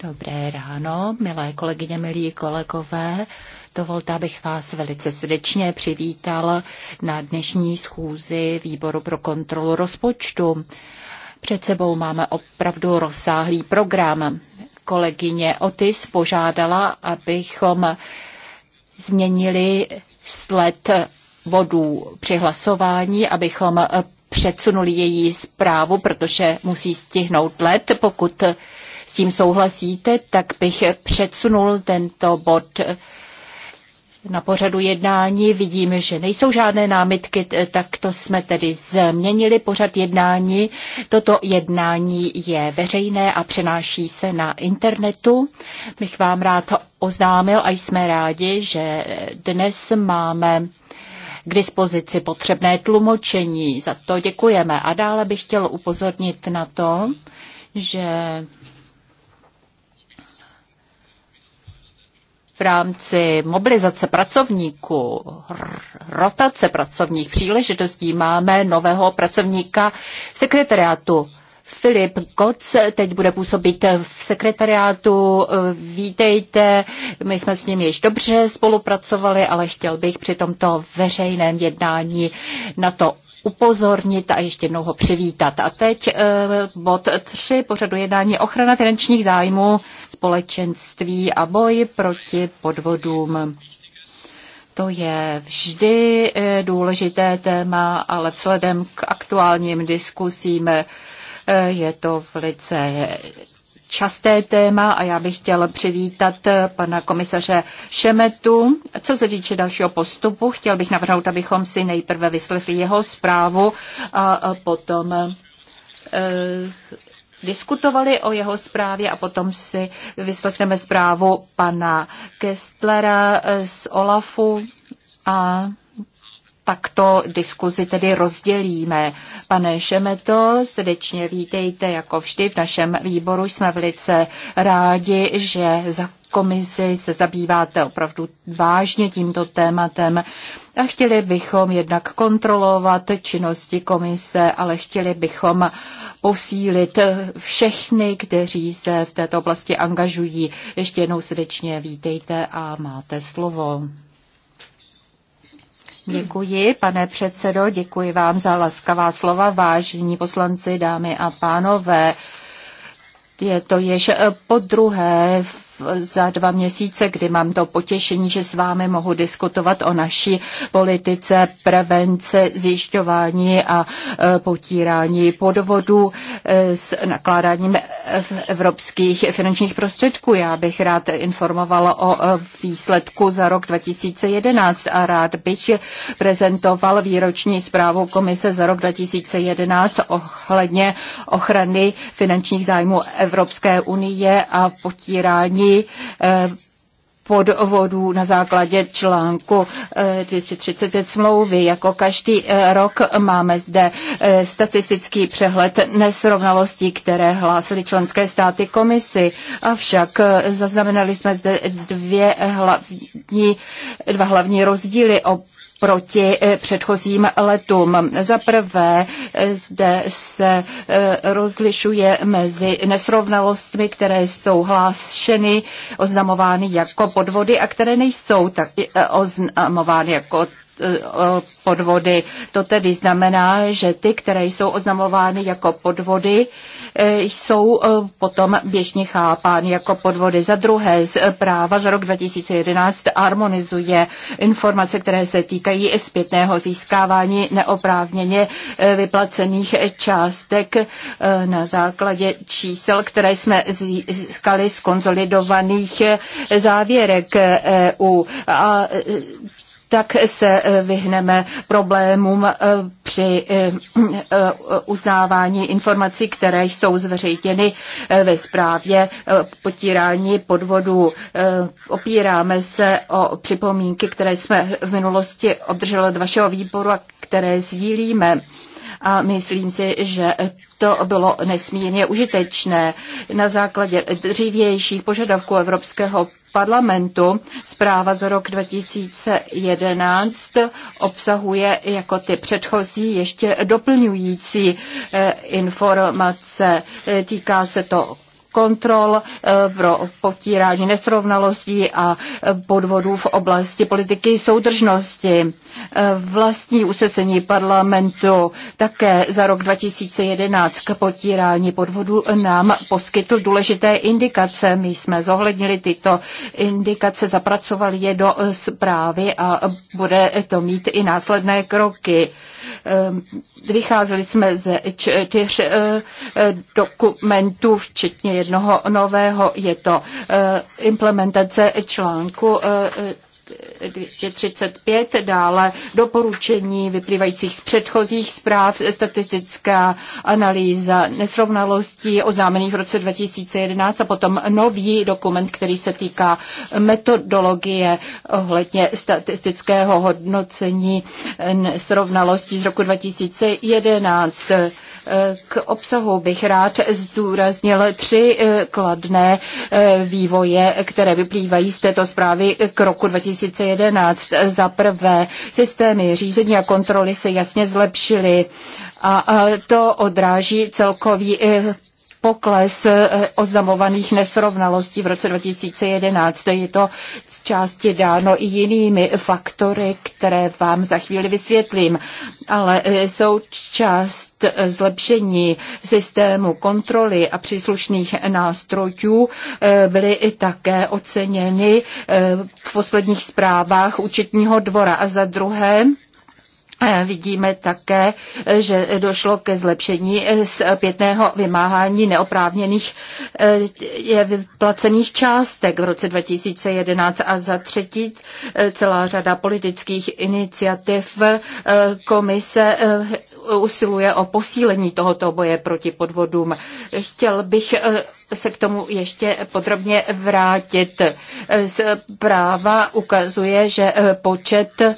Dobré ráno, milé kolegyně, milí kolegové. Dovolte, abych vás velice srdečně přivítal na dnešní schůzi Výboru pro kontrolu rozpočtu. Před sebou máme opravdu rozsáhlý program. Kolegyně Otis požádala, abychom změnili sled bodů při hlasování, abychom předsunuli její zprávu, protože musí stihnout let. Pokud s tím souhlasíte, tak bych předsunul tento bod na pořadu jednání. Vidím, že nejsou žádné námitky, tak to jsme tedy změnili pořad jednání. Toto jednání je veřejné a přenáší se na internetu. Bych vám rád oznámil a jsme rádi, že dnes máme k dispozici potřebné tlumočení. Za to děkujeme. A dále bych chtěl upozornit na to, že v rámci mobilizace pracovníků, rotace pracovních příležitostí máme nového pracovníka sekretariátu Filip Koc teď bude působit v sekretariátu. Vítejte, my jsme s ním již dobře spolupracovali, ale chtěl bych při tomto veřejném jednání na to upozornit a ještě jednou ho přivítat. A teď eh, bod 3 pořadu jednání ochrana finančních zájmů, společenství a boj proti podvodům. To je vždy eh, důležité téma, ale vzhledem k aktuálním diskusím Eh, je to velice časté téma a já bych chtěl přivítat eh, pana komisaře Šemetu. Co se týče dalšího postupu, chtěl bych navrhnout, abychom si nejprve vyslechli jeho zprávu a potom eh, diskutovali o jeho zprávě a potom si vyslechneme zprávu pana Kestlera z Olafu a takto diskuzi tedy rozdělíme. Pane Šemeto, srdečně vítejte jako vždy v našem výboru. Jsme velice rádi, že za komisi se zabýváte opravdu vážně tímto tématem a chtěli bychom jednak kontrolovat činnosti komise, ale chtěli bychom posílit všechny, kteří se v této oblasti angažují. Ještě jednou srdečně vítejte a máte slovo. Děkuji, pane předsedo, děkuji vám za laskavá slova, vážení poslanci, dámy a pánové. Je to již po druhé v za dva měsíce, kdy mám to potěšení, že s vámi mohu diskutovat o naší politice prevence, zjišťování a e, potírání podvodů e, s nakládáním evropských finančních prostředků. Já bych rád informovala o e, výsledku za rok 2011 a rád bych prezentoval výroční zprávu Komise za rok 2011 ohledně ochrany finančních zájmů Evropské unie a potírání pod eh, podvodů na základě článku 235 eh, smlouvy. Jako každý eh, rok máme zde statistický přehled nesrovnalostí, které hlásily členské státy komisy. Avšak zaznamenali jsme zde dvě hlavní, dva hlavní rozdíly o Proti eh, předchozím letům. Za prvé, eh, zde se eh, rozlišuje mezi nesrovnalostmi, které jsou hlášeny, oznamovány jako podvody a které nejsou tak oznamovány jako Eh, podvody. To tedy znamená, že ty, které jsou oznamovány jako podvody, eh, jsou eh, potom běžně chápány jako podvody. Za druhé, z práva za rok 2011 harmonizuje informace, které se týkají zpětného získávání neoprávněně vyplacených částek na základě čísel, které jsme získali z konzolidovaných závěrek EU. A tak se eh, vyhneme problémům eh, při eh, uznávání informací, které jsou zveřejněny ve zprávě potírání podvodů. Opíráme se o připomínky, které jsme v minulosti obdrželi od vašeho výboru a které sdílíme a myslím si, že to bylo nesmírně užitečné. Na základě dřívějších požadavků Evropského parlamentu. Zpráva za rok 2011 obsahuje jako ty předchozí ještě doplňující eh, informace. Eh, týká se to kontrol eh, pro potírání nesrovnalostí a eh, podvodů v oblasti politiky soudržnosti. Eh, vlastní usesení parlamentu také za rok 2011 k potírání podvodů nám poskytl důležité indikace. My jsme zohlednili tyto indikace, zapracovali je do zprávy a bude to mít i následné kroky. Ehm, vycházeli jsme ze čtyř eh, eh, dokumentů, včetně jednoho nového. Je to eh, implementace článku 235, dále doporučení vyplývajících z předchozích zpráv, statistická analýza nesrovnalostí oznámených v roce 2011 a potom nový dokument, který se týká metodologie ohledně statistického hodnocení nesrovnalostí z roku 2011. K obsahu bych rád zdůraznil tři eh, kladné eh, vývoje, které vyplývají z této zprávy k roku 2011 2011. Za prvé, systémy řízení a kontroly se jasně zlepšily a to odráží celkový eh, pokles eh, oznamovaných nesrovnalostí v roce 2011. Je to z části dáno i jinými faktory, které vám za chvíli vysvětlím, ale jsou eh, část eh, zlepšení systému kontroly a příslušných nástrojů byly i také oceněny v posledních zprávách účetního dvora. A za druhé, Vidíme také, že došlo ke zlepšení pětného vymáhání neoprávněných eh, je vyplacených částek v roce 2011 a za třetí eh, celá řada politických iniciativ eh, komise usiluje o posílení tohoto boje proti podvodům. Chtěl bych se k tomu ještě podrobně vrátit. Zpráva ukazuje, že eh, počet eh,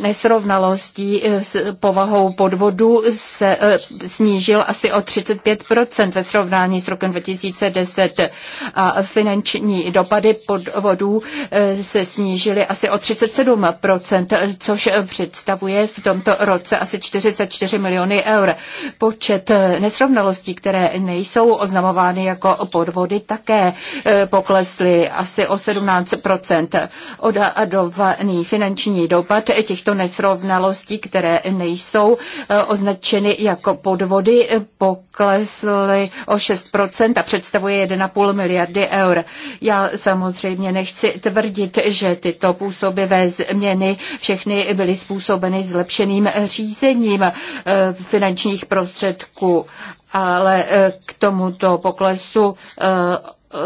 nesrovnalostí eh, s povahou podvodu se snížil asi o 35 ve srovnání s rokem 2010 a finanční dopady podvodů se snížily asi o 37 což představuje v tomto roce asi 44 miliony eur. Počet nesrovnalostí, které nejsou oznamovány jako podvody také e, poklesly asi o 17 Odhadovaný finanční dopad těchto nesrovnalostí, které nejsou e, označeny jako podvody, e, poklesly o 6 a představuje 1,5 miliardy eur. Já samozřejmě nechci tvrdit, že tyto působivé změny všechny byly způsobeny zlepšeným řízením finančních prostředků, ale e, k tomuto poklesu e,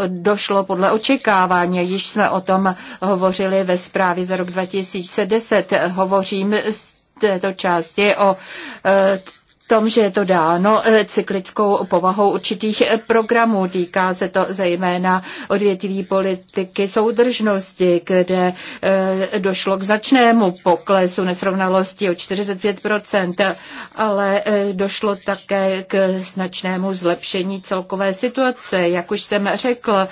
došlo podle očekávání. Již jsme o tom hovořili ve zprávě za rok 2010. Hovořím z této části o e, tom, že je to dáno eh, cyklickou povahou určitých eh, programů. Týká se to zejména odvětví politiky soudržnosti, kde eh, došlo k značnému poklesu nesrovnalosti o 45%, ale došlo také k značnému zlepšení celkové situace. Jak už jsem řekl,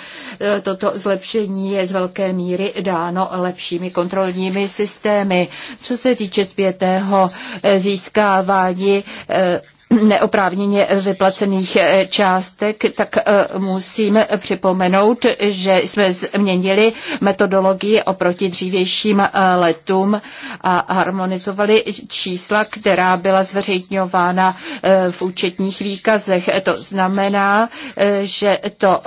toto zlepšení je z velké míry dáno lepšími kontrolními systémy. Co se týče zpětného získávání Eh, neoprávněně vyplacených eh, částek, tak eh, musím připomenout, že jsme změnili metodologii oproti dřívějším letům a harmonizovali čísla, která byla zveřejňována v účetních výkazech. To znamená, že to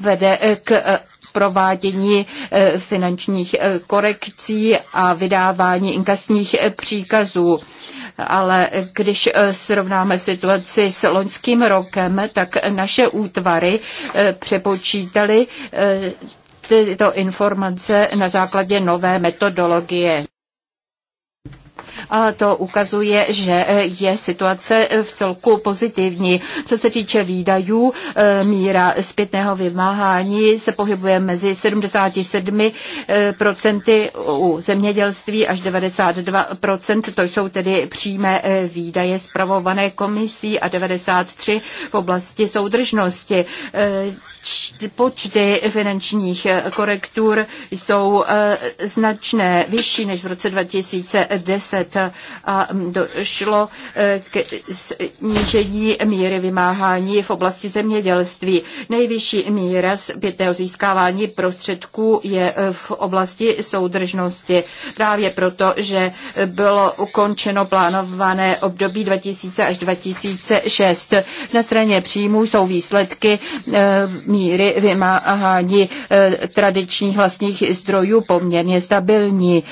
vede k provádění finančních korekcí a vydávání inkasních příkazů ale když eh, srovnáme situaci s loňským rokem, tak naše útvary eh, přepočítali eh, tyto informace na základě nové metodologie a to ukazuje, že eh, je situace eh, v celku pozitivní. Co se týče výdajů, eh, míra zpětného vymáhání se pohybuje mezi 77% u zemědělství až 92%, to jsou tedy přímé výdaje zpravované komisí a 93% v oblasti soudržnosti. Počty finančních korektur jsou značné, vyšší než v roce 2010 a došlo e, k snížení míry vymáhání v oblasti zemědělství. Nejvyšší míra zpětného získávání prostředků je v oblasti soudržnosti. Právě proto, že bylo ukončeno plánované období 2000 až 2006. Na straně příjmů jsou výsledky e, míry vymáhání e, tradičních vlastních zdrojů poměrně stabilní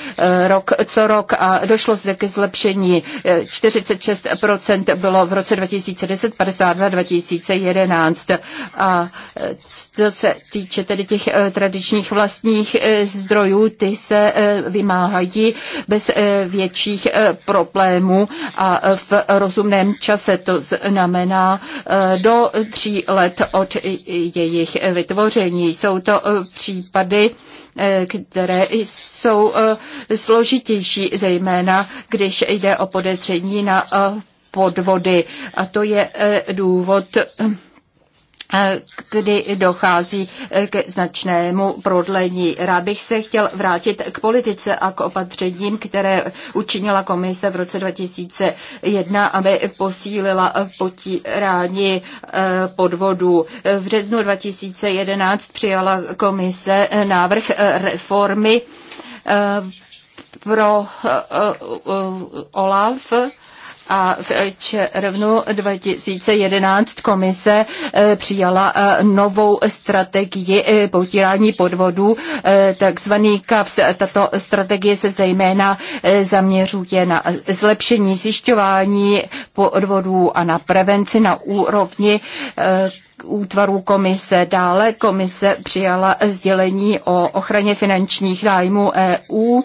rok co rok a došlo se ke zlepšení. 46% eh, bylo v roce 2010, 52 2011. A eh, co se týče tedy těch eh, tradičních vlastních zdrojů, ty se vymáhají bez větších problémů a v rozumném čase, to znamená do tří let od jejich vytvoření. Jsou to případy, Eh, které jsou eh, složitější, zejména když jde o podezření na eh, podvody. A to je důvod kdy dochází k značnému prodlení. Rád bych se chtěl vrátit k politice a k opatřením, které učinila komise v roce 2001, aby posílila potírání podvodu. V březnu 2011 přijala komise návrh reformy pro OLAF a v červnu 2011 komise eh, přijala eh, novou strategii eh, potírání podvodů, takzvaný KAVS. Tato strategie se zejména zaměřuje na zlepšení zjišťování podvodů a na prevenci na úrovni útvarů komise. Dále komise přijala sdělení o ochraně finančních zájmů EU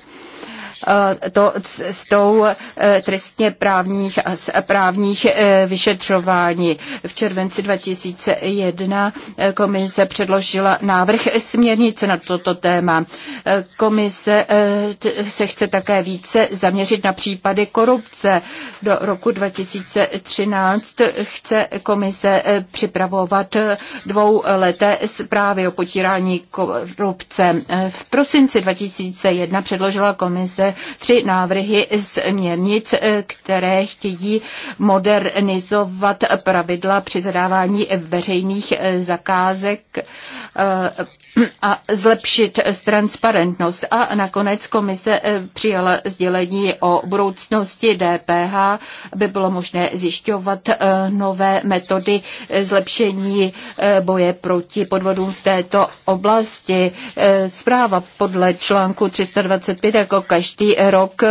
Eh, to s tou eh, trestně právních právních eh, vyšetřování. V červenci 2001 komise předložila návrh směrnice na toto téma. Komise se chce také více zaměřit na případy korupce. Do roku 2013 chce komise připravovat dvouleté zprávy o potírání korupce. V prosinci 2001 předložila komise tři návrhy směrnic, eh, které chtějí modernizovat pravidla při zadávání veřejných eh, zakázek eh, a zlepšit transparentnost. A nakonec komise eh, přijala sdělení o budoucnosti DPH, aby bylo možné zjišťovat eh, nové metody eh, zlepšení boje proti podvodům v této oblasti. Zpráva podle článku 325 jako každý rok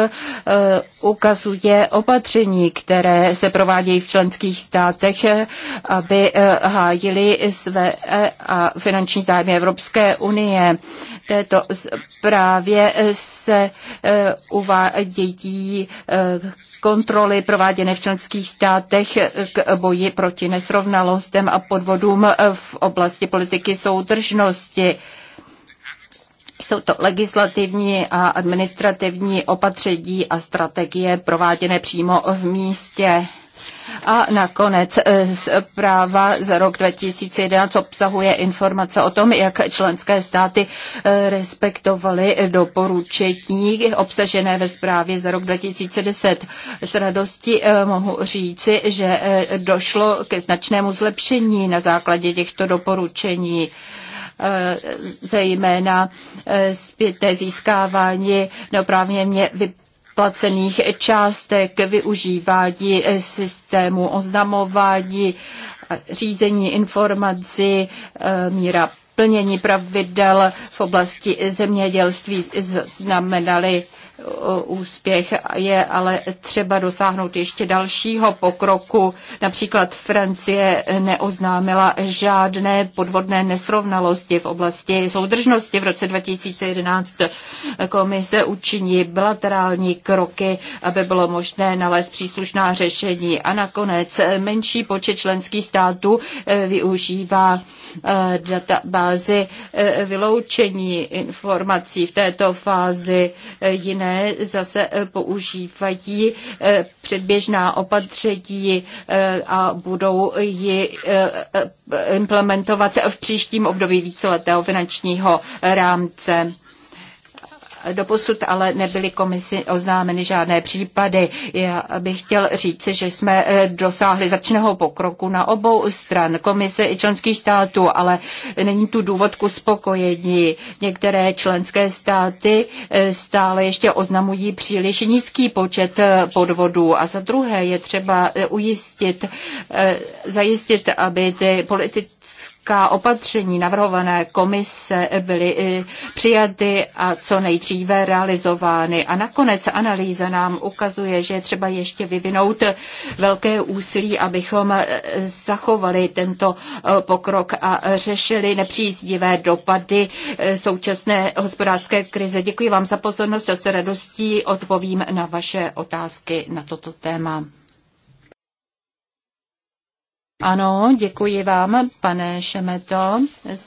ukazuje opatření, které se provádějí v členských státech, aby hájili své a finanční zájmy Evropské Evropské unie. Této zprávě eh, se eh, uvádějí eh, kontroly prováděné v členských státech k boji proti nesrovnalostem a podvodům v oblasti politiky soudržnosti. Jsou to legislativní a administrativní opatření a strategie prováděné přímo v místě. A nakonec eh, zpráva za rok 2011 obsahuje informace o tom, jak členské státy eh, respektovaly doporučení obsažené ve zprávě za rok 2010. S radostí eh, mohu říci, že došlo ke značnému zlepšení na základě těchto doporučení zejména zpětné získávání neoprávněně vypadá placených částek, využívání eh, systému oznamování, eh, řízení informací, eh, míra plnění pravidel v oblasti zemědělství znamenaly úspěch. Je ale třeba dosáhnout ještě dalšího pokroku. Například Francie neoznámila žádné podvodné nesrovnalosti v oblasti soudržnosti. V roce 2011 komise učiní bilaterální kroky, aby bylo možné nalézt příslušná řešení. A nakonec menší počet členských států eh, využívá eh, databázy eh, vyloučení informací v této fázi jiné zase eh, používají eh, předběžná opatření eh, a budou ji implementovat v příštím období víceletého finančního rámce. Doposud ale nebyly komisi oznámeny žádné případy. Já bych chtěl říct, že jsme eh, dosáhli začného pokroku na obou stran komise i členských států, ale není tu důvod k uspokojení. Některé členské státy eh, stále ještě oznamují příliš nízký počet eh, podvodů a za druhé je třeba ujistit, zajistit, aby ty politické politická opatření navrhované komise byly eh, přijaty a co nejdříve realizovány. A nakonec analýza nám ukazuje, že je třeba ještě vyvinout velké úsilí, abychom eh, zachovali tento eh, pokrok a řešili nepříznivé dopady současné hospodářské krize. Děkuji vám za pozornost a s radostí odpovím na vaše otázky na toto téma. Ano, děkuji vám, pane Šemeto,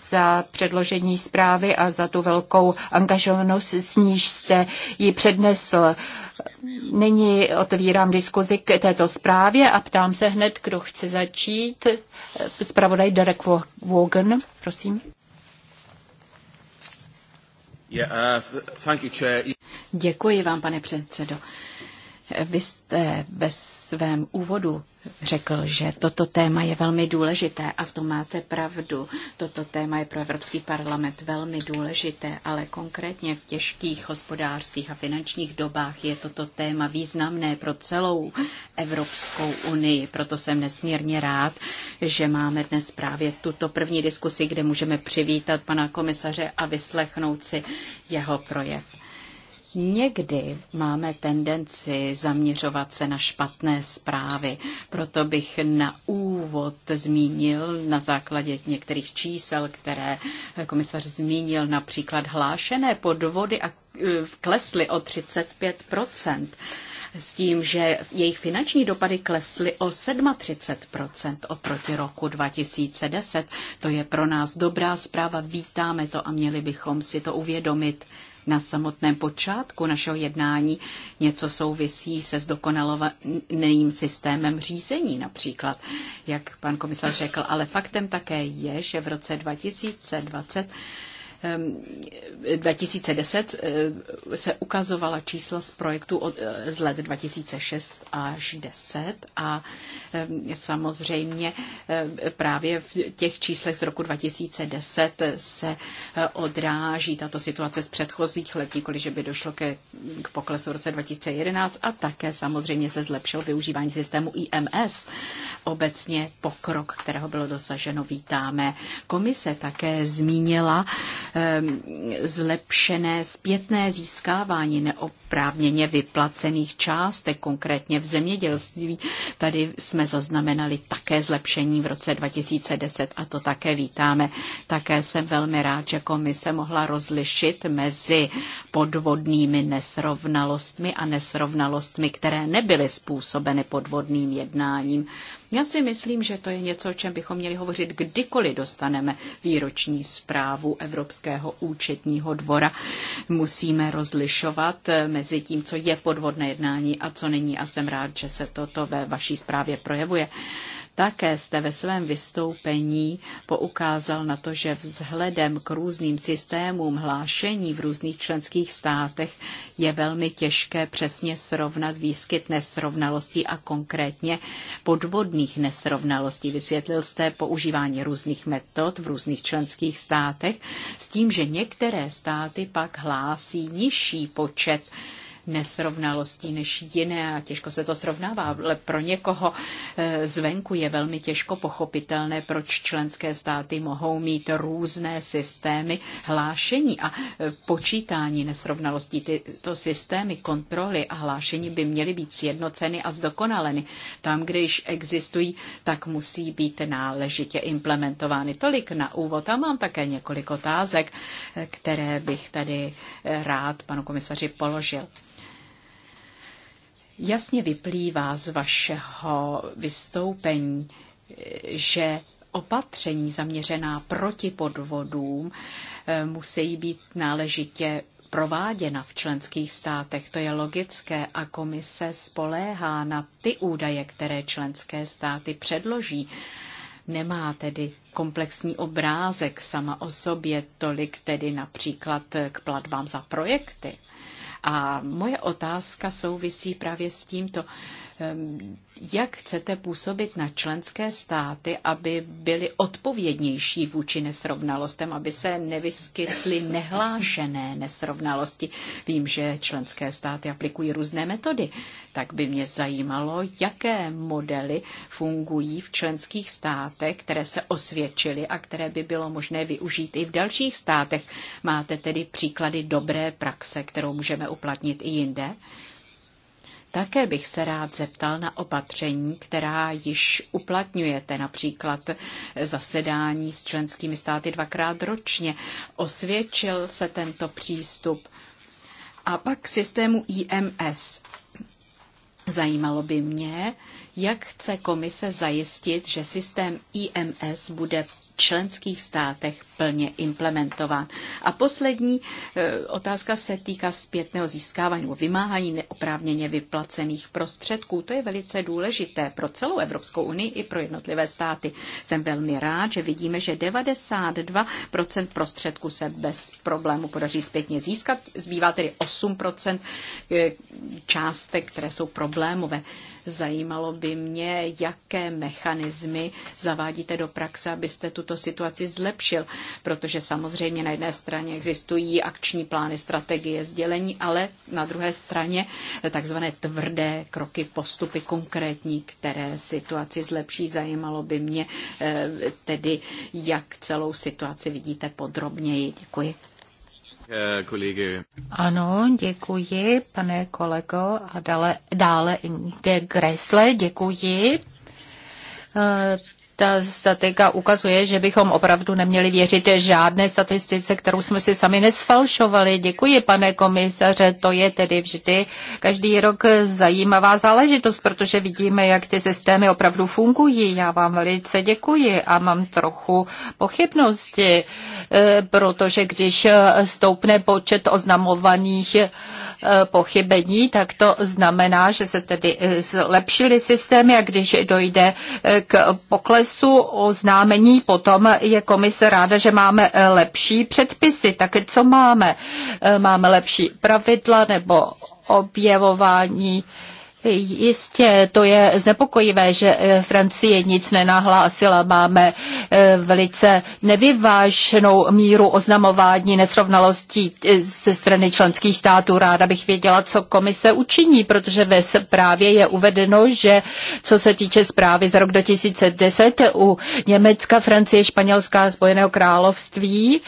za předložení zprávy a za tu velkou angažovanost, s níž jste ji přednesl. Nyní otevírám diskuzi k této zprávě a ptám se hned, kdo chce začít. Zpravodaj Derek Wogan, prosím. Uh, děkuji vám, pane předsedo. Vy jste ve svém úvodu řekl, že toto téma je velmi důležité a v tom máte pravdu. Toto téma je pro Evropský parlament velmi důležité, ale konkrétně v těžkých hospodářských a finančních dobách je toto téma významné pro celou Evropskou unii. Proto jsem nesmírně rád, že máme dnes právě tuto první diskusi, kde můžeme přivítat pana komisaře a vyslechnout si jeho projev. Někdy máme tendenci zaměřovat se na špatné zprávy, proto bych na úvod zmínil na základě některých čísel, které komisař zmínil, například hlášené podvody a e, klesly o 35 s tím, že jejich finanční dopady klesly o 37% oproti roku 2010. To je pro nás dobrá zpráva, vítáme to a měli bychom si to uvědomit na samotném počátku našeho jednání. Něco souvisí se zdokonalovaným systémem řízení například, jak pan komisař řekl. Ale faktem také je, že v roce 2020 2010 eh, se ukazovala čísla z projektu od, eh, z let 2006 až 10 a samozřejmě právě v těch číslech z roku 2010 se eh, odráží tato situace z předchozích let, že by došlo ke, k poklesu v roce 2011 a také samozřejmě se zlepšilo využívání systému IMS. Obecně pokrok, kterého bylo dosaženo, vítáme. Komise také zmínila Ehm, zlepšené zpětné získávání neoprávněně vyplacených částek, konkrétně v zemědělství. Tady jsme zaznamenali také zlepšení v roce 2010 a to také vítáme. Také jsem velmi rád, že komise mohla rozlišit mezi podvodnými nesrovnalostmi a nesrovnalostmi, které nebyly způsobeny podvodným jednáním. Já si myslím, že to je něco, o čem bychom měli hovořit, kdykoliv dostaneme výroční zprávu Evropského účetního dvora. Musíme rozlišovat eh, mezi tím, co je podvodné jednání a co není a jsem rád, že se toto ve vaší zprávě projevuje. Také jste ve svém vystoupení poukázal na to, že vzhledem k různým systémům hlášení v různých členských státech je velmi těžké přesně srovnat výskyt nesrovnalostí a konkrétně podvodných nesrovnalostí. Vysvětlil jste používání různých metod v různých členských státech s tím, že některé státy pak hlásí nižší počet nesrovnalostí než jiné a těžko se to srovnává, ale pro někoho eh, zvenku je velmi těžko pochopitelné, proč členské státy mohou mít různé systémy hlášení a eh, počítání nesrovnalostí. Tyto systémy kontroly a hlášení by měly být sjednoceny a zdokonaleny. Tam, kde již existují, tak musí být náležitě implementovány. Tolik na úvod a mám také několik otázek, eh, které bych tady rád panu komisaři položil jasně vyplývá z vašeho vystoupení, že opatření zaměřená proti podvodům eh, musí být náležitě prováděna v členských státech. To je logické a komise spoléhá na ty údaje, které členské státy předloží. Nemá tedy komplexní obrázek sama o sobě, tolik tedy například k platbám za projekty. A moje otázka souvisí právě s tímto. Ehm, jak chcete působit na členské státy, aby byly odpovědnější vůči nesrovnalostem, aby se nevyskytly nehlášené nesrovnalosti? Vím, že členské státy aplikují různé metody. Tak by mě zajímalo, jaké modely fungují v členských státech, které se osvědčily a které by bylo možné využít i v dalších státech. Máte tedy příklady dobré praxe, kterou můžeme uplatnit i jinde? Také bych se rád zeptal na opatření, která již uplatňujete, například zasedání s členskými státy dvakrát ročně. Osvědčil se tento přístup. A pak k systému IMS. Zajímalo by mě, jak chce komise zajistit, že systém IMS bude členských státech plně implementován. A poslední e, otázka se týká zpětného získávání nebo vymáhání neoprávněně vyplacených prostředků. To je velice důležité pro celou Evropskou unii i pro jednotlivé státy. Jsem velmi rád, že vidíme, že 92% prostředků se bez problému podaří zpětně získat. Zbývá tedy 8% e, částek, které jsou problémové. Zajímalo by mě, jaké mechanismy zavádíte do praxe, abyste tuto situaci zlepšil, protože samozřejmě na jedné straně existují akční plány, strategie, sdělení, ale na druhé straně takzvané tvrdé kroky, postupy konkrétní, které situaci zlepší. Zajímalo by mě eh, tedy, jak celou situaci vidíte podrobněji. Děkuji. Eh, Kolegy. Ano, děkuji, pane kolego. A dále, dále Inge Gressle, děkuji. Eh, ta statika ukazuje, že bychom opravdu neměli věřit žádné statistice, kterou jsme si sami nesfalšovali. Děkuji, pane komisaře, to je tedy vždy každý rok zajímavá záležitost, protože vidíme, jak ty systémy opravdu fungují. Já vám velice děkuji a mám trochu pochybnosti, eh, protože když stoupne počet oznamovaných pochybení, tak to znamená, že se tedy eh, zlepšily systémy a když dojde eh, k poklesu oznámení, potom je komise ráda, že máme eh, lepší předpisy. Tak co máme? Máme lepší pravidla nebo objevování Jistě, to je znepokojivé, že eh, Francie nic nenahlásila. Máme eh, velice nevyváženou míru oznamování nesrovnalostí eh, ze strany členských států. Ráda bych věděla, co komise učiní, protože ve zprávě je uvedeno, že co se týče zprávy za rok 2010 u Německa, Francie, Španělská a Spojeného království,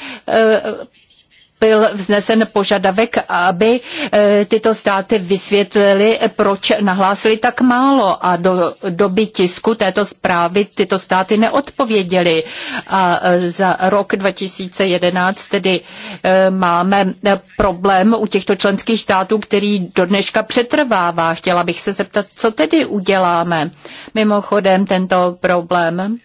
byl vznesen požadavek, aby eh, tyto státy vysvětlili, proč nahlásili tak málo a do doby tisku této zprávy tyto státy neodpověděly. A eh, za rok 2011 tedy eh, máme problém u těchto členských států, který do dneška přetrvává. Chtěla bych se zeptat, co tedy uděláme. Mimochodem tento problém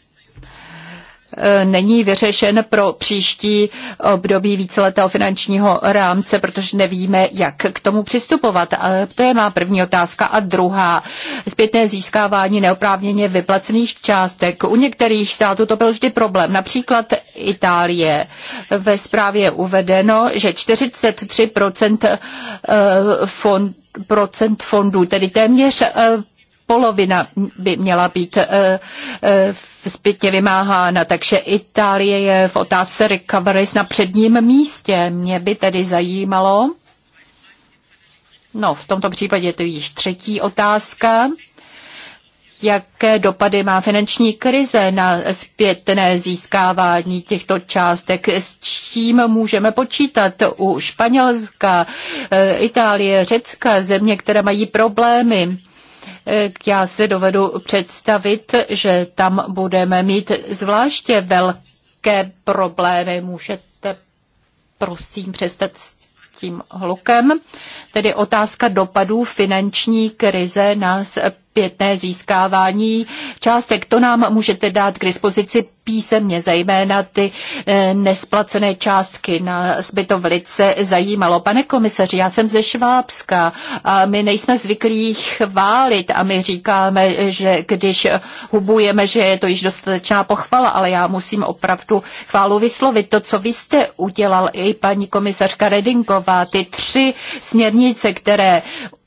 Eh, není vyřešen pro příští období víceletého finančního rámce, protože nevíme, jak k tomu přistupovat. A to je má první otázka. A druhá, zpětné získávání neoprávněně vyplacených částek. U některých států to byl vždy problém. Například Itálie. Ve zprávě je uvedeno, že 43% eh, fond, procent fondů, tedy téměř eh, polovina by měla být zpětně vymáhána, takže Itálie je v otázce recovery na předním místě. Mě by tedy zajímalo, no v tomto případě je to již třetí otázka, jaké dopady má finanční krize na zpětné získávání těchto částek, s čím můžeme počítat u Španělska, eh, Itálie, Řecka, země, které mají problémy. Já si dovedu představit, že tam budeme mít zvláště velké problémy. Můžete prosím přestat s tím hlukem. Tedy otázka dopadů finanční krize nás zpětné získávání částek. To nám můžete dát k dispozici písemně, zejména ty eh, nesplacené částky. na by to velice zajímalo. Pane komisaři, já jsem ze Švábska a my nejsme zvyklí chválit a my říkáme, že když hubujeme, že je to již dostatečná pochvala, ale já musím opravdu chválu vyslovit. To, co vy jste udělal i paní komisařka Redinková ty tři směrnice, které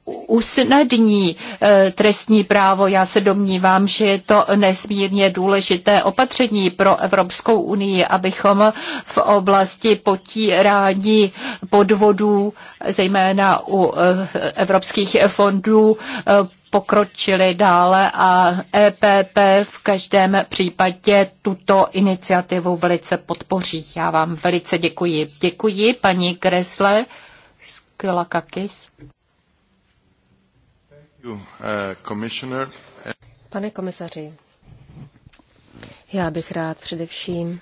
usnadní eh, trestní právo. Já se domnívám, že je to nesmírně důležité opatření pro Evropskou unii, abychom v oblasti potírání podvodů, zejména u eh, evropských fondů, eh, pokročili dále a EPP v každém případě tuto iniciativu velice podpoří. Já vám velice děkuji. Děkuji, paní Kresle. kakis. Uh, Pane komisaři, já bych rád především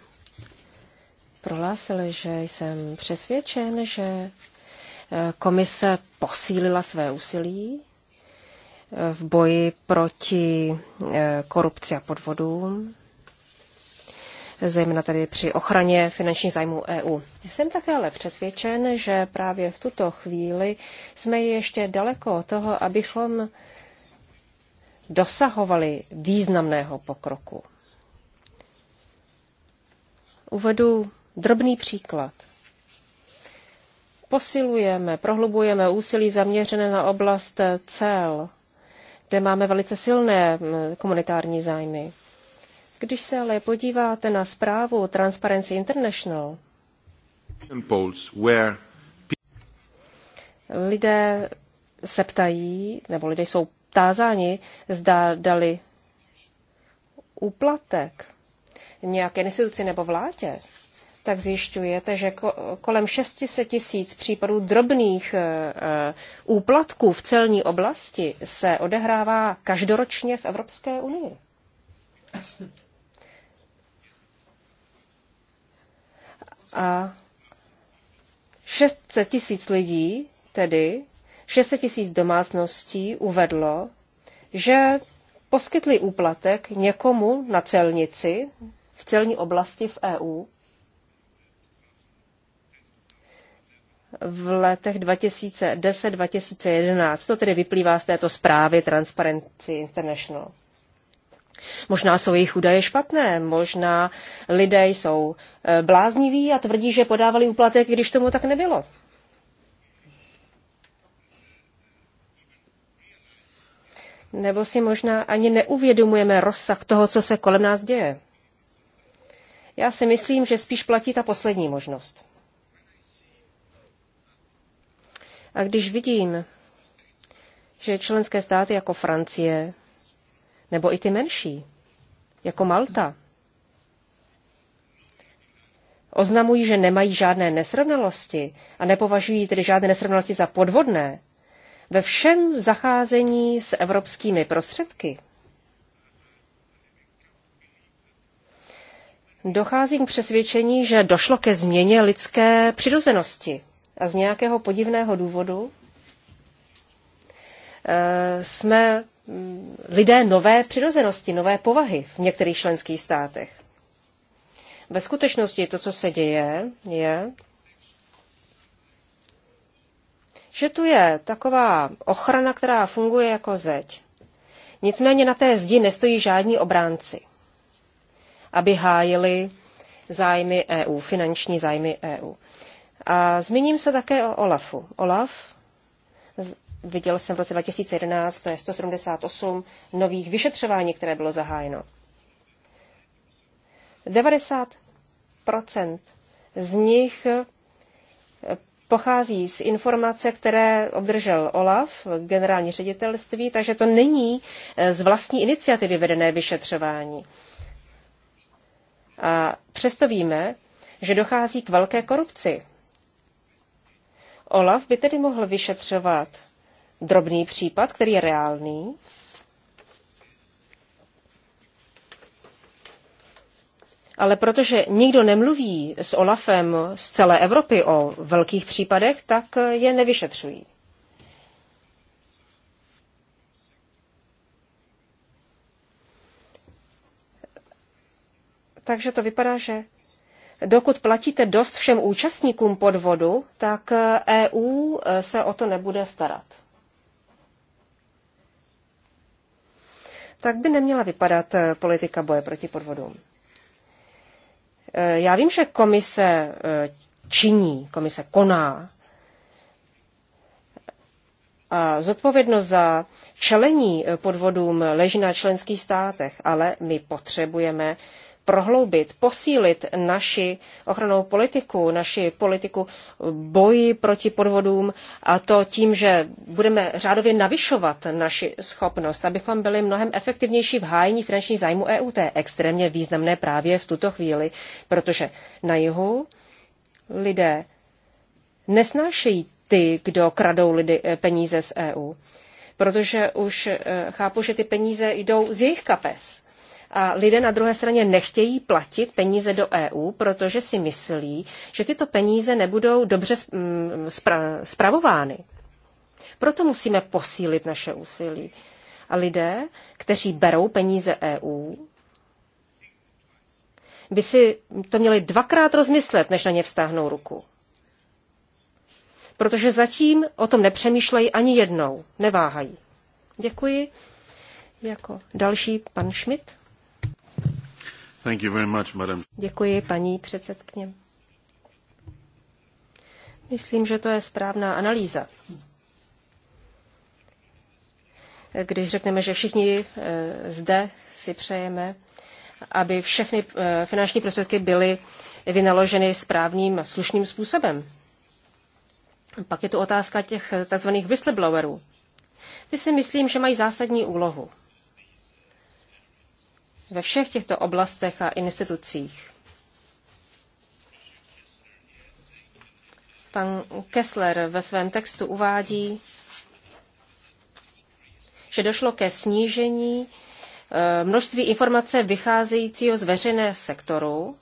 prohlásil, že jsem přesvědčen, že eh, komise posílila své úsilí eh, v boji proti eh, korupci a podvodům zejména tedy při ochraně finančních zájmů EU. Jsem také ale přesvědčen, že právě v tuto chvíli jsme ještě daleko od toho, abychom dosahovali významného pokroku. Uvedu drobný příklad. Posilujeme, prohlubujeme úsilí zaměřené na oblast cel, kde máme velice silné komunitární zájmy. Když se ale podíváte na zprávu Transparency International, lidé se ptají, nebo lidé jsou tázáni, zda dali úplatek nějaké instituci nebo vládě, tak zjišťujete, že kolem 600 tisíc případů drobných eh, eh, úplatků v celní oblasti se odehrává každoročně v Evropské unii. A 600 tisíc lidí, tedy 600 tisíc domácností, uvedlo, že poskytli úplatek někomu na celnici v celní oblasti v EU v letech 2010-2011. To tedy vyplývá z této zprávy Transparency International. Možná jsou jejich údaje špatné, možná lidé jsou eh, blázniví a tvrdí, že podávali úplatek, když tomu tak nebylo. Nebo si možná ani neuvědomujeme rozsah toho, co se kolem nás děje. Já si myslím, že spíš platí ta poslední možnost. A když vidím, že členské státy jako Francie nebo i ty menší, jako Malta, oznamují, že nemají žádné nesrovnalosti a nepovažují tedy žádné nesrovnalosti za podvodné, ve všem zacházení s evropskými prostředky dochází k přesvědčení, že došlo ke změně lidské přirozenosti a z nějakého podivného důvodu eh, jsme lidé nové přirozenosti, nové povahy v některých členských státech. Ve skutečnosti to, co se děje, je, že tu je taková ochrana, která funguje jako zeď. Nicméně na té zdi nestojí žádní obránci, aby hájili zájmy EU, finanční zájmy EU. A zmíním se také o Olafu. Olaf viděl jsem v roce 2011, to je 178 nových vyšetřování, které bylo zahájeno. 90 z nich eh, pochází z informace, které obdržel OLAF, generální ředitelství, takže to není eh, z vlastní iniciativy vedené vyšetřování. A přesto víme, že dochází k velké korupci. OLAF by tedy mohl vyšetřovat drobný případ, který je reálný. Ale protože nikdo nemluví s Olafem z celé Evropy o velkých případech, tak je nevyšetřují. Takže to vypadá, že dokud platíte dost všem účastníkům podvodu, tak EU se o to nebude starat. tak by neměla vypadat eh, politika boje proti podvodům. Eh, já vím, že komise eh, činí, komise koná. A zodpovědnost za čelení podvodům leží na členských státech, ale my potřebujeme prohloubit, posílit naši ochranou politiku, naši politiku boji proti podvodům a to tím, že budeme řádově navyšovat naši schopnost, abychom byli mnohem efektivnější v hájení finančních zájmů EU. To je extrémně významné právě v tuto chvíli, protože na jihu lidé nesnášejí ty, kdo kradou lidi, eh, peníze z EU. Protože už eh, chápu, že ty peníze jdou z jejich kapes a lidé na druhé straně nechtějí platit peníze do EU, protože si myslí, že tyto peníze nebudou dobře mm, spravovány. Proto musíme posílit naše úsilí. A lidé, kteří berou peníze EU, by si to měli dvakrát rozmyslet, než na ně vztáhnou ruku. Protože zatím o tom nepřemýšlejí ani jednou, neváhají. Děkuji. Jako další pan Schmidt. Děkuji, paní předsedkyně. Myslím, že to je správná analýza. Když řekneme, že všichni eh, zde si přejeme, aby všechny eh, finanční prostředky byly vynaloženy správným, slušným způsobem. Pak je tu otázka těch tzv. whistleblowerů. Ty si myslím, že mají zásadní úlohu ve všech těchto oblastech a institucích. Pan Kessler ve svém textu uvádí, že došlo ke snížení eh, množství informace vycházejícího z veřejného sektoru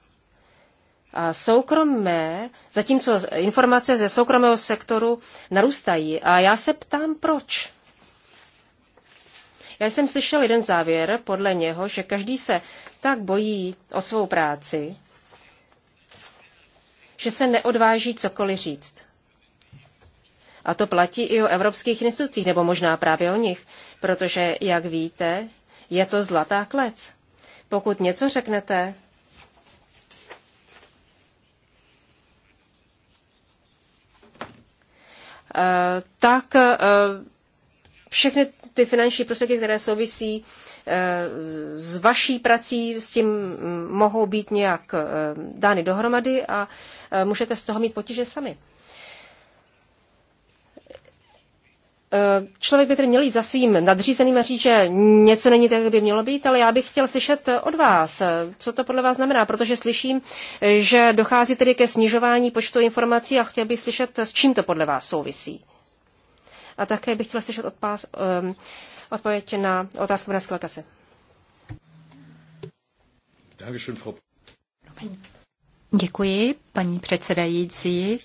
a soukromé, zatímco informace ze soukromého sektoru narůstají. A já se ptám, proč? Já jsem slyšel jeden závěr, podle něho, že každý se tak bojí o svou práci, že se neodváží cokoliv říct. A to platí i o evropských institucích, nebo možná právě o nich, protože, jak víte, je to zlatá klec. Pokud něco řeknete, eh, tak eh, všechny ty finanční prostředky, které souvisí eh, s vaší prací, s tím mm, mohou být nějak eh, dány dohromady a eh, můžete z toho mít potíže sami. Člověk by tedy měl jít za svým nadřízeným a říct, že něco není tak, jak by mělo být, ale já bych chtěl slyšet od vás, co to podle vás znamená, protože slyším, že dochází tedy ke snižování počtu informací a chtěl bych slyšet, s čím to podle vás souvisí. A také bych chtěla slyšet odpás, um, odpověď na otázku na skladaci. Děkuji, paní předsedající.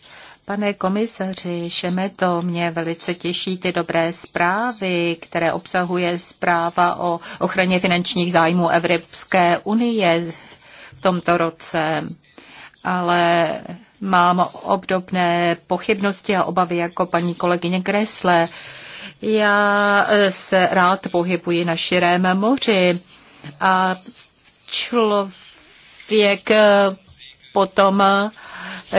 Pane komisaři Šemeto, mě velice těší ty dobré zprávy, které obsahuje zpráva o ochraně finančních zájmů Evropské unie v tomto roce. Ale mám obdobné pochybnosti a obavy jako paní kolegyně Kresle. Já e, se rád pohybuji na širém moři a člověk e, potom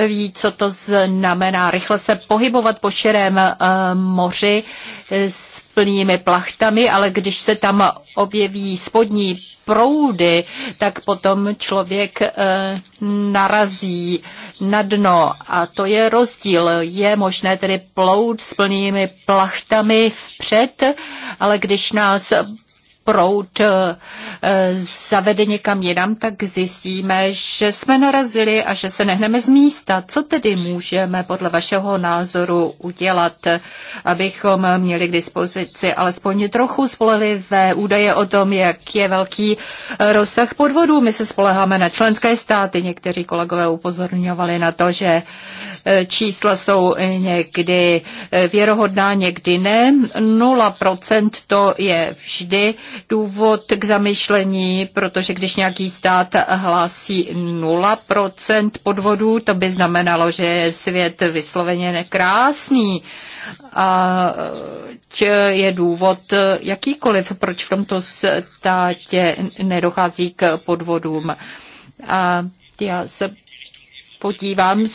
ví, co to znamená rychle se pohybovat po širém eh, moři eh, s plnými plachtami, ale když se tam objeví spodní proudy, tak potom člověk eh, narazí na dno a to je rozdíl. Je možné tedy plout s plnými plachtami vpřed, ale když nás proud eh, zavede někam jinam, tak zjistíme, že jsme narazili a že se nehneme z místa. Co tedy můžeme podle vašeho názoru udělat, abychom měli k dispozici alespoň trochu spolehlivé údaje o tom, jak je velký eh, rozsah podvodů? My se spoleháme na členské státy. Někteří kolegové upozorňovali na to, že Eh, čísla jsou eh, někdy eh, věrohodná, někdy ne. 0% to je vždy důvod k zamyšlení, protože když nějaký stát hlásí 0% podvodů, to by znamenalo, že je svět vysloveně nekrásný. A je důvod jakýkoliv, proč v tomto státě nedochází k podvodům. A já se podívám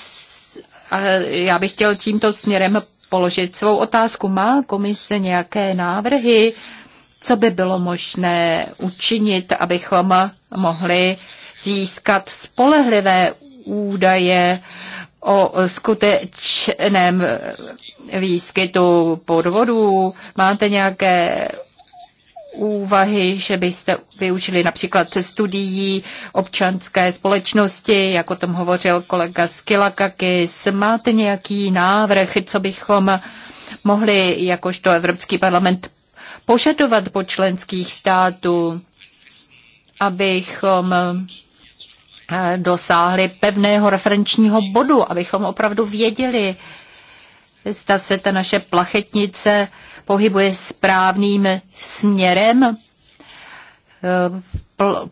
a já bych chtěl tímto směrem položit svou otázku. Má komise nějaké návrhy, co by bylo možné učinit, abychom mohli získat spolehlivé údaje o skutečném výskytu podvodů? Máte nějaké úvahy, že byste využili například studií občanské společnosti, jak o tom hovořil kolega Skilakakis. Máte nějaký návrh, co bychom mohli jakožto Evropský parlament požadovat po členských států, abychom eh, dosáhli pevného referenčního bodu, abychom opravdu věděli, zda se ta naše plachetnice pohybuje správným směrem. E,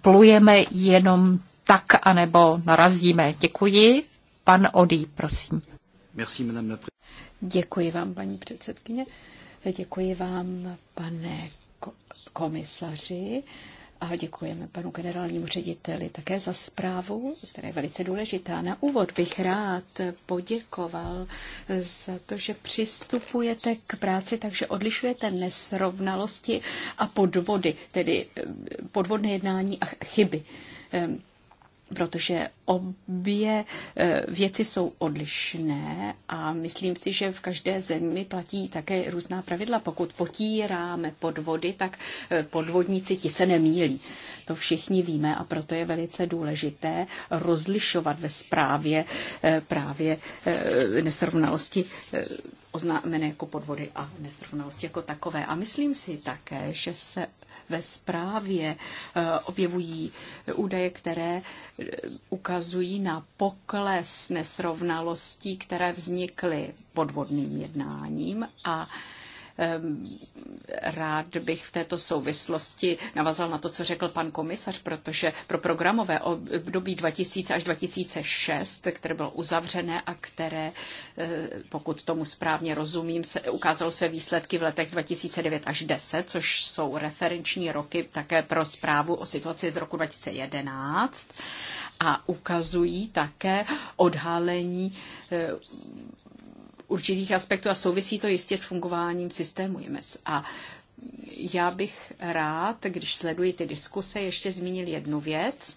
plujeme jenom tak, anebo narazíme. Děkuji. Pan Odí, prosím. Merci, madame la Děkuji vám, paní předsedkyně. Děkuji vám, pane komisaři a děkujeme panu generálnímu řediteli také za zprávu, která je velice důležitá. Na úvod bych rád poděkoval za to, že přistupujete k práci, takže odlišujete nesrovnalosti a podvody, tedy podvodné jednání a chyby. Ehm, protože obě eh, věci jsou odlišné a myslím si, že v každé zemi platí také různá pravidla. Pokud potíráme podvody, tak eh, podvodníci ti se nemílí. To všichni víme a proto je velice důležité rozlišovat ve správě eh, právě nesrovnalosti oznámené jako podvody a nesrovnalosti jako takové. A myslím si také, že se ve zprávě eh, objevují údaje, které eh, ukazují na pokles nesrovnalostí, které vznikly podvodným jednáním a Ehm, rád bych v této souvislosti navazal na to, co řekl pan komisař, protože pro programové období 2000 až 2006, které bylo uzavřené a které, eh, pokud tomu správně rozumím, se, ukázalo se výsledky v letech 2009 až 10, což jsou referenční roky také pro zprávu o situaci z roku 2011 a ukazují také odhalení eh, určitých aspektů a souvisí to jistě s fungováním systému IMS. A já bych rád, když sleduji ty diskuse, ještě zmínil jednu věc,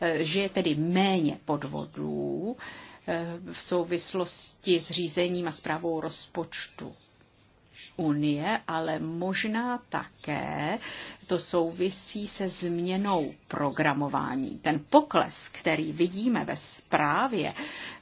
eh, že je tedy méně podvodů eh, v souvislosti s řízením a zprávou rozpočtu Unie, ale možná také to souvisí se změnou programování. Ten pokles, který vidíme ve zprávě,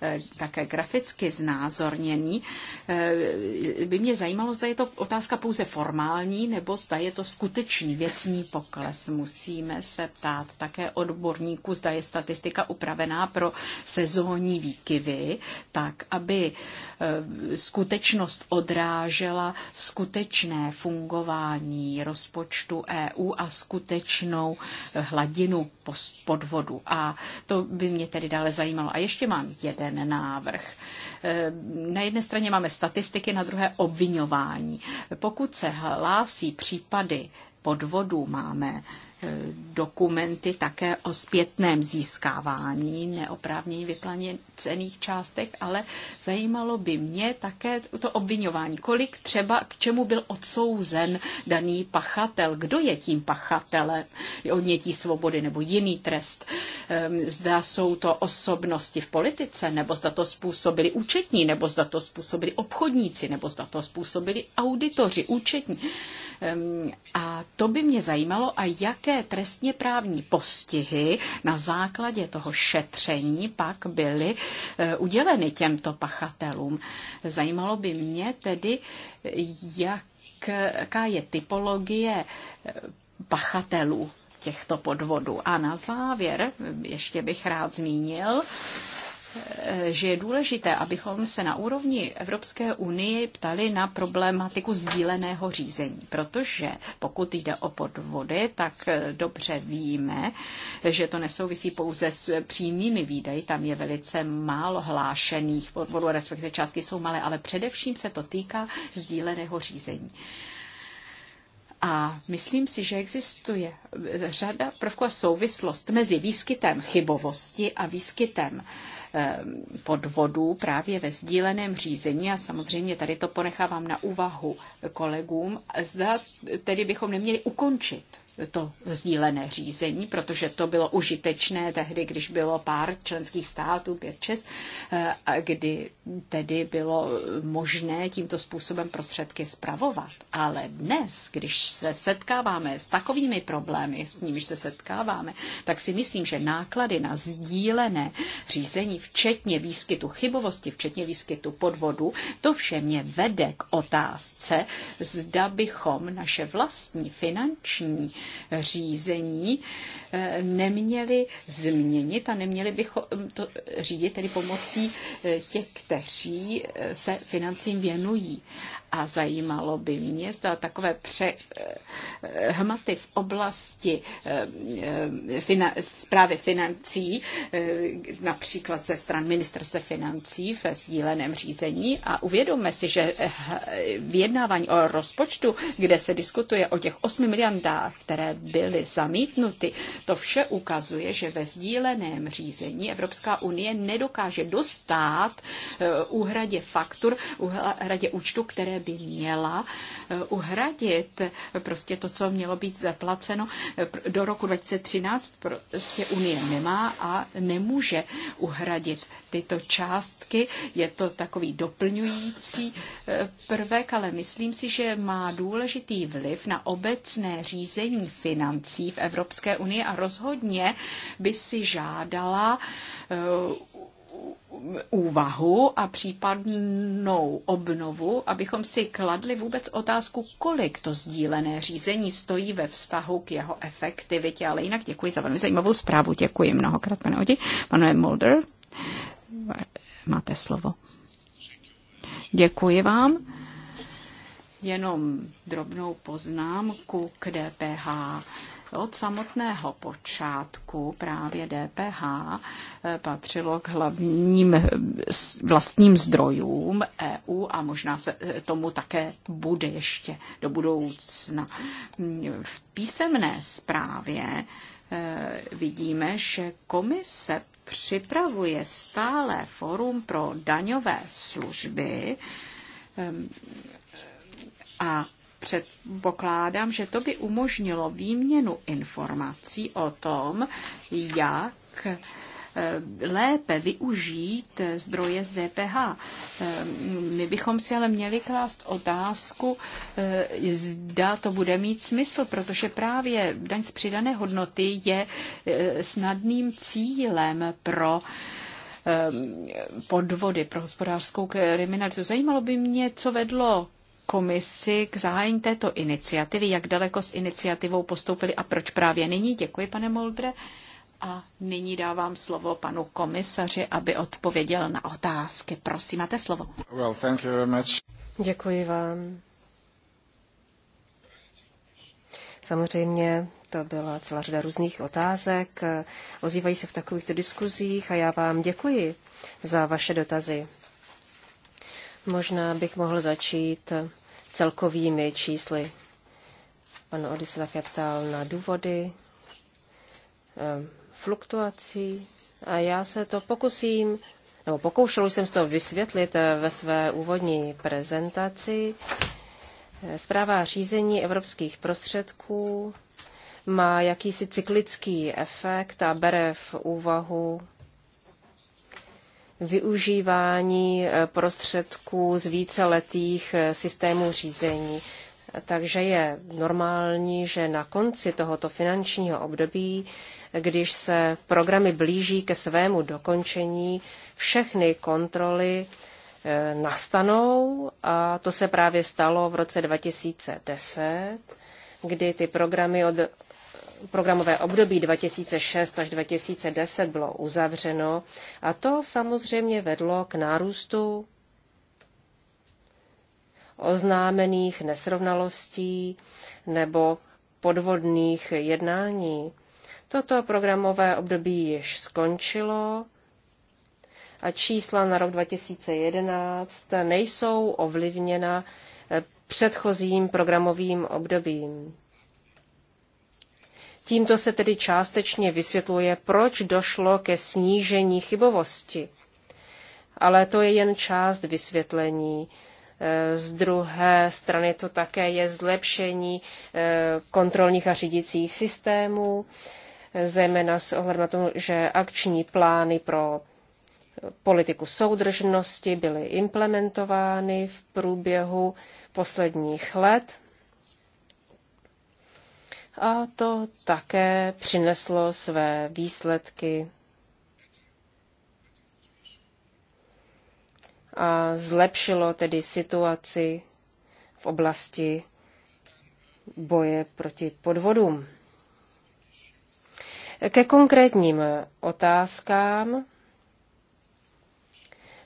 eh, také graficky znázorněný, eh, by mě zajímalo, zda je to otázka pouze formální, nebo zda je to skutečný věcný pokles. Musíme se ptát také odborníků, zda je statistika upravená pro sezónní výkyvy, tak aby eh, skutečnost odrážela skutečné fungování rozpočtu EU EU a skutečnou hladinu podvodu. A to by mě tedy dále zajímalo. A ještě mám jeden návrh. Eh, na jedné straně máme statistiky, na druhé obvinování. Pokud se hlásí případy podvodů, máme Eh, dokumenty také o zpětném získávání neoprávněně vyplacených částek, ale zajímalo by mě také to obvinování. Kolik třeba k čemu byl odsouzen daný pachatel? Kdo je tím pachatelem odnětí svobody nebo jiný trest? Ehm, zda jsou to osobnosti v politice, nebo zda to způsobili účetní, nebo zda to způsobili obchodníci, nebo zda to způsobili auditoři, účetní. A to by mě zajímalo, a jaké trestně právní postihy na základě toho šetření pak byly eh, uděleny těmto pachatelům. Zajímalo by mě tedy, jaká je typologie eh, pachatelů těchto podvodů. A na závěr ještě bych rád zmínil, Eh, že je důležité, abychom se na úrovni Evropské unie ptali na problematiku sdíleného řízení, protože pokud jde o podvody, tak eh, dobře víme, že to nesouvisí pouze s přímými výdaji, tam je velice málo hlášených podvodů, respektive částky jsou malé, ale především se to týká sdíleného řízení. A myslím si, že existuje řada prvků a souvislost mezi výskytem chybovosti a výskytem Eh, podvodů právě ve sdíleném řízení a samozřejmě tady to ponechávám na úvahu kolegům, zda tedy bychom neměli ukončit to sdílené řízení, protože to bylo užitečné tehdy, když bylo pár členských států, pět, eh, a kdy tedy bylo možné tímto způsobem prostředky spravovat. Ale dnes, když se setkáváme s takovými problémy, s nimiž se setkáváme, tak si myslím, že náklady na sdílené řízení, včetně výskytu chybovosti, včetně výskytu podvodu, to vše mě vede k otázce, zda bychom naše vlastní finanční řízení eh, neměli změnit a neměli bychom to řídit tedy pomocí eh, těch, kteří eh, se financím věnují. A zajímalo by mě, zda takové přehmaty eh, v oblasti eh, eh, finan- zprávy financí, například ze stran ministerstva financí ve sdíleném řízení. A uvědomme si, že vyjednávání o rozpočtu, kde se diskutuje o těch 8 miliardách, které byly zamítnuty, to vše ukazuje, že ve sdíleném řízení Evropská unie nedokáže dostat úhradě faktur, úhradě účtu, které by měla eh, uhradit prostě to, co mělo být zaplaceno eh, do roku 2013, prostě Unie nemá a nemůže uhradit tyto částky. Je to takový doplňující eh, prvek, ale myslím si, že má důležitý vliv na obecné řízení financí v Evropské unii a rozhodně by si žádala úvahu a případnou obnovu, abychom si kladli vůbec otázku, kolik to sdílené řízení stojí ve vztahu k jeho efektivitě. Ale jinak děkuji za velmi zajímavou zprávu. Děkuji mnohokrát, pane Odi. Pane Mulder, máte slovo. Děkuji vám. Jenom drobnou poznámku k DPH od samotného počátku právě DPH eh, patřilo k hlavním eh, vlastním zdrojům EU a možná se eh, tomu také bude ještě do budoucna. V písemné zprávě vidíme, že komise připravuje stále forum pro daňové služby a Předpokládám, že to by umožnilo výměnu informací o tom, jak eh, lépe využít zdroje z DPH. Eh, my bychom si ale měli klást otázku, eh, zda to bude mít smysl, protože právě daň z přidané hodnoty je snadným cílem pro podvody pro hospodářskou kriminalitu. Zajímalo by mě, co vedlo komisi k zahájení této iniciativy, jak daleko s iniciativou postoupili a proč právě nyní. Děkuji, pane Moldre. A nyní dávám slovo panu komisaři, aby odpověděl na otázky. Prosím, máte slovo. Well, thank you very much. Děkuji vám. Samozřejmě to byla celá řada různých otázek. Eh, ozývají se v takovýchto diskuzích a já vám děkuji za vaše dotazy. Možná bych mohl začít celkovými čísly. Pan Ody se také ptal na důvody ehm, fluktuací a já se to pokusím, nebo pokoušel jsem to vysvětlit eh, ve své úvodní prezentaci. Eh, zpráva řízení evropských prostředků má jakýsi cyklický efekt a bere v úvahu využívání eh, prostředků z víceletých eh, systémů řízení. Takže je normální, že na konci tohoto finančního období, eh, když se programy blíží ke svému dokončení, všechny kontroly nastanou a to se právě stalo v roce 2010, kdy ty programy od programové období 2006 až 2010 bylo uzavřeno a to samozřejmě vedlo k nárůstu oznámených nesrovnalostí nebo podvodných jednání. Toto programové období již skončilo a čísla na rok 2011 nejsou ovlivněna předchozím programovým obdobím. Tímto se tedy částečně vysvětluje, proč došlo ke snížení chybovosti. Ale to je jen část vysvětlení. E, z druhé strany to také je zlepšení e, kontrolních a řídicích systémů, e, zejména s ohledem na to, že akční plány pro politiku soudržnosti byly implementovány v průběhu posledních let a to také přineslo své výsledky a zlepšilo tedy situaci v oblasti boje proti podvodům. Ke konkrétním otázkám,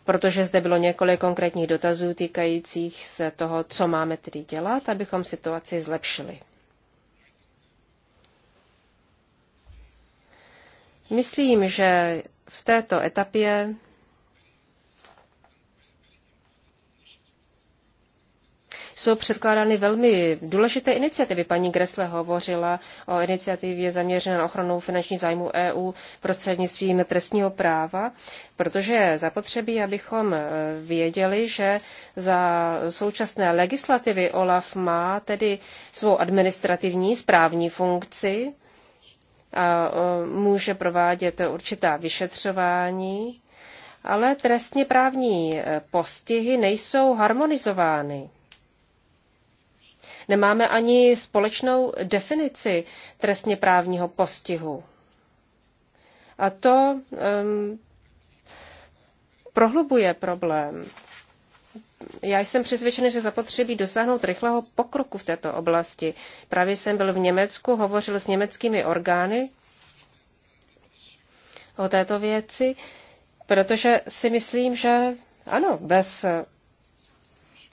protože zde bylo několik konkrétních dotazů týkajících se toho, co máme tedy dělat, abychom situaci zlepšili. Myslím, že v této etapě jsou předkládány velmi důležité iniciativy. Paní Gressle hovořila o iniciativě zaměřené na ochranu finanční zájmu e EU prostřednictvím trestního práva, protože je zapotřebí, abychom e, věděli, že za současné legislativy OLAF má tedy svou administrativní správní funkci, a e, může provádět určitá vyšetřování, ale trestně právní e, postihy nejsou harmonizovány. Nemáme ani společnou definici trestně právního postihu. A to um, prohlubuje problém já jsem přesvědčen, že zapotřebí dosáhnout rychlého pokroku v této oblasti. Právě jsem byl v Německu, hovořil s německými orgány o této věci, protože si myslím, že ano, bez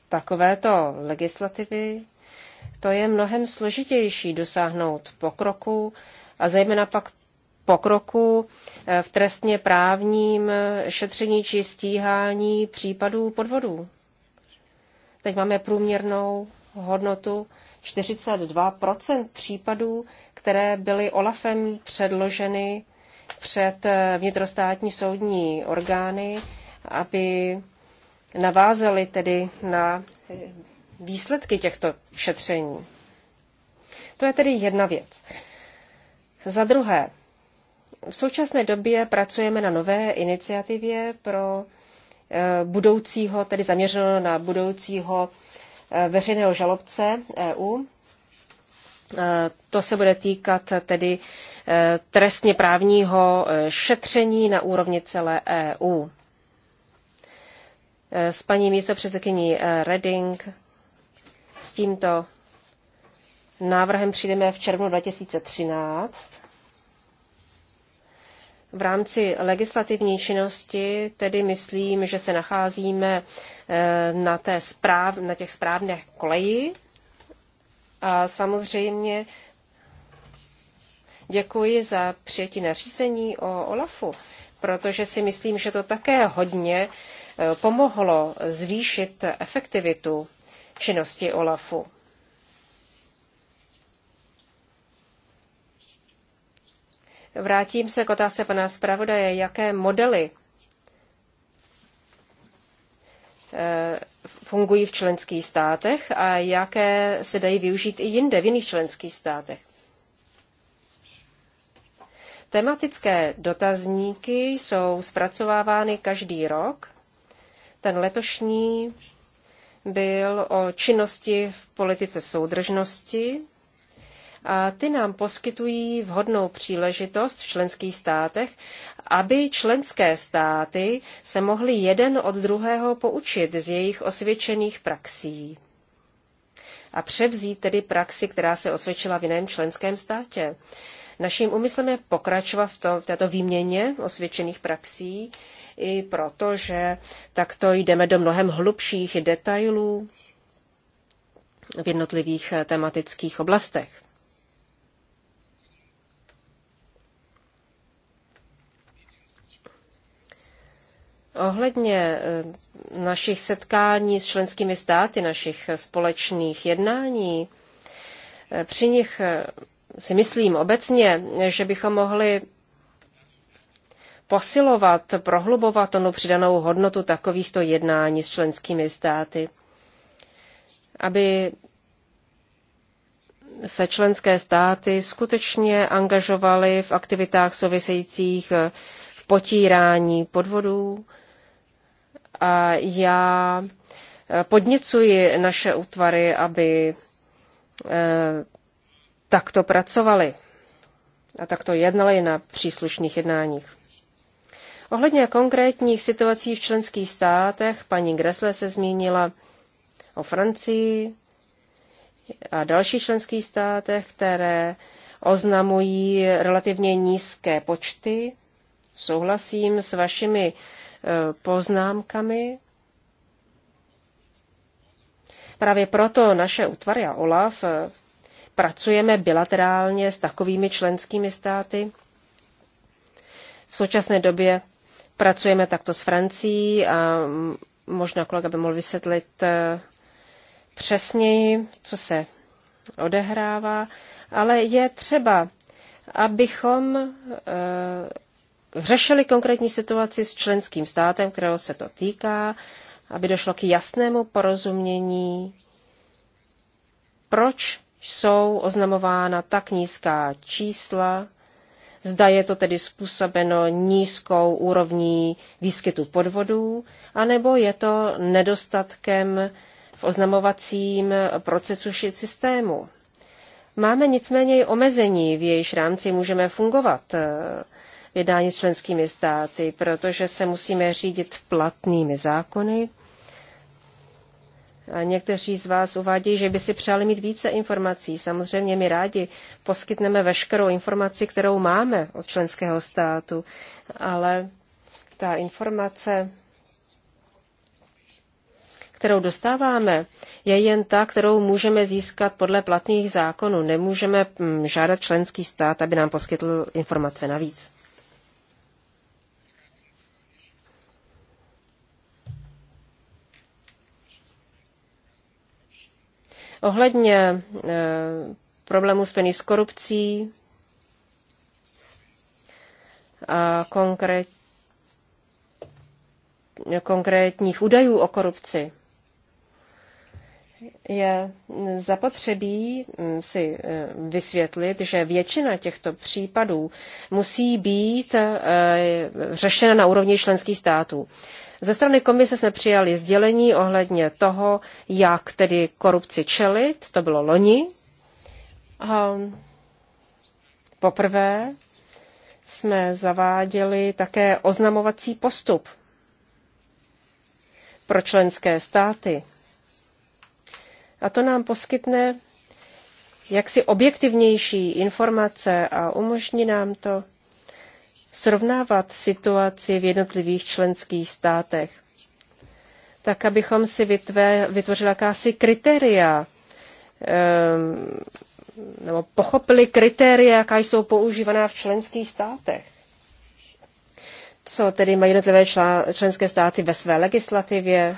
takovéto legislativy to je mnohem složitější dosáhnout pokroku a zejména pak pokroku eh, v trestně právním eh, šetření či stíhání případů podvodů. Teď máme průměrnou hodnotu 42 případů, které byly OLAFem předloženy před eh, vnitrostátní soudní orgány, aby navázely tedy na eh, výsledky těchto šetření. To je tedy jedna věc. Za druhé, v současné době pracujeme na nové iniciativě pro Eh, budoucího, tedy zaměřeno na budoucího eh, veřejného žalobce EU. Eh, to se bude týkat tedy trestně právního šetření na úrovni celé EU. S paní místopředsedkyní Reding s tímto návrhem přijdeme v červnu 2013 v rámci legislativní činnosti tedy myslím, že se nacházíme eh, na, té správ, na těch správných koleji. A samozřejmě děkuji za přijetí nařízení o OLAFu, protože si myslím, že to také hodně eh, pomohlo zvýšit efektivitu činnosti OLAFu. Vrátím se k otázce pana zpravodaje, jaké modely eh, fungují v členských státech a jaké se dají využít i jinde v jiných členských státech. Tematické dotazníky jsou zpracovávány každý rok. Ten letošní byl o činnosti v politice soudržnosti a ty nám poskytují vhodnou příležitost v členských státech, aby členské státy se mohly jeden od druhého poučit z jejich osvědčených praxí a převzít tedy praxi, která se osvědčila v jiném členském státě. Naším úmyslem je pokračovat v, tom, v této výměně osvědčených praxí, i proto, že takto jdeme do mnohem hlubších detailů v jednotlivých eh, tematických oblastech. Ohledně eh, našich setkání s členskými státy, našich společných jednání, eh, při nich eh, si myslím obecně, že bychom mohli posilovat, prohlubovat onu přidanou hodnotu takovýchto jednání s členskými státy, aby se členské státy skutečně angažovaly v aktivitách souvisejících v potírání podvodů, a já eh, podněcuji naše útvary, aby eh, takto pracovali a takto jednali na příslušných jednáních. Ohledně konkrétních situací v členských státech, paní Gressle se zmínila o Francii a dalších členských státech, které oznamují relativně nízké počty. Souhlasím s vašimi E, poznámkami. Právě proto naše útvary a OLAF e, pracujeme bilaterálně s takovými členskými státy. V současné době pracujeme takto s Francií a možná kolega by mohl vysvětlit e, přesněji, co se odehrává, ale je třeba, abychom řešili konkrétní situaci s členským státem, kterého se to týká, aby došlo k jasnému porozumění, proč jsou oznamována tak nízká čísla, zda je to tedy způsobeno nízkou úrovní výskytu podvodů, anebo je to nedostatkem v oznamovacím procesu systému. Máme nicméně i omezení, v jejíž rámci můžeme fungovat jednání s členskými státy, protože se musíme řídit platnými zákony. A někteří z vás uvádějí, že by si přáli mít více informací. Samozřejmě my rádi poskytneme veškerou informaci, kterou máme od členského státu, ale ta informace, kterou dostáváme, je jen ta, kterou můžeme získat podle platných zákonů. Nemůžeme mm, žádat členský stát, aby nám poskytl informace navíc. Ohledně eh, problémů spojených s korupcí a konkrét, konkrétních údajů o korupci je zapotřebí hm, si eh, vysvětlit, že většina těchto případů musí být eh, řešena na úrovni členských států. Ze strany komise jsme přijali sdělení ohledně toho, jak tedy korupci čelit, to bylo loni. A poprvé jsme zaváděli také oznamovací postup pro členské státy. A to nám poskytne jaksi objektivnější informace a umožní nám to srovnávat situaci v jednotlivých členských státech, tak abychom si vytvořili jakási kritéria, ehm, nebo pochopili kritéria, jaká jsou používaná v členských státech. Co tedy mají jednotlivé členské státy ve své legislativě?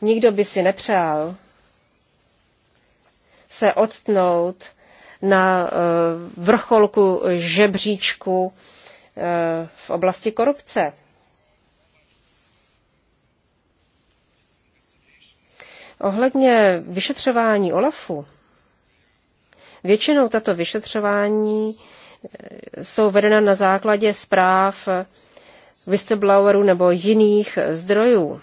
Nikdo by si nepřál se odstnout na eh, vrcholku žebříčku Eh, v oblasti korupce. Ohledně vyšetřování OLAFu, většinou tato vyšetřování eh, jsou vedena na základě zpráv whistleblowerů nebo jiných zdrojů.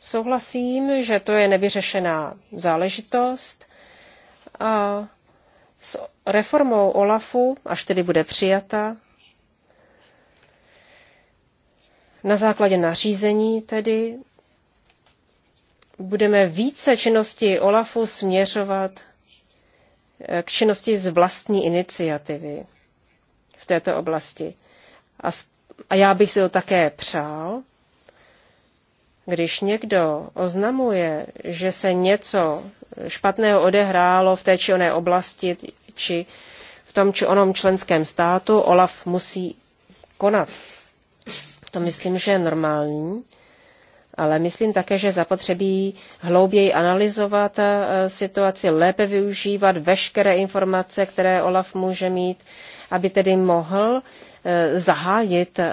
Souhlasím, že to je nevyřešená záležitost a s reformou OLAFu, až tedy bude přijata, na základě nařízení tedy budeme více činnosti OLAFu směřovat eh, k činnosti z vlastní iniciativy v této oblasti. A, a já bych si to také přál, když někdo oznamuje, že se něco špatného odehrálo v té či oné oblasti, či v tom či onom členském státu, Olaf musí konat. To myslím, že je normální, ale myslím také, že zapotřebí hlouběji analyzovat eh, situaci, lépe využívat veškeré informace, které Olaf může mít, aby tedy mohl Eh, zahájit eh,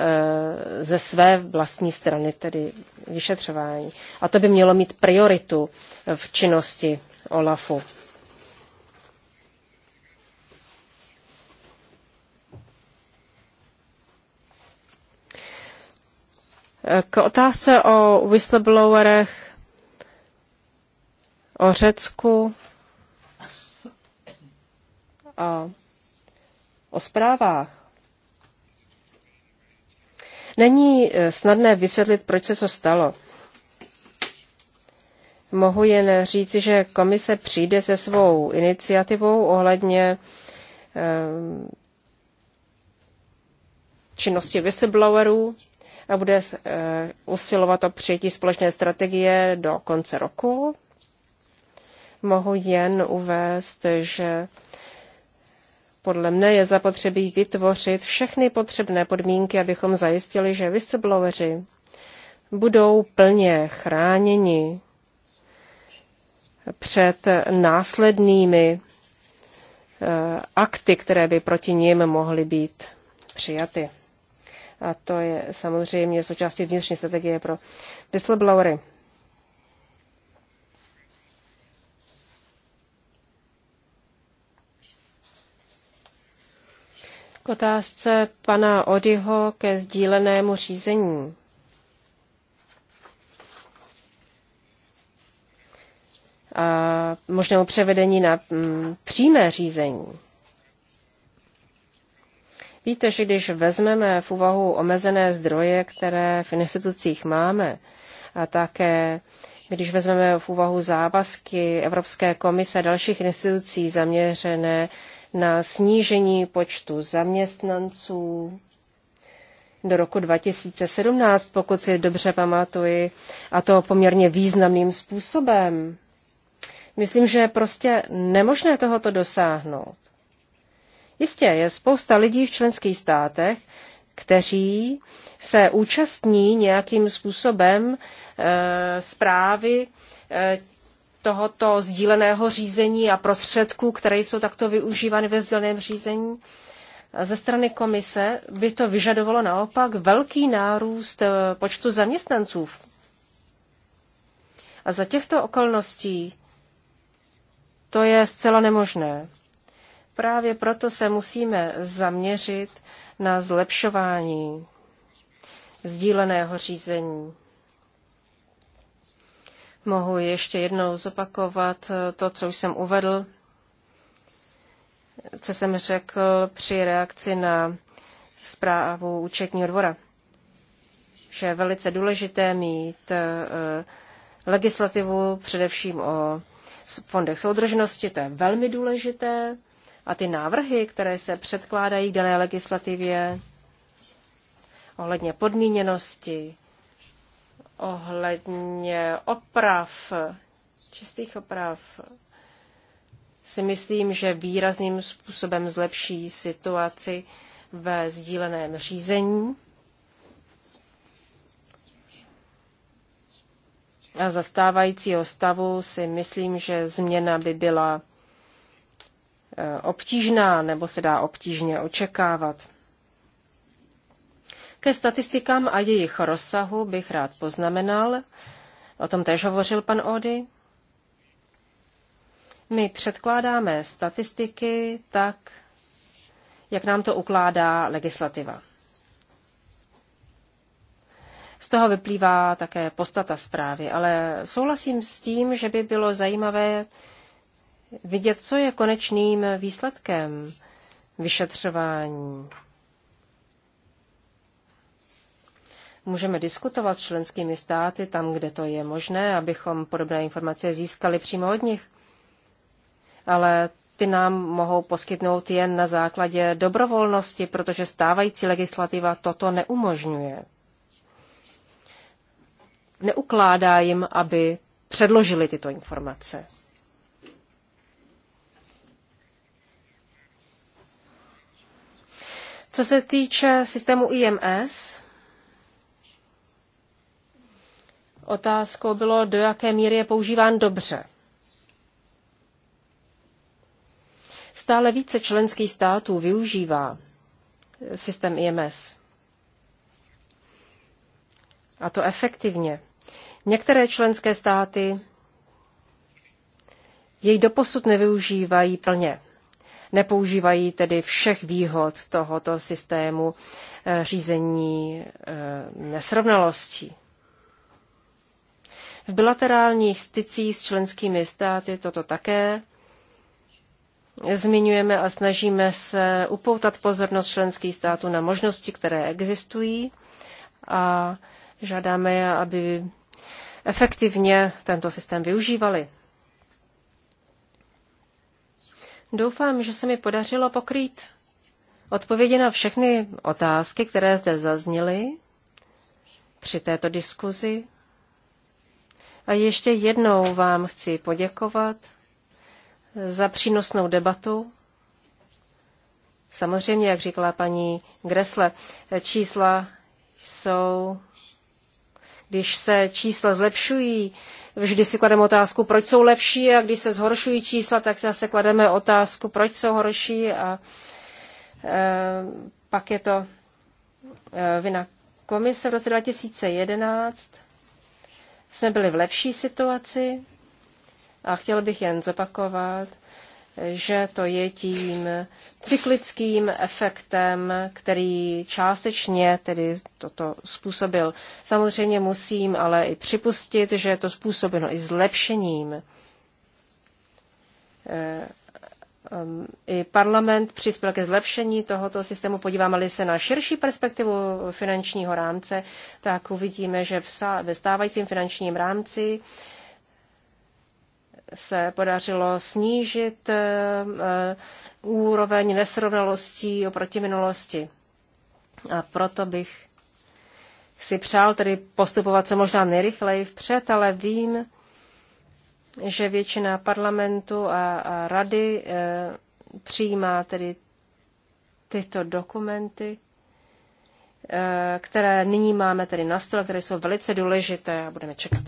ze své vlastní strany, tedy vyšetřování. A to by mělo mít prioritu v činnosti OLAFu. Eh, k otázce o whistleblowerech, o Řecku a o zprávách Není eh, snadné vysvětlit, proč se to stalo. Mohu jen říci, že komise přijde se svou iniciativou ohledně eh, činnosti whistleblowerů a bude eh, usilovat o přijetí společné strategie do konce roku. Mohu jen uvést, že podle mne je zapotřebí vytvořit všechny potřebné podmínky, abychom zajistili, že whistlebloweri budou plně chráněni před následnými eh, akty, které by proti ním mohly být přijaty. A to je samozřejmě součástí vnitřní strategie pro whistleblowery. K otázce pana Odyho ke sdílenému řízení. A možnému převedení na mm, přímé řízení. Víte, že když vezmeme v úvahu omezené zdroje, které v institucích máme, a také když vezmeme v úvahu závazky Evropské komise a dalších institucí zaměřené na snížení počtu zaměstnanců do roku 2017, pokud si dobře pamatuji, a to poměrně významným způsobem. Myslím, že je prostě nemožné tohoto dosáhnout. Jistě je spousta lidí v členských státech, kteří se účastní nějakým způsobem e, zprávy e, tohoto sdíleného řízení a prostředků, které jsou takto využívány ve sdíleném řízení. Ze strany komise by to vyžadovalo naopak velký nárůst eh, počtu zaměstnanců. A za těchto okolností to je zcela nemožné. Právě proto se musíme zaměřit na zlepšování sdíleného řízení mohu ještě jednou zopakovat eh, to, co už jsem uvedl, co jsem řekl při reakci na zprávu účetního dvora. Že je velice důležité mít eh, legislativu především o fondech soudržnosti, to je velmi důležité. A ty návrhy, které se předkládají k dané legislativě ohledně podmíněnosti, ohledně oprav, čistých oprav, si myslím, že výrazným způsobem zlepší situaci ve sdíleném řízení. A zastávajícího stavu si myslím, že změna by byla eh, obtížná nebo se dá obtížně očekávat. Ke statistikám a jejich rozsahu bych rád poznamenal, o tom též hovořil pan Ody, my předkládáme statistiky tak, jak nám to ukládá legislativa. Z toho vyplývá také postata zprávy, ale souhlasím s tím, že by bylo zajímavé vidět, co je konečným výsledkem vyšetřování Můžeme diskutovat s členskými státy tam, kde to je možné, abychom podobné informace získali přímo od nich. Ale ty nám mohou poskytnout jen na základě dobrovolnosti, protože stávající legislativa toto neumožňuje. Neukládá jim, aby předložili tyto informace. Co se týče systému IMS, Otázkou bylo, do jaké míry je používán dobře. Stále více členských států využívá systém IMS. A to efektivně. Některé členské státy jej doposud nevyužívají plně. Nepoužívají tedy všech výhod tohoto systému eh, řízení eh, nesrovnalostí. V bilaterálních stycích s členskými státy toto také zmiňujeme a snažíme se upoutat pozornost členských států na možnosti, které existují a žádáme je, aby efektivně tento systém využívali. Doufám, že se mi podařilo pokrýt odpovědi na všechny otázky, které zde zazněly při této diskuzi. A ještě jednou vám chci poděkovat za přínosnou debatu. Samozřejmě, jak říkala paní Gresle, čísla jsou, když se čísla zlepšují, vždy si klademe otázku, proč jsou lepší a když se zhoršují čísla, tak si zase klademe otázku, proč jsou horší a e, pak je to e, vina komise v roce 2011 jsme byli v lepší situaci a chtěl bych jen zopakovat, že to je tím cyklickým efektem, který částečně tedy toto způsobil. Samozřejmě musím ale i připustit, že je to způsobeno i zlepšením eh, i parlament přispěl ke zlepšení tohoto systému. Podíváme-li se na širší perspektivu finančního rámce, tak uvidíme, že ve stávajícím finančním rámci se podařilo snížit eh, eh, úroveň nesrovnalostí oproti minulosti. A proto bych si přál tedy postupovat co možná nejrychleji vpřed, ale vím, že většina parlamentu a, a rady e, přijímá tedy tyto dokumenty, e, které nyní máme tedy na stole, které jsou velice důležité a budeme čekat.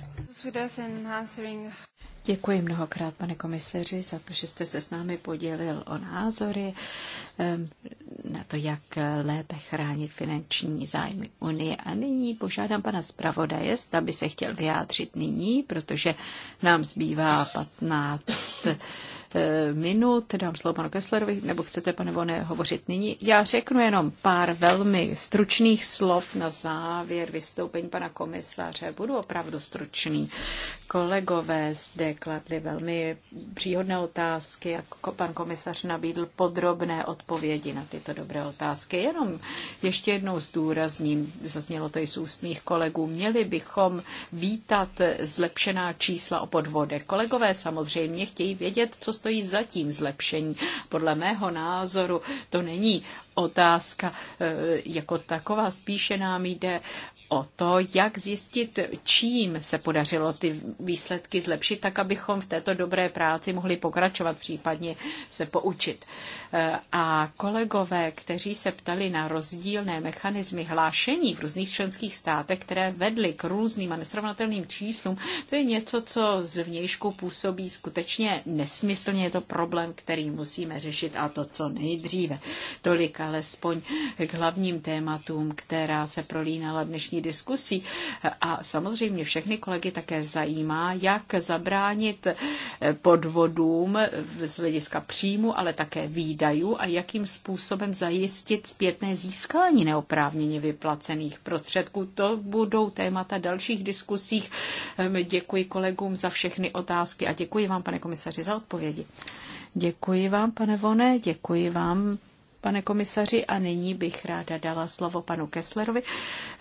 Děkuji mnohokrát, pane komiseři, za to, že jste se s námi podělil o názory ehm, na to, jak lépe chránit finanční zájmy Unie. A nyní požádám pana zpravodaje, aby se chtěl vyjádřit nyní, protože nám zbývá 15 minut. Dám slovo panu Kesslerovi, nebo chcete, pane Vone, hovořit nyní? Já řeknu jenom pár velmi stručných slov na závěr vystoupení pana komisaře. Budu opravdu stručný. Kolegové zde kladli velmi příhodné otázky a pan komisař nabídl podrobné odpovědi na tyto dobré otázky. Jenom ještě jednou zdůrazním, zaznělo to i z úst mých kolegů, měli bychom vítat zlepšená čísla o podvodech. Kolegové samozřejmě chtějí vědět, co stojí za tím zlepšení. Podle mého názoru to není otázka e, jako taková, spíše nám jde o to, jak zjistit, čím se podařilo ty výsledky zlepšit, tak abychom v této dobré práci mohli pokračovat, případně se poučit. Eh, a kolegové, kteří se ptali na rozdílné mechanismy hlášení v různých členských státech, které vedly k různým a nesrovnatelným číslům, to je něco, co z vnějšku působí skutečně nesmyslně. Je to problém, který musíme řešit a to, co nejdříve. Tolik alespoň k hlavním tématům, která se prolínala dnešní dnešní diskusí. A samozřejmě všechny kolegy také zajímá, jak zabránit podvodům z hlediska příjmu, ale také výdajů a jakým způsobem zajistit zpětné získání neoprávněně vyplacených prostředků. To budou témata dalších diskusích. Ehm, děkuji kolegům za všechny otázky a děkuji vám, pane komisaři, za odpovědi. Děkuji vám, pane Vone, děkuji vám, pane komisaři, a nyní bych ráda dala slovo panu Kesslerovi,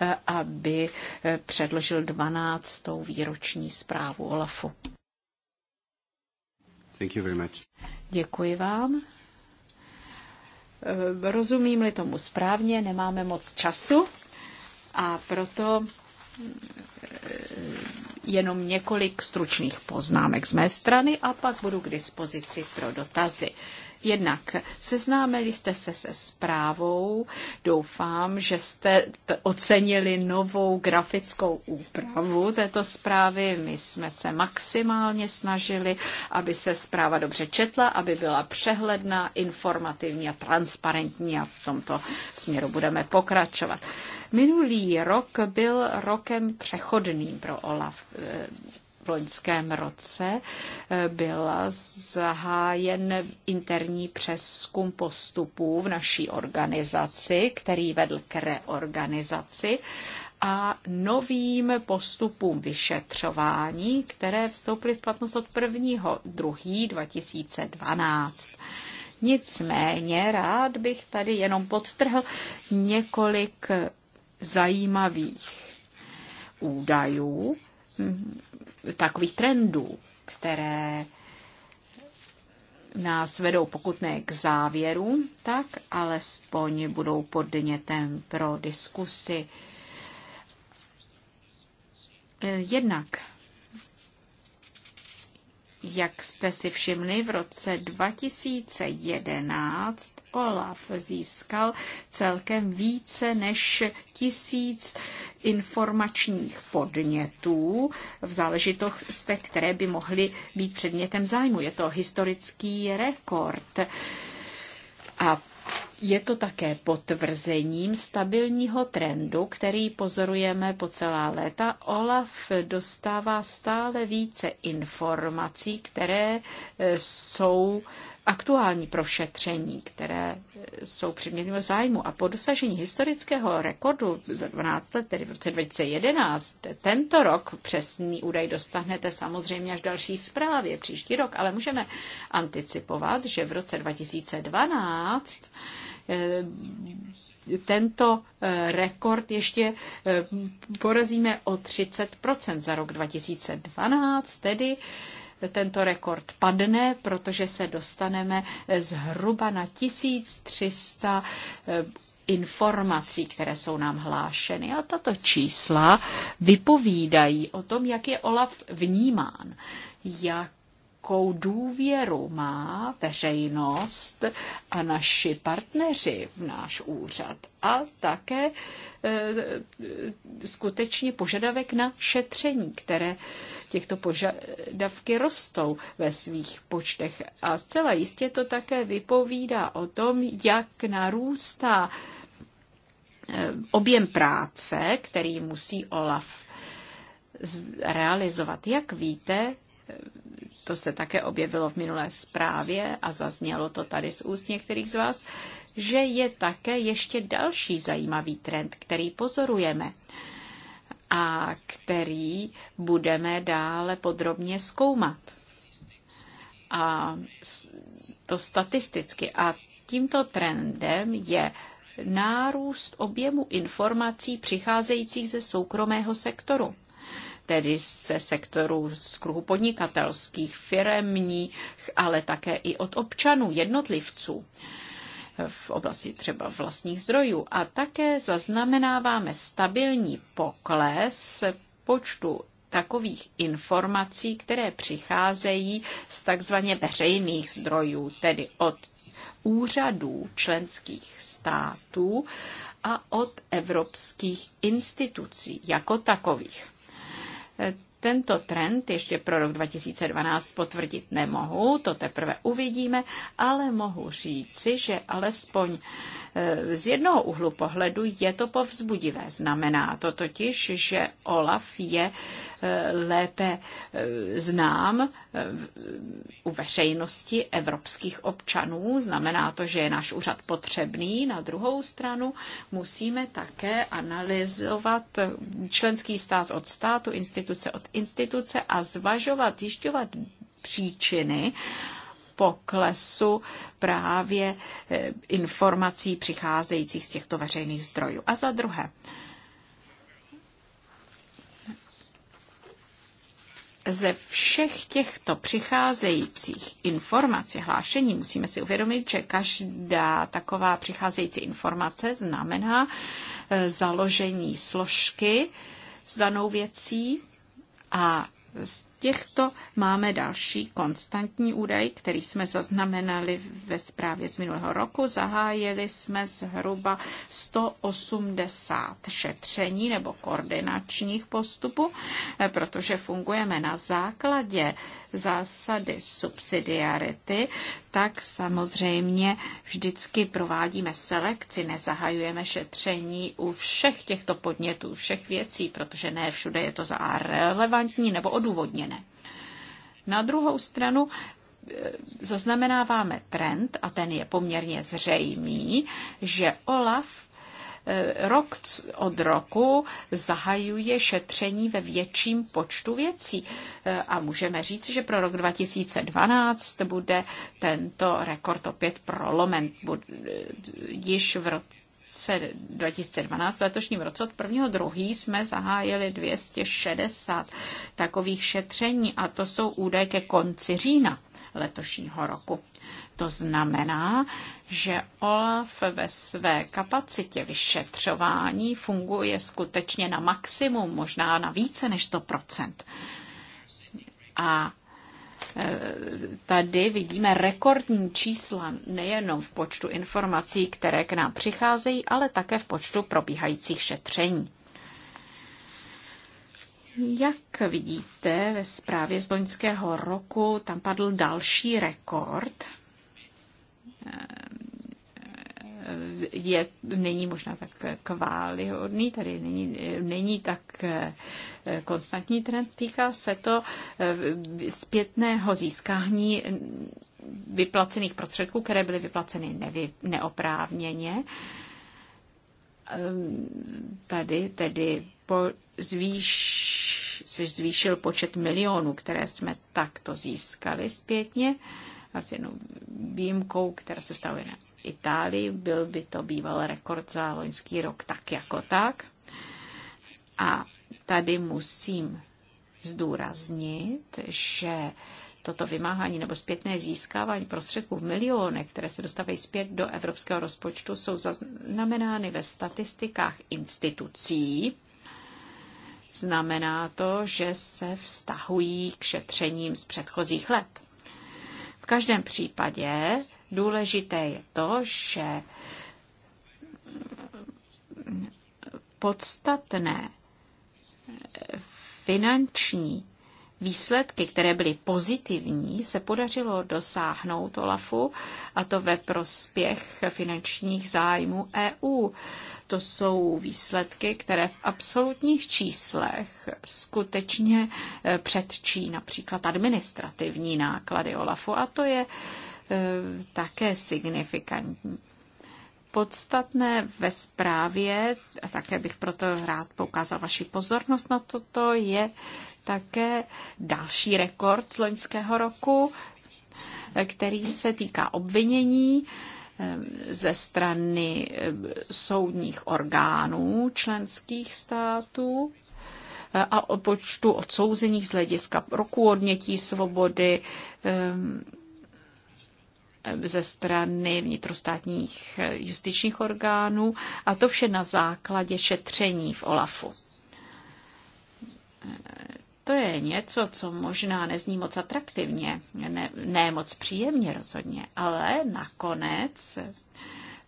eh, aby eh, předložil 12. výroční zprávu OLAFu. Thank you very much. Děkuji vám. Eh, rozumím-li tomu správně, nemáme moc času a proto jenom několik stručných poznámek z mé strany a pak budu k dispozici pro dotazy. Jednak seznámili jste se se zprávou, doufám, že jste ocenili novou grafickou úpravu této zprávy. My jsme se maximálně snažili, aby se zpráva dobře četla, aby byla přehledná, informativní a transparentní a v tomto směru budeme pokračovat. Minulý rok byl rokem přechodným pro OLAF v loňském roce eh, byla zahájen interní přeskum postupů v naší organizaci, který vedl k reorganizaci a novým postupům vyšetřování, které vstoupily v platnost od 1. 2. 2012. Nicméně rád bych tady jenom podtrhl několik zajímavých údajů, Mm, takových trendů, které nás vedou pokud ne k závěru, tak alespoň budou podnětem pro diskusy. Jednak jak jste si všimli, v roce 2011 Olaf získal celkem více než tisíc informačních podnětů v záležitostech, které by mohly být předmětem zájmu. Je to historický rekord. A je to také potvrzením stabilního trendu, který pozorujeme po celá léta. Olaf dostává stále více informací, které e, jsou aktuální pro šetření, které e, jsou předmětem zájmu. A po dosažení historického rekordu za 12 let, tedy v roce 2011, tento rok přesný údaj dostanete samozřejmě až další zprávě příští rok, ale můžeme anticipovat, že v roce 2012 Eh, tento eh, rekord ještě eh, porazíme o 30% za rok 2012, tedy tento rekord padne, protože se dostaneme zhruba na 1300 informací, které jsou nám hlášeny. A tato čísla vypovídají o tom, jak je Olaf vnímán, jak jakou důvěru má veřejnost a naši partneři v náš úřad a také e, skutečně požadavek na šetření, které těchto požadavky rostou ve svých počtech. A zcela jistě to také vypovídá o tom, jak narůstá e, objem práce, který musí OLAF realizovat. Jak víte, to se také objevilo v minulé zprávě a zaznělo to tady z úst některých z vás, že je také ještě další zajímavý trend, který pozorujeme a který budeme dále podrobně zkoumat. A to statisticky. A tímto trendem je nárůst objemu informací přicházejících ze soukromého sektoru tedy ze sektoru z kruhu podnikatelských, firemních, ale také i od občanů, jednotlivců v oblasti třeba vlastních zdrojů. A také zaznamenáváme stabilní pokles počtu takových informací, které přicházejí z takzvaně veřejných zdrojů, tedy od úřadů členských států a od evropských institucí jako takových. Tento trend ještě pro rok 2012 potvrdit nemohu, to teprve uvidíme, ale mohu říci, že alespoň eh, z jednoho úhlu pohledu je to povzbudivé. Znamená to totiž, že OLAF je lépe eh, znám eh, u veřejnosti evropských občanů. Znamená to, že je náš úřad potřebný. Na druhou stranu musíme také analyzovat eh, členský stát od státu, instituce od instituce a zvažovat, zjišťovat příčiny poklesu právě informací přicházejících z těchto veřejných zdrojů. A za druhé, ze všech těchto přicházejících informací hlášení musíme si uvědomit, že každá taková přicházející informace znamená eh, založení složky s danou věcí a těchto máme další konstantní údaj, který jsme zaznamenali ve zprávě z minulého roku. Zahájili jsme zhruba 180 šetření nebo koordinačních postupů, eh, protože fungujeme na základě zásady subsidiarity, tak samozřejmě vždycky provádíme selekci, nezahajujeme šetření u všech těchto podnětů, všech věcí, protože ne všude je to za relevantní nebo odůvodněné. Na druhou stranu eh, zaznamenáváme trend, a ten je poměrně zřejmý, že OLAF eh, rok od roku zahajuje šetření ve větším počtu věcí. Eh, a můžeme říct, že pro rok 2012 bude tento rekord opět prolomen. Již v roce 2012, letošním roce od 1. 2. jsme zahájili 260 takových šetření a to jsou údaje ke konci října letošního roku. To znamená, že OLAF ve své kapacitě vyšetřování funguje skutečně na maximum, možná na více než 100%. A Tady vidíme rekordní čísla nejenom v počtu informací, které k nám přicházejí, ale také v počtu probíhajících šetření. Jak vidíte ve zprávě z loňského roku, tam padl další rekord je, není možná tak kválihodný, tady není, není tak eh, konstantní trend. Týká se to eh, zpětného získání vyplacených prostředků, které byly vyplaceny nevy, neoprávněně. Eh, tady tedy po zvýš, se zvýšil počet milionů, které jsme takto získali zpětně, a s jednou výjimkou, která se vztahuje na Itálii. Byl by to býval rekord za loňský rok tak jako tak. A tady musím zdůraznit, že toto vymáhání nebo zpětné získávání prostředků v milionech, které se dostávají zpět do evropského rozpočtu, jsou zaznamenány ve statistikách institucí. Znamená to, že se vztahují k šetřením z předchozích let. V každém případě Důležité je to, že podstatné finanční výsledky, které byly pozitivní, se podařilo dosáhnout OLAFu a to ve prospěch finančních zájmů EU. To jsou výsledky, které v absolutních číslech skutečně eh, předčí například administrativní náklady OLAFu a to je E, také signifikantní. Podstatné ve zprávě, a také bych proto rád poukázal vaši pozornost na toto, je také další rekord z loňského roku, e, který se týká obvinění e, ze strany soudních orgánů členských států a o počtu odsouzených z hlediska roku odnětí svobody ze strany vnitrostátních justičních orgánů a to vše na základě šetření v OLAFu. To je něco, co možná nezní moc atraktivně, ne, ne moc příjemně rozhodně, ale nakonec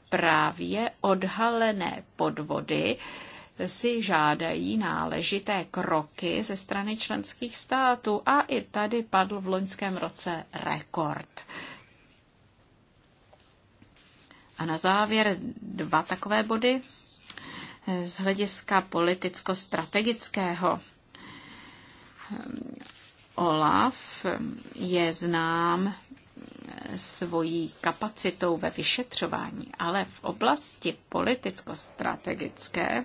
právě odhalené podvody si žádají náležité kroky ze strany členských států a i tady padl v loňském roce rekord a na závěr dva takové body. Z hlediska politicko-strategického Olaf je znám svojí kapacitou ve vyšetřování, ale v oblasti politicko-strategické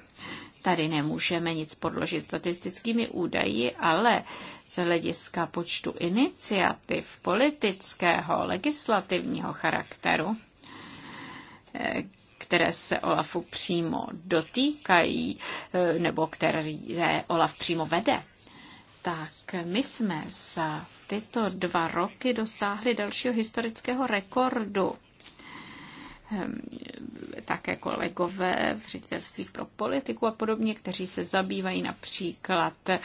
tady nemůžeme nic podložit statistickými údaji, ale z hlediska počtu iniciativ politického, legislativního charakteru které se Olafu přímo dotýkají eh, nebo které Olaf přímo vede, tak my jsme za tyto dva roky dosáhli dalšího historického rekordu. Ehm, také kolegové v ředitelství pro politiku a podobně, kteří se zabývají například ehm,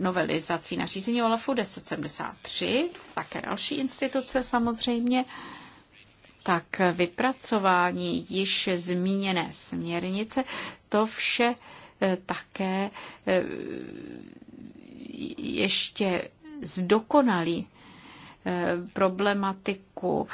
novelizací nařízení OLAFu 1073, také další instituce samozřejmě, tak vypracování již zmíněné směrnice, to vše eh, také eh, ještě zdokonalí Eh, problematiku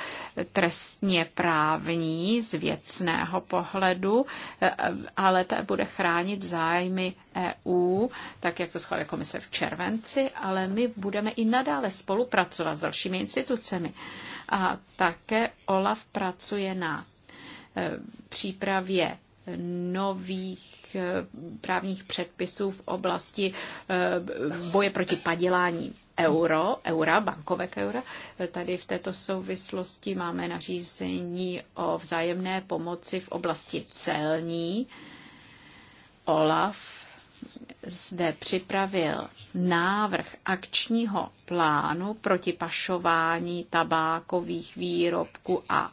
trestně právní z věcného pohledu, eh, ale ta bude chránit zájmy EU, tak jak to schválila komise v červenci, ale my budeme i nadále spolupracovat s dalšími institucemi. A také OLAF pracuje na eh, přípravě nových právních předpisů v oblasti boje proti padělání euro, eura, bankovek eura. Tady v této souvislosti máme nařízení o vzájemné pomoci v oblasti celní. Olaf zde připravil návrh akčního plánu proti pašování tabákových výrobků a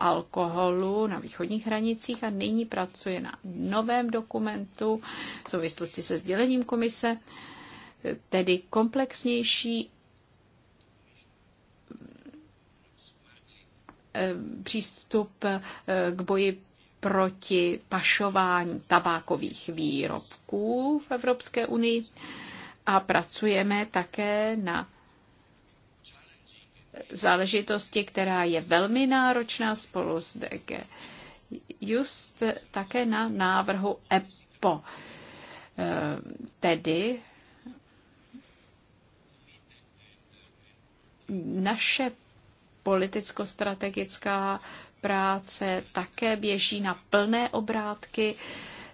alkoholu na východních hranicích a nyní pracuje na novém dokumentu v souvislosti se sdělením komise tedy komplexnější eh, přístup eh, k boji proti pašování tabákových výrobků v Evropské unii a pracujeme také na záležitosti, která je velmi náročná spolu s DG. Just také na návrhu EPO, eh, tedy naše politicko-strategická práce také běží na plné obrátky.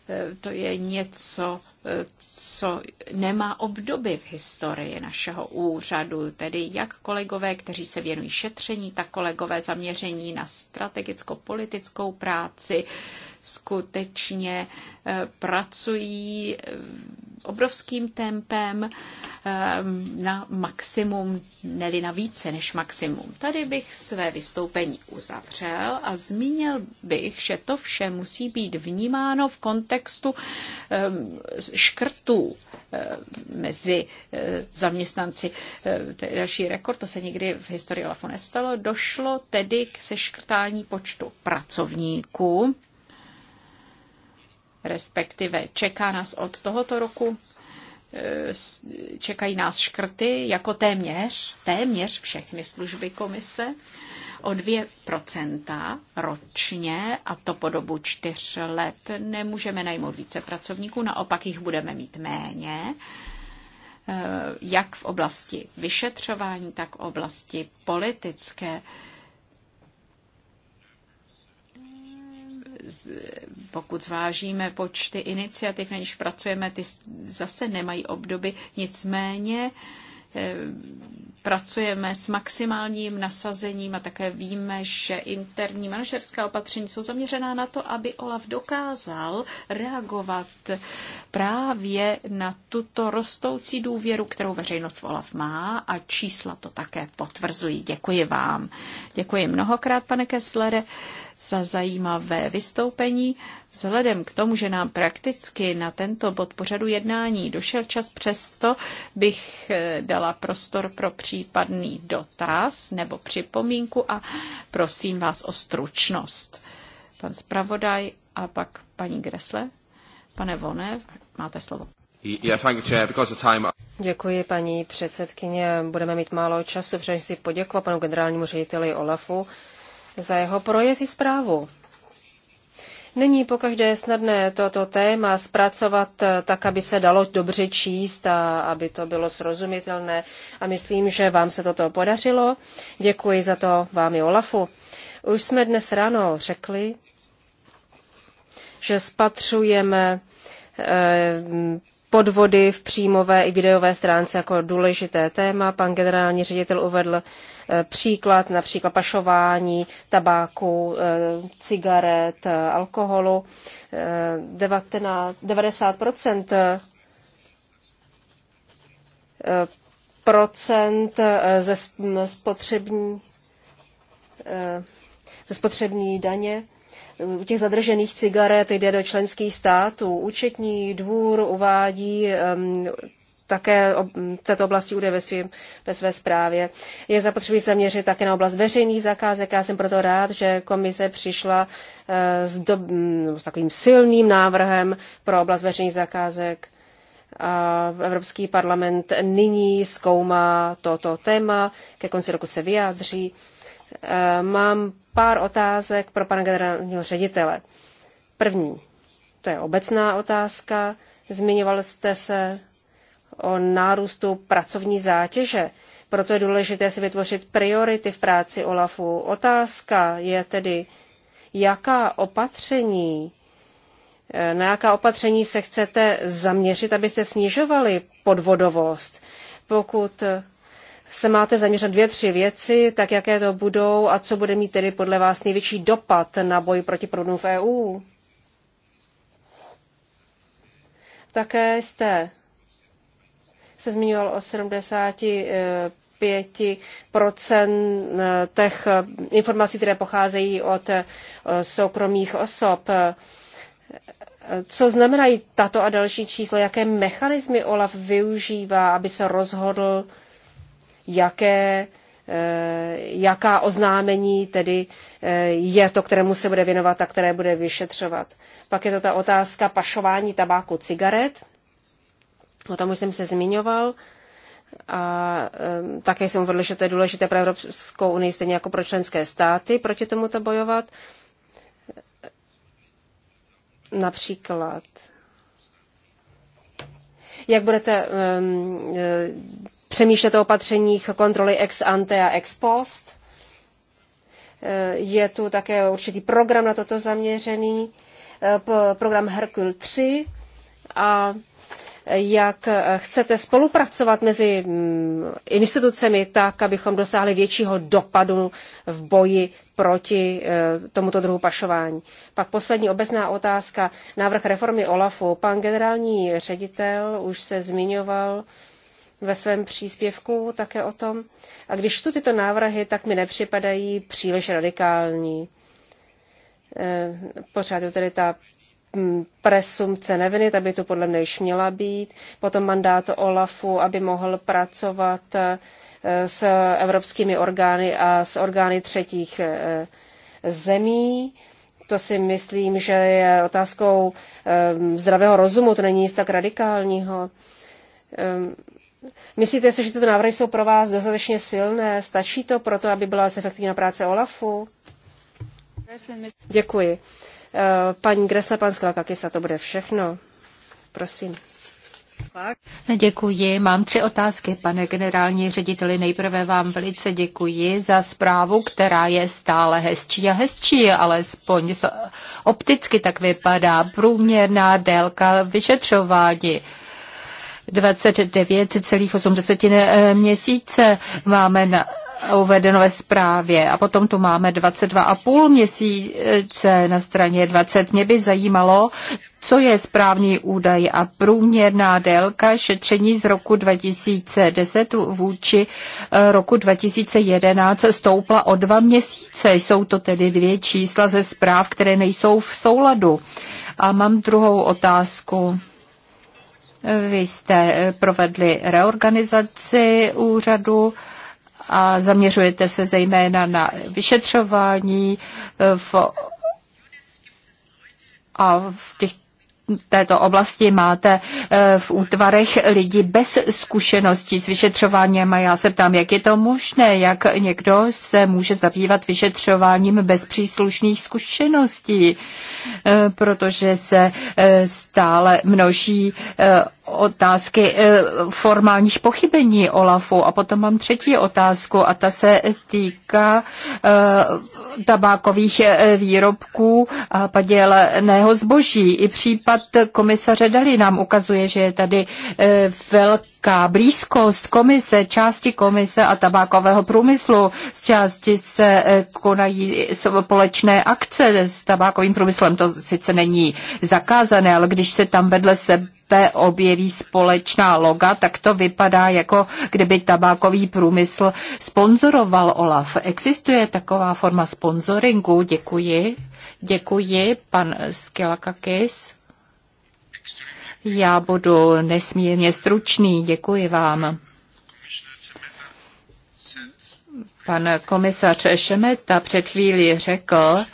E, to je něco, e, co nemá obdoby v historii našeho úřadu, tedy jak kolegové, kteří se věnují šetření, tak kolegové zaměření na strategicko-politickou práci, skutečně eh, pracují eh, obrovským tempem eh, na maximum, neli na více než maximum. Tady bych své vystoupení uzavřel a zmínil bych, že to vše musí být vnímáno v kontextu škrtů mezi zaměstnanci. To je další rekord, to se nikdy v historii Olafu nestalo. Došlo tedy k seškrtání počtu pracovníků respektive čeká nás od tohoto roku, eh, čekají nás škrty jako téměř, téměř všechny služby komise o 2% ročně a to po dobu čtyř let. Nemůžeme najmout více pracovníků, naopak jich budeme mít méně eh, jak v oblasti vyšetřování, tak v oblasti politické. pokud zvážíme počty iniciativ, na nichž pracujeme, ty zase nemají obdoby. Nicméně eh, pracujeme s maximálním nasazením a také víme, že interní manažerská opatření jsou zaměřená na to, aby OLAF dokázal reagovat právě na tuto rostoucí důvěru, kterou veřejnost v OLAF má a čísla to také potvrzují. Děkuji vám. Děkuji mnohokrát, pane Kesslere za zajímavé vystoupení. Vzhledem k tomu, že nám prakticky na tento bod pořadu jednání došel čas, přesto bych eh, dala prostor pro případný dotaz nebo připomínku a prosím vás o stručnost. Pan zpravodaj a pak paní Gresle. Pane Vone, máte slovo. Děkuji, paní předsedkyně. Budeme mít málo času, protože si poděkovat panu generálnímu řediteli Olafu za jeho projev i zprávu. Není pokaždé snadné toto téma zpracovat tak, aby se dalo dobře číst a aby to bylo srozumitelné. A myslím, že vám se toto podařilo. Děkuji za to vám i Olafu. Už jsme dnes ráno řekli, že spatřujeme eh, podvody v příjmové i videové stránce jako důležité téma. Pan generální ředitel uvedl eh, příklad například pašování tabáku, eh, cigaret, eh, alkoholu. 90 procent ze spotřební, ze spotřební daně těch zadržených cigaret jde do členských států. Účetní dvůr uvádí um, také v této oblasti údaje ve, svým, ve své zprávě. Je zapotřebí zaměřit také na oblast veřejných zakázek. Já jsem proto rád, že komise přišla uh, s, do, mm, s takovým silným návrhem pro oblast veřejných zakázek. A Evropský parlament nyní zkoumá toto téma, ke konci roku se vyjádří. Eh, mám pár otázek pro pana generálního ředitele. První, to je obecná otázka. Zmiňoval jste se o nárůstu pracovní zátěže. Proto je důležité si vytvořit priority v práci OLAFu. Otázka je tedy, jaká opatření, eh, na jaká opatření se chcete zaměřit, abyste snižovali podvodovost. Pokud se máte zaměřit dvě, tři věci, tak jaké to budou a co bude mít tedy podle vás největší dopad na boj proti proudům v EU. Také jste se zmiňoval o 75 těch informací, které pocházejí od eh, soukromých osob. Co znamenají tato a další čísla? Jaké mechanismy OLAF využívá, aby se rozhodl, jaké, eh, jaká oznámení tedy eh, je to, kterému se bude věnovat a které bude vyšetřovat. Pak je to ta otázka pašování tabáku cigaret. O tom už jsem se zmiňoval. A eh, také jsem uvedl, že to je důležité pro Evropskou unii, stejně jako pro členské státy, proti tomuto bojovat. Například jak budete ehm, přemýšlet o opatřeních kontroly ex ante a ex post. Je tu také určitý program na toto zaměřený, program Herkul 3 a jak chcete spolupracovat mezi mm, institucemi tak, abychom dosáhli většího dopadu v boji proti e, tomuto druhu pašování. Pak poslední obecná otázka. Návrh reformy OLAFu. Pan generální ředitel už se zmiňoval ve svém příspěvku také o tom. A když tu tyto návrhy, tak mi nepřipadají příliš radikální. Eh, pořád je tedy ta mm, presumce neviny, ta by tu podle mě již měla být. Potom mandát OLAFu, aby mohl pracovat eh, s evropskými orgány a s orgány třetích eh, zemí. To si myslím, že je otázkou zdravého rozumu, to není nic tak radikálního. Ehm, Myslíte si, že tyto návrhy jsou pro vás dostatečně silné? Stačí to pro to, aby byla zefektivněna práce OLAFu? Děkuji. Eh, paní Gresle, pan Skalakakisa, to bude všechno. Prosím. Děkuji. Mám tři otázky, pane generální řediteli. Nejprve vám velice děkuji za zprávu, která je stále hezčí a hezčí, alespoň opticky tak vypadá průměrná délka vyšetřování 29,8 eh, měsíce máme na uvedeno ve zprávě. A potom tu máme 22,5 měsíce na straně 20. Mě by zajímalo, co je správný údaj a průměrná délka šetření z roku 2010 vůči eh, roku 2011 stoupla o dva měsíce. Jsou to tedy dvě čísla ze zpráv, které nejsou v souladu. A mám druhou otázku. Vy jste eh, provedli reorganizaci úřadu a zaměřujete se zejména na vyšetřování eh, v a v těch této oblasti máte eh, v útvarech lidi bez zkušeností s vyšetřováním a já se ptám, jak je to možné, jak někdo se může zabývat vyšetřováním bez příslušných zkušeností, eh, protože se eh, stále množí otázky eh, formálních pochybení OLAFu. A potom mám třetí otázku a ta se týká eh, tabákových eh, výrobků a padělného zboží. I případ komisaře Dali nám ukazuje, že je tady velký velká blízkost komise, části komise a tabákového průmyslu. Z části se konají společné akce s tabákovým průmyslem. To sice není zakázané, ale když se tam vedle sebe lépe objeví společná loga, tak to vypadá jako kdyby tabákový průmysl sponzoroval OLAF. Existuje taková forma sponzoringu? Děkuji. Děkuji, pan Skilakakis. Já budu nesmírně stručný, děkuji vám. Pan komisař Šemeta před chvíli řekl,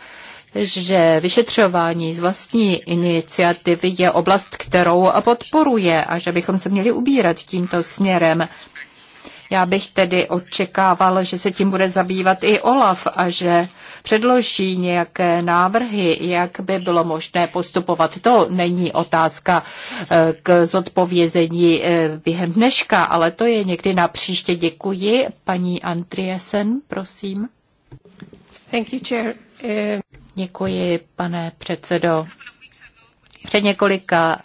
že vyšetřování z vlastní iniciativy je oblast, kterou podporuje a že bychom se měli ubírat tímto směrem. Já bych tedy očekával, že se tím bude zabývat i OLAF a že předloží nějaké návrhy, jak by bylo možné postupovat. To není otázka eh, k zodpovězení eh, během dneška, ale to je někdy na příště. Děkuji. Paní Andriesen, prosím. Thank you, chair. Eh, Děkuji, pane předsedo. Před několika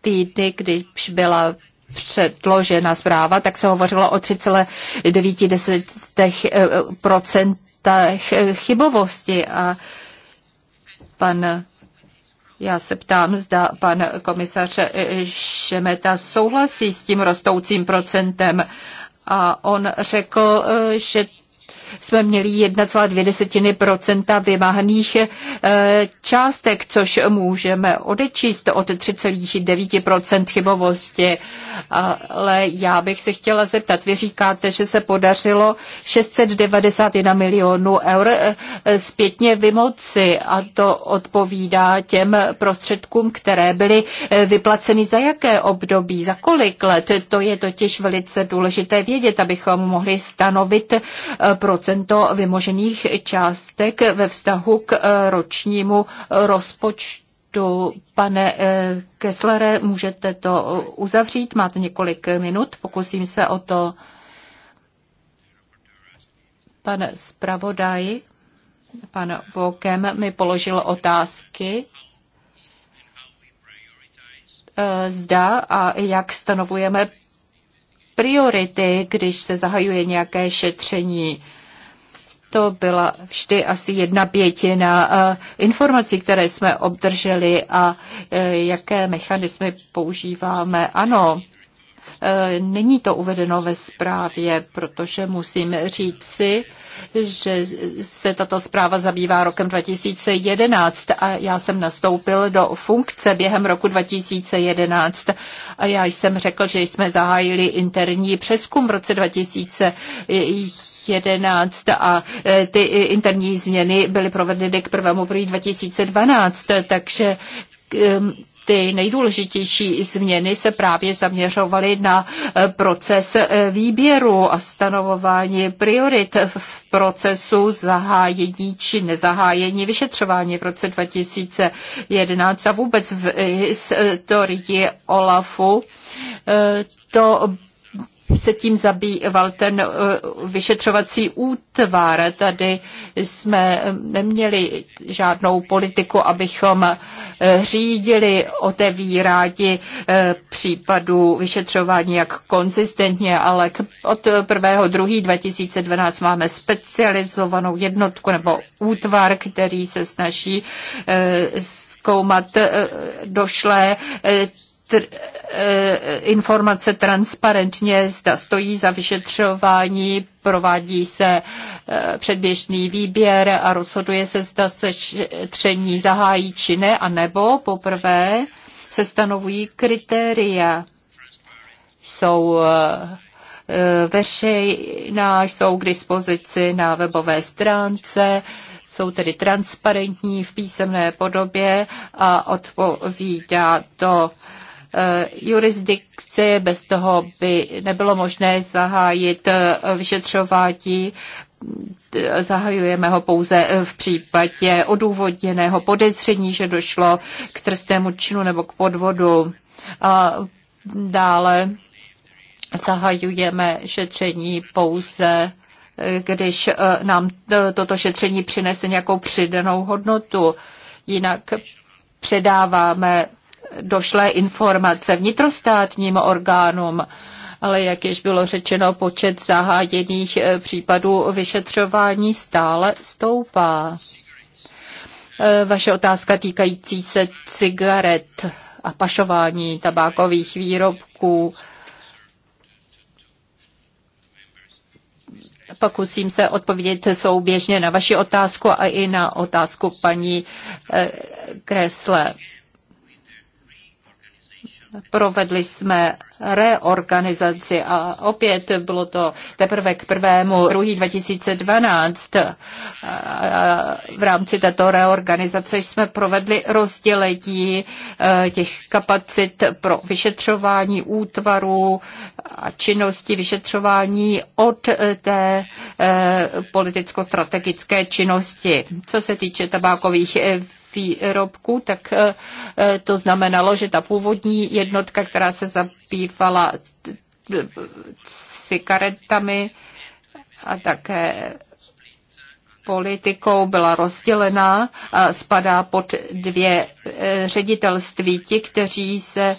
týdny, když byla předložena zpráva, tak se hovořilo o 3,9% eh, chybovosti a pan já se ptám, zda pan komisař Šemeta souhlasí s tím rostoucím procentem. A on řekl, eh, že jsme měli 1,2% vymáhaných eh, částek, což můžeme odečíst od 3,9% chybovosti. Ale já bych se chtěla zeptat, vy říkáte, že se podařilo 691 milionů eur eh, zpětně vymoci a to odpovídá těm prostředkům, které byly eh, vyplaceny za jaké období, za kolik let. To je totiž velice důležité vědět, abychom mohli stanovit proces procento vymožených částek ve vztahu k eh, ročnímu eh, rozpočtu. Pane eh, Kesslere, můžete to uzavřít? Máte několik minut, pokusím se o to. Pan zpravodaj, pan Vokem mi položil otázky zda a jak stanovujeme priority, když se zahajuje nějaké šetření to byla vždy asi jedna pětina eh, informací, které jsme obdrželi a eh, jaké mechanismy používáme. Ano, eh, Není to uvedeno ve zprávě, protože musím říci, že se tato zpráva zabývá rokem 2011 a já jsem nastoupil do funkce během roku 2011 a já jsem řekl, že jsme zahájili interní přeskum v roce 2011 2011 a e, ty e, interní změny byly provedeny k 1. 1. 2012, takže ty nejdůležitější změny se právě zaměřovaly na e, proces výběru a stanovování priorit v procesu zahájení či nezahájení vyšetřování v roce 2011 a vůbec v historii OLAFu. To se tím zabýval ten uh, vyšetřovací útvar. Tady jsme um, neměli žádnou politiku, abychom uh, řídili otevírádi uh, případů vyšetřování jak konzistentně, ale od 1. 2. 2012 máme specializovanou jednotku nebo útvar, který se snaží zkoumat došlé tr- eh, informace transparentně, zda stojí za vyšetřování, provádí se eh, předběžný výběr a rozhoduje se, zda se tření zahájí či ne, anebo poprvé se stanovují kritéria. Jsou eh, veřejná, jsou k dispozici na webové stránce, jsou tedy transparentní v písemné podobě a odpovídá to uh, Eh, jurisdikci, bez toho by nebylo možné zahájit eh, vyšetřování. Zahajujeme ho pouze eh, v případě odůvodněného podezření, že došlo k trestnému činu nebo k podvodu. A dále zahajujeme šetření pouze když nám toto šetření přinese nějakou přidanou hodnotu. Jinak předáváme došlé informace vnitrostátním orgánům, ale jak již bylo řečeno, počet zahájených e, případů vyšetřování stále stoupá. E, vaše otázka týkající se cigaret a pašování tabákových výrobků. Pokusím se odpovědět souběžně na vaši otázku a i na otázku paní e, Kresle. Provedli jsme reorganizaci a opět bylo to teprve k prvému druhý 2012. V rámci této reorganizace jsme provedli rozdělení e, těch kapacit pro vyšetřování útvarů a činnosti vyšetřování od té e, politicko-strategické činnosti. Co se týče tabákových výrobků, tak eh, eh, to znamenalo, že ta původní jednotka, která se zabývala cigaretami a také politikou byla rozdělená a spadá pod dvě eh, ředitelství. Ti, kteří se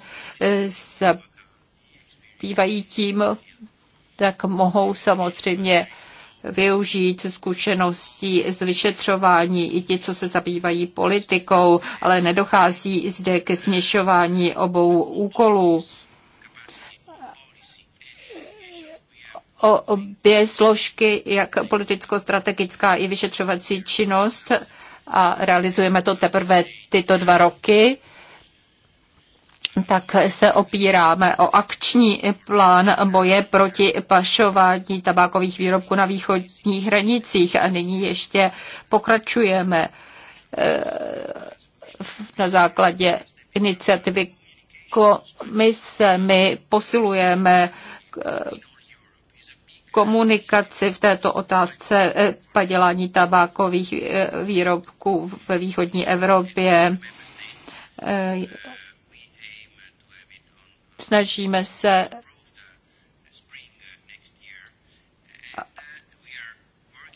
zabývají tím, tak mohou samozřejmě využít zkušeností z vyšetřování i ti, co se zabývají politikou, ale nedochází zde ke směšování obou úkolů. Obě složky, jak politicko-strategická i vyšetřovací činnost, a realizujeme to teprve tyto dva roky, tak se opíráme o akční plán boje proti pašování tabákových výrobků na východních hranicích a nyní ještě pokračujeme eh, na základě iniciativy komise. My posilujeme eh, komunikaci v této otázce eh, padělání tabákových výrobků ve východní Evropě Snažíme se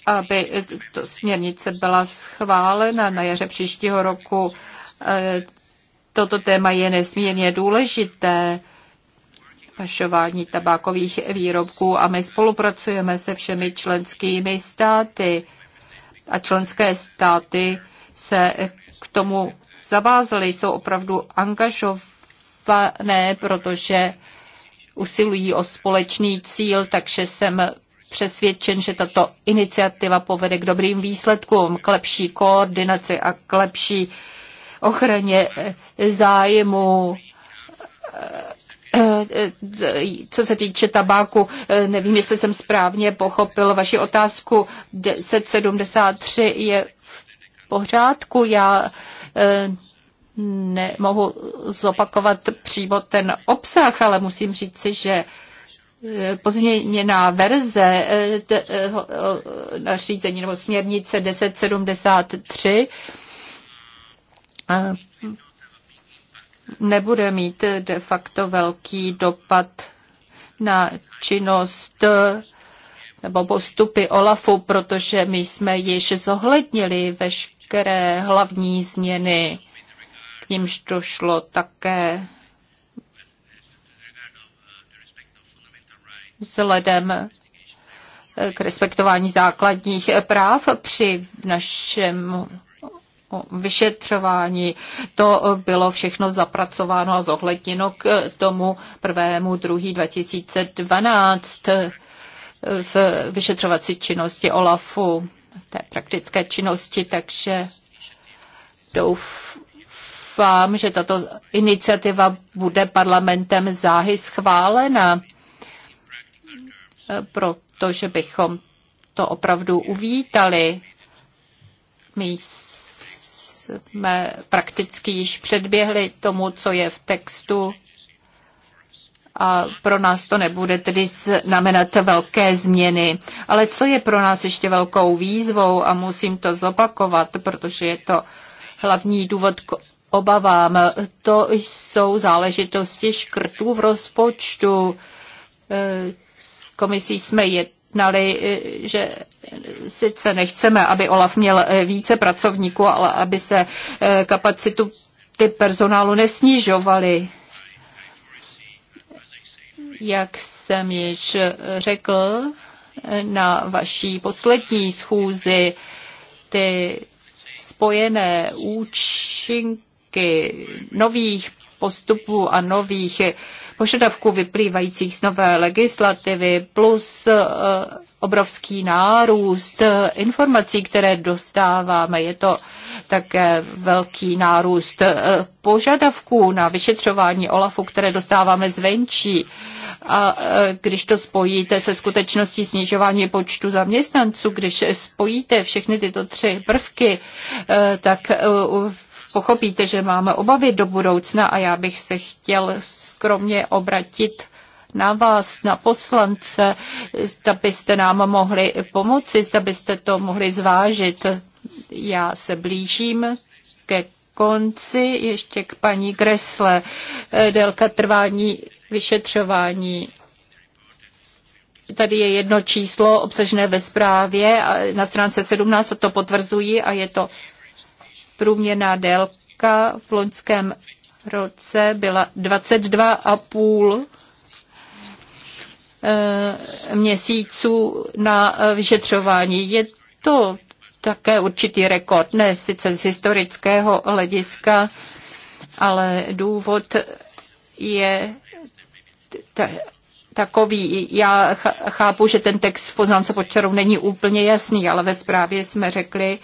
aby to směrnice byla schválena na jaře příštího roku. Toto téma je nesmírně důležité pašování tabákových výrobků a my spolupracujeme se všemi členskými státy a členské státy se k tomu zavázaly, jsou opravdu angažovány ne, protože usilují o společný cíl, takže jsem přesvědčen, že tato iniciativa povede k dobrým výsledkům, k lepší koordinaci a k lepší ochraně eh, zájmu eh, eh, co se týče tabáku, nevím, jestli jsem správně pochopil vaši otázku. 1073 je v pořádku. Já nemohu zopakovat přímo ten obsah, ale musím říci, že eh, pozměněná verze eh, eh, nařízení nebo směrnice 1073 nebude mít de facto velký dopad na činnost nebo postupy OLAFu, protože my jsme již zohlednili veškeré hlavní změny k nímž došlo také vzhledem k respektování základních práv při našem vyšetřování. To bylo všechno zapracováno a zohledněno k tomu prvému 2. 2012 v vyšetřovací činnosti OLAFu, v té praktické činnosti, takže doufám, doufám, že tato iniciativa bude parlamentem záhy schválena, protože bychom to opravdu uvítali. My jsme prakticky již předběhli tomu, co je v textu a pro nás to nebude tedy znamenat velké změny. Ale co je pro nás ještě velkou výzvou a musím to zopakovat, protože je to hlavní důvod, obavám. To jsou záležitosti škrtů v rozpočtu. S komisí jsme jednali, že sice nechceme, aby Olaf měl více pracovníků, ale aby se kapacitu ty personálu nesnižovaly. Jak jsem již řekl na vaší poslední schůzi, ty spojené účinky prvky nových postupů a nových požadavků vyplývajících z nové legislativy plus eh, obrovský nárůst eh, informací, které dostáváme. Je to také velký nárůst eh, požadavků na vyšetřování OLAFu, které dostáváme zvenčí. A když to spojíte se skutečností snižování počtu zaměstnanců, když spojíte všechny tyto tři prvky, tak pochopíte, že máme obavy do budoucna a já bych se chtěl skromně obratit na vás, na poslance, zda byste nám mohli pomoci, zda byste to mohli zvážit. Já se blížím ke konci ještě k paní Gresle. Délka trvání vyšetřování. Tady je jedno číslo obsažené ve zprávě na stránce 17 a to potvrzují a je to Průměrná délka v loňském roce byla 22,5 eh, měsíců na eh, vyšetřování. Je to také určitý rekord, ne sice z historického hlediska, ale důvod je takový. Já chápu, že ten text v poznámce pod není úplně jasný, ale ve zprávě jsme řekli,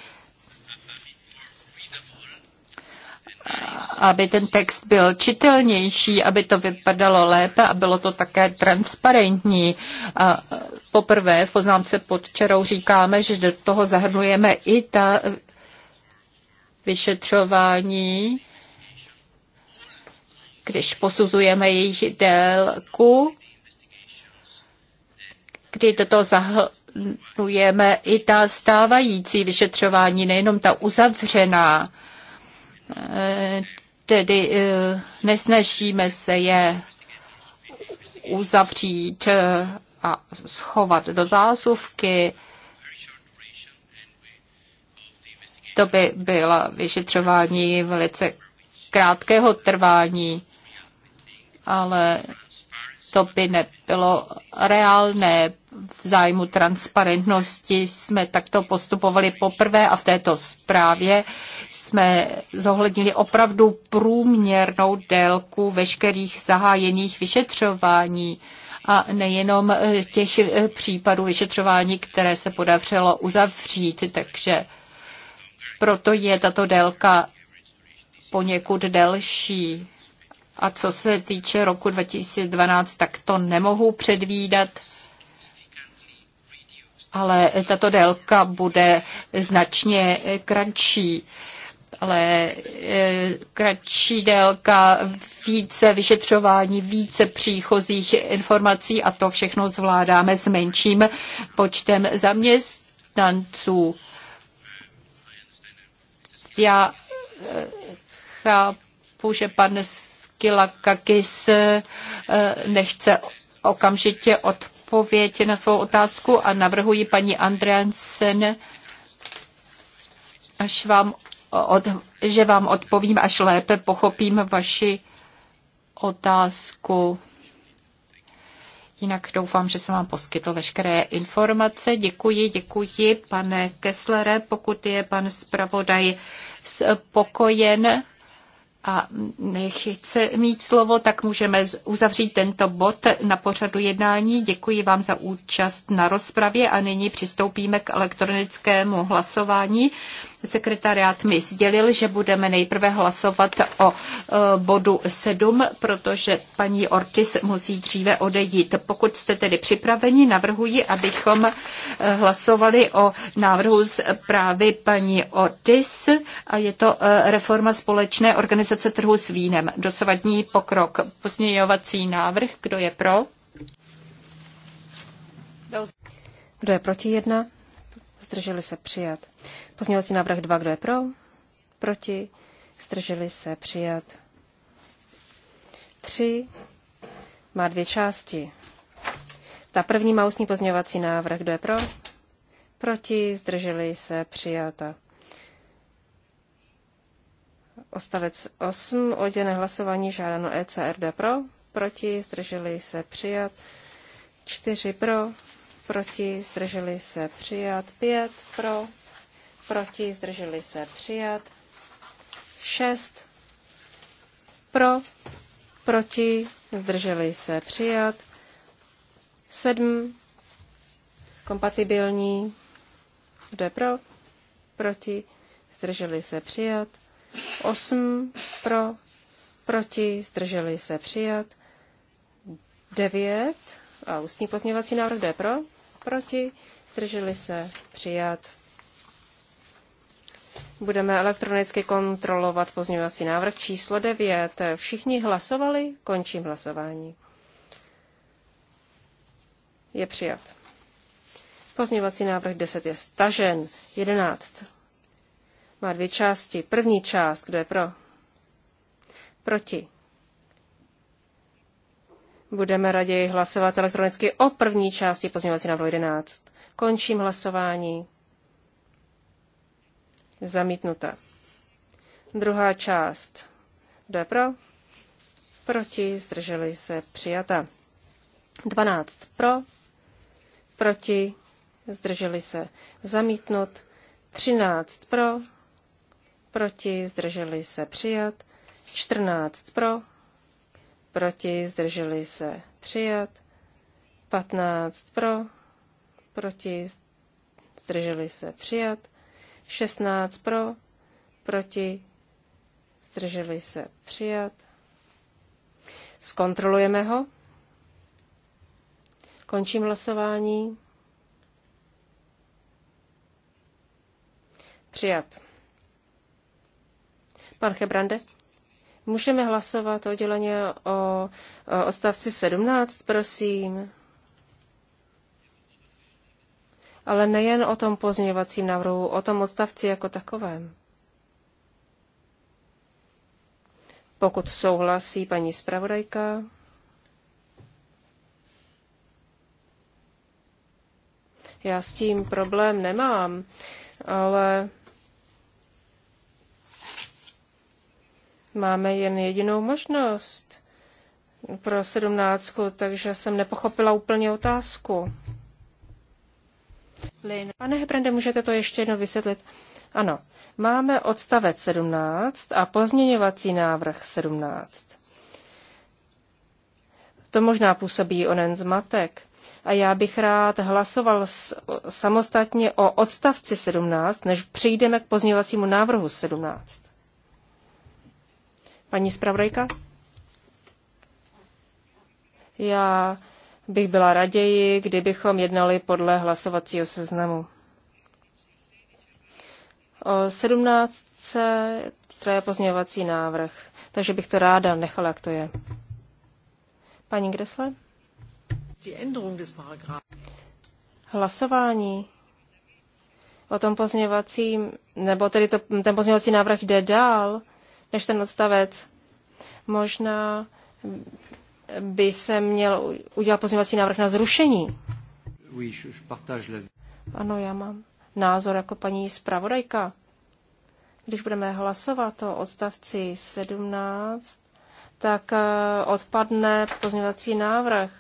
aby ten text byl čitelnější, aby to vypadalo lépe a bylo to také transparentní. A poprvé v poznámce pod čerou říkáme, že do toho zahrnujeme i ta vyšetřování, když posuzujeme jejich délku, kdy do toho zahrnujeme i ta stávající vyšetřování, nejenom ta uzavřená tedy eh, nesnažíme se je uzavřít eh, a schovat do zásuvky. To by bylo vyšetřování velice krátkého trvání, ale to by nebylo reálné. V zájmu transparentnosti jsme takto postupovali poprvé a v této zprávě jsme zohlednili opravdu průměrnou délku veškerých zahájených vyšetřování a nejenom těch případů vyšetřování, které se podařilo uzavřít. Takže proto je tato délka poněkud delší. A co se týče roku 2012, tak to nemohu předvídat, ale tato délka bude značně kratší ale e, kratší délka, více vyšetřování, více příchozích informací a to všechno zvládáme s menším počtem zaměstnanců. Já e, chápu, že pan Skilakakis eh, nechce okamžitě odpovědět na svou otázku a navrhuji paní Andreansen, až vám od, že vám odpovím, až lépe pochopím vaši otázku. Jinak doufám, že jsem vám poskytl veškeré informace. Děkuji, děkuji, pane Kesslere. Pokud je pan zpravodaj spokojen, a nechce mít slovo, tak můžeme uzavřít tento bod na pořadu jednání. Děkuji vám za účast na rozpravě a nyní přistoupíme k elektronickému hlasování. Sekretariát mi sdělil, že budeme nejprve hlasovat o e, bodu 7, protože paní Ortiz musí dříve odejít. Pokud jste tedy připraveni, navrhuji, abychom e, hlasovali o návrhu z právy paní Ortiz a je to e, reforma společné organizace trhu s vínem. Dosavadní pokrok. Pozměňovací návrh, kdo je pro? Kdo je proti jedna? Zdrželi se přijat. Pozměňovací návrh 2, kdo je pro? Proti? Zdrželi se přijat. 3 má dvě části. Ta první má ústní pozměňovací návrh, kdo je pro? Proti? Zdrželi se přijata. Ostavec 8, oddělené hlasování žádano ECRD pro, proti, zdrželi se přijat, 4 pro, proti, zdrželi se přijat, 5 pro, proti, zdrželi se přijat. 6 pro, proti, zdrželi se přijat. 7 kompatibilní, kdo je pro, proti, zdrželi se přijat. 8 pro, proti, zdrželi se přijat. 9 a ústní pozměňovací návrh, kdo je pro, proti, zdrželi se přijat. Budeme elektronicky kontrolovat pozměňovací návrh číslo 9. Všichni hlasovali? Končím hlasování. Je přijat. Pozměňovací návrh 10 je stažen. 11. Má dvě části. První část, kdo je pro? Proti. Budeme raději hlasovat elektronicky o první části pozměňovací návrhu 11. Končím hlasování. Zamítnuta. Druhá část. Kdo je pro? Proti. Zdrželi se. Přijata. 12. Pro. Proti. Zdrželi se. Zamítnut. 13. Pro. Proti. Zdrželi se. Přijat. 14. Pro. Proti. Zdrželi se. Přijat. 15. Pro. Proti. Zdrželi se. Přijat. 16 pro, proti, zdrželi se přijat. Zkontrolujeme ho. Končím hlasování. Přijat. Pan Chebrande? Můžeme hlasovat odděleně o, o odstavci 17, prosím ale nejen o tom pozměňovacím návrhu, o tom odstavci jako takovém. Pokud souhlasí paní zpravodajka, já s tím problém nemám, ale máme jen jedinou možnost pro sedmnáctku, takže jsem nepochopila úplně otázku explain... Pane Hebrande, můžete to ještě jednou vysvětlit? Ano, máme odstavec 17 a pozměňovací návrh 17. To možná působí onen zmatek. A já bych rád hlasoval samostatně o odstavci 17, než přijdeme k pozměňovacímu návrhu 17. Paní zpravodajka? Já bych byla raději, kdybychom jednali podle hlasovacího seznamu. O 17. je pozměňovací návrh, takže bych to ráda nechala, jak to je. Paní Gresle? Hlasování o tom pozměňovacím, nebo tedy to, ten pozměňovací návrh jde dál než ten odstavec. Možná by se měl udělat pozměňovací návrh na zrušení. Ano, já mám názor jako paní zpravodajka. Když budeme hlasovat o odstavci 17, tak eh, odpadne pozměňovací návrh.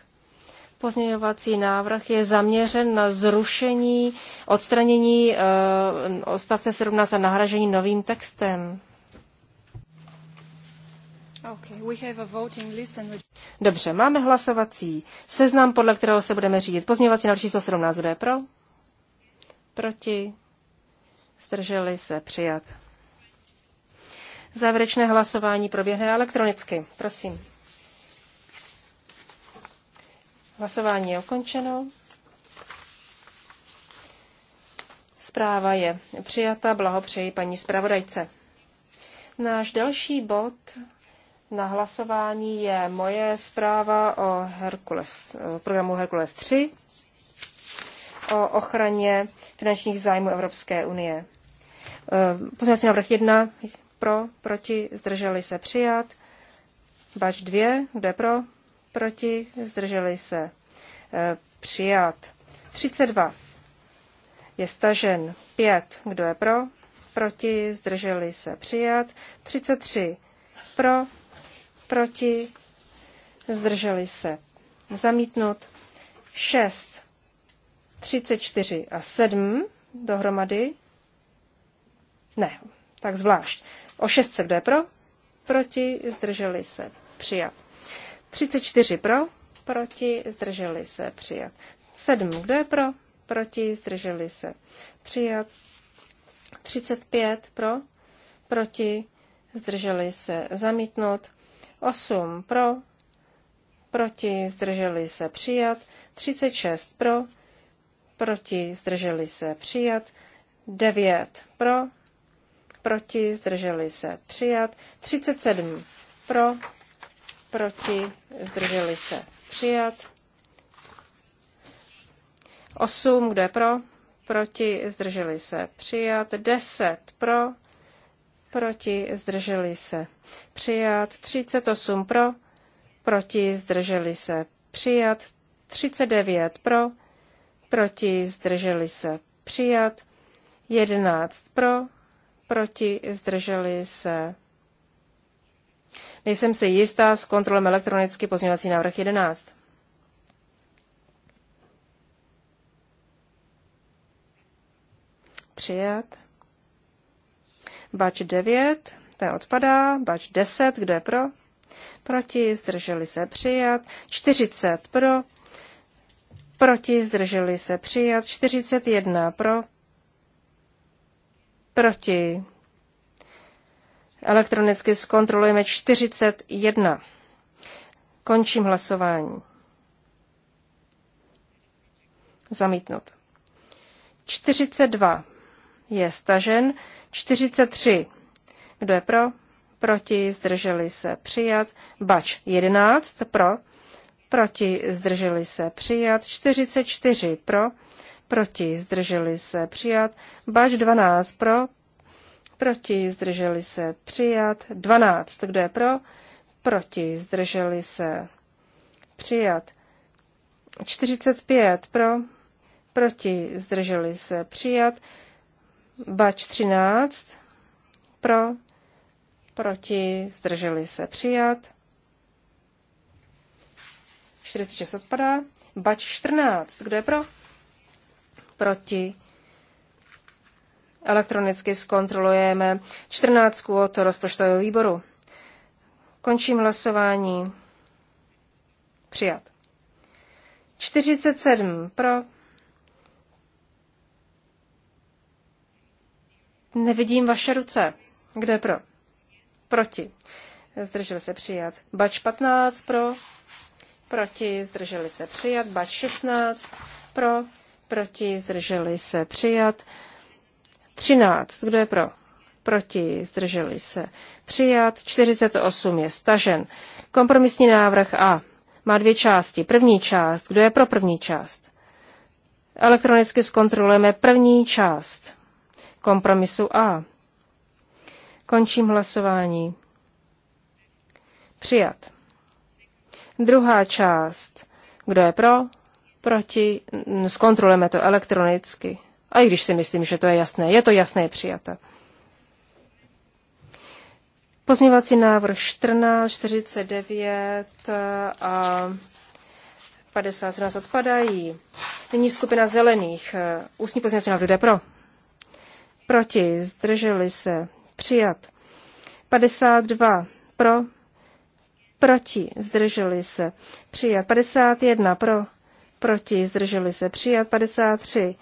Pozměňovací návrh je zaměřen na zrušení, odstranění eh, odstavce 17 a nahražení novým textem. Dobře, máme hlasovací seznam, podle kterého se budeme řídit. Pozměňovací návrh číslo 17, kdo je pro? Proti? Zdrželi se přijat. Závěrečné hlasování proběhne elektronicky. Prosím. Hlasování je ukončeno. Zpráva je přijata. Blahopřeji paní zpravodajce. Náš další bod na hlasování je moje zpráva o, Hercules, programu Hercules 3 o ochraně finančních zájmů Evropské unie. E, Poslanecí návrh 1 pro, proti, zdrželi se přijat. Bač 2, kde pro, proti, zdrželi se e, přijat. 32 je stažen 5, kdo je pro, proti, zdrželi se přijat. 33 pro, proti, zdrželi se zamítnut 6, 34 a 7 dohromady. Ne, tak zvlášť. O 6 se jde pro, proti, zdrželi se přijat. 34 pro, proti, zdrželi se přijat. 7 kdo je pro, proti, zdrželi se přijat. 35 pro, proti, zdrželi se zamítnout. 8 pro, proti, zdrželi se přijat, 36 pro, proti, zdrželi se přijat, 9 pro, proti, zdrželi se přijat, 37 pro, proti, zdrželi se přijat, 8, kde pro, proti, zdrželi se přijat, 10 pro, proti, zdrželi se. Přijat 38 pro, proti, zdrželi se. Přijat 39 pro, proti, zdrželi se. Přijat 11 pro, proti, zdrželi se. Nejsem si jistá, s kontrolem elektronicky pozměňovací návrh 11. Přijat Bač 9, to je odpadá. Bač 10, kdo je pro? Proti, zdrželi se přijat. 40 pro. Proti, zdrželi se přijat. 41 pro. Proti. Elektronicky zkontrolujeme 41. Končím hlasování. Zamítnout. 42 je stažen. 43. Kdo je pro? Proti, zdrželi se přijat. Bač 11 pro. Proti, zdrželi se přijat. 44 pro. Proti, zdrželi se přijat. Bač 12 pro. Proti, zdrželi se přijat. 12. Kdo je pro? Proti, zdrželi se přijat. 45 pro. Proti, zdrželi se přijat. Bač 13 pro, proti, zdrželi se přijat. 46 odpadá. Bač 14, kdo je pro? Proti. Elektronicky zkontrolujeme 14 od rozpočtového výboru. Končím hlasování. Přijat. 47 pro, Nevidím vaše ruce. Kdo je pro? Proti. Zdrželi se přijat. Bač 15 pro. Proti. Zdrželi se přijat. Bač 16 pro. Proti. Zdrželi se přijat. 13. Kdo je pro? Proti. Zdrželi se přijat. 48 je stažen. Kompromisní návrh A. Má dvě části. První část. Kdo je pro první část? Elektronicky zkontrolujeme první část kompromisu A. Končím hlasování. Přijat. Druhá část. Kdo je pro? Proti? Zkontrolujeme to elektronicky. A i když si myslím, že to je jasné, je to jasné přijata. Pozněvací návrh 14, 49 eh, a 57 odpadají. Nyní skupina zelených. Eh, ústní pozněvací návrh jde pro proti, zdrželi se, přijat. 52 pro, proti, zdrželi se, přijat. 51 pro, proti, zdrželi se, přijat. 53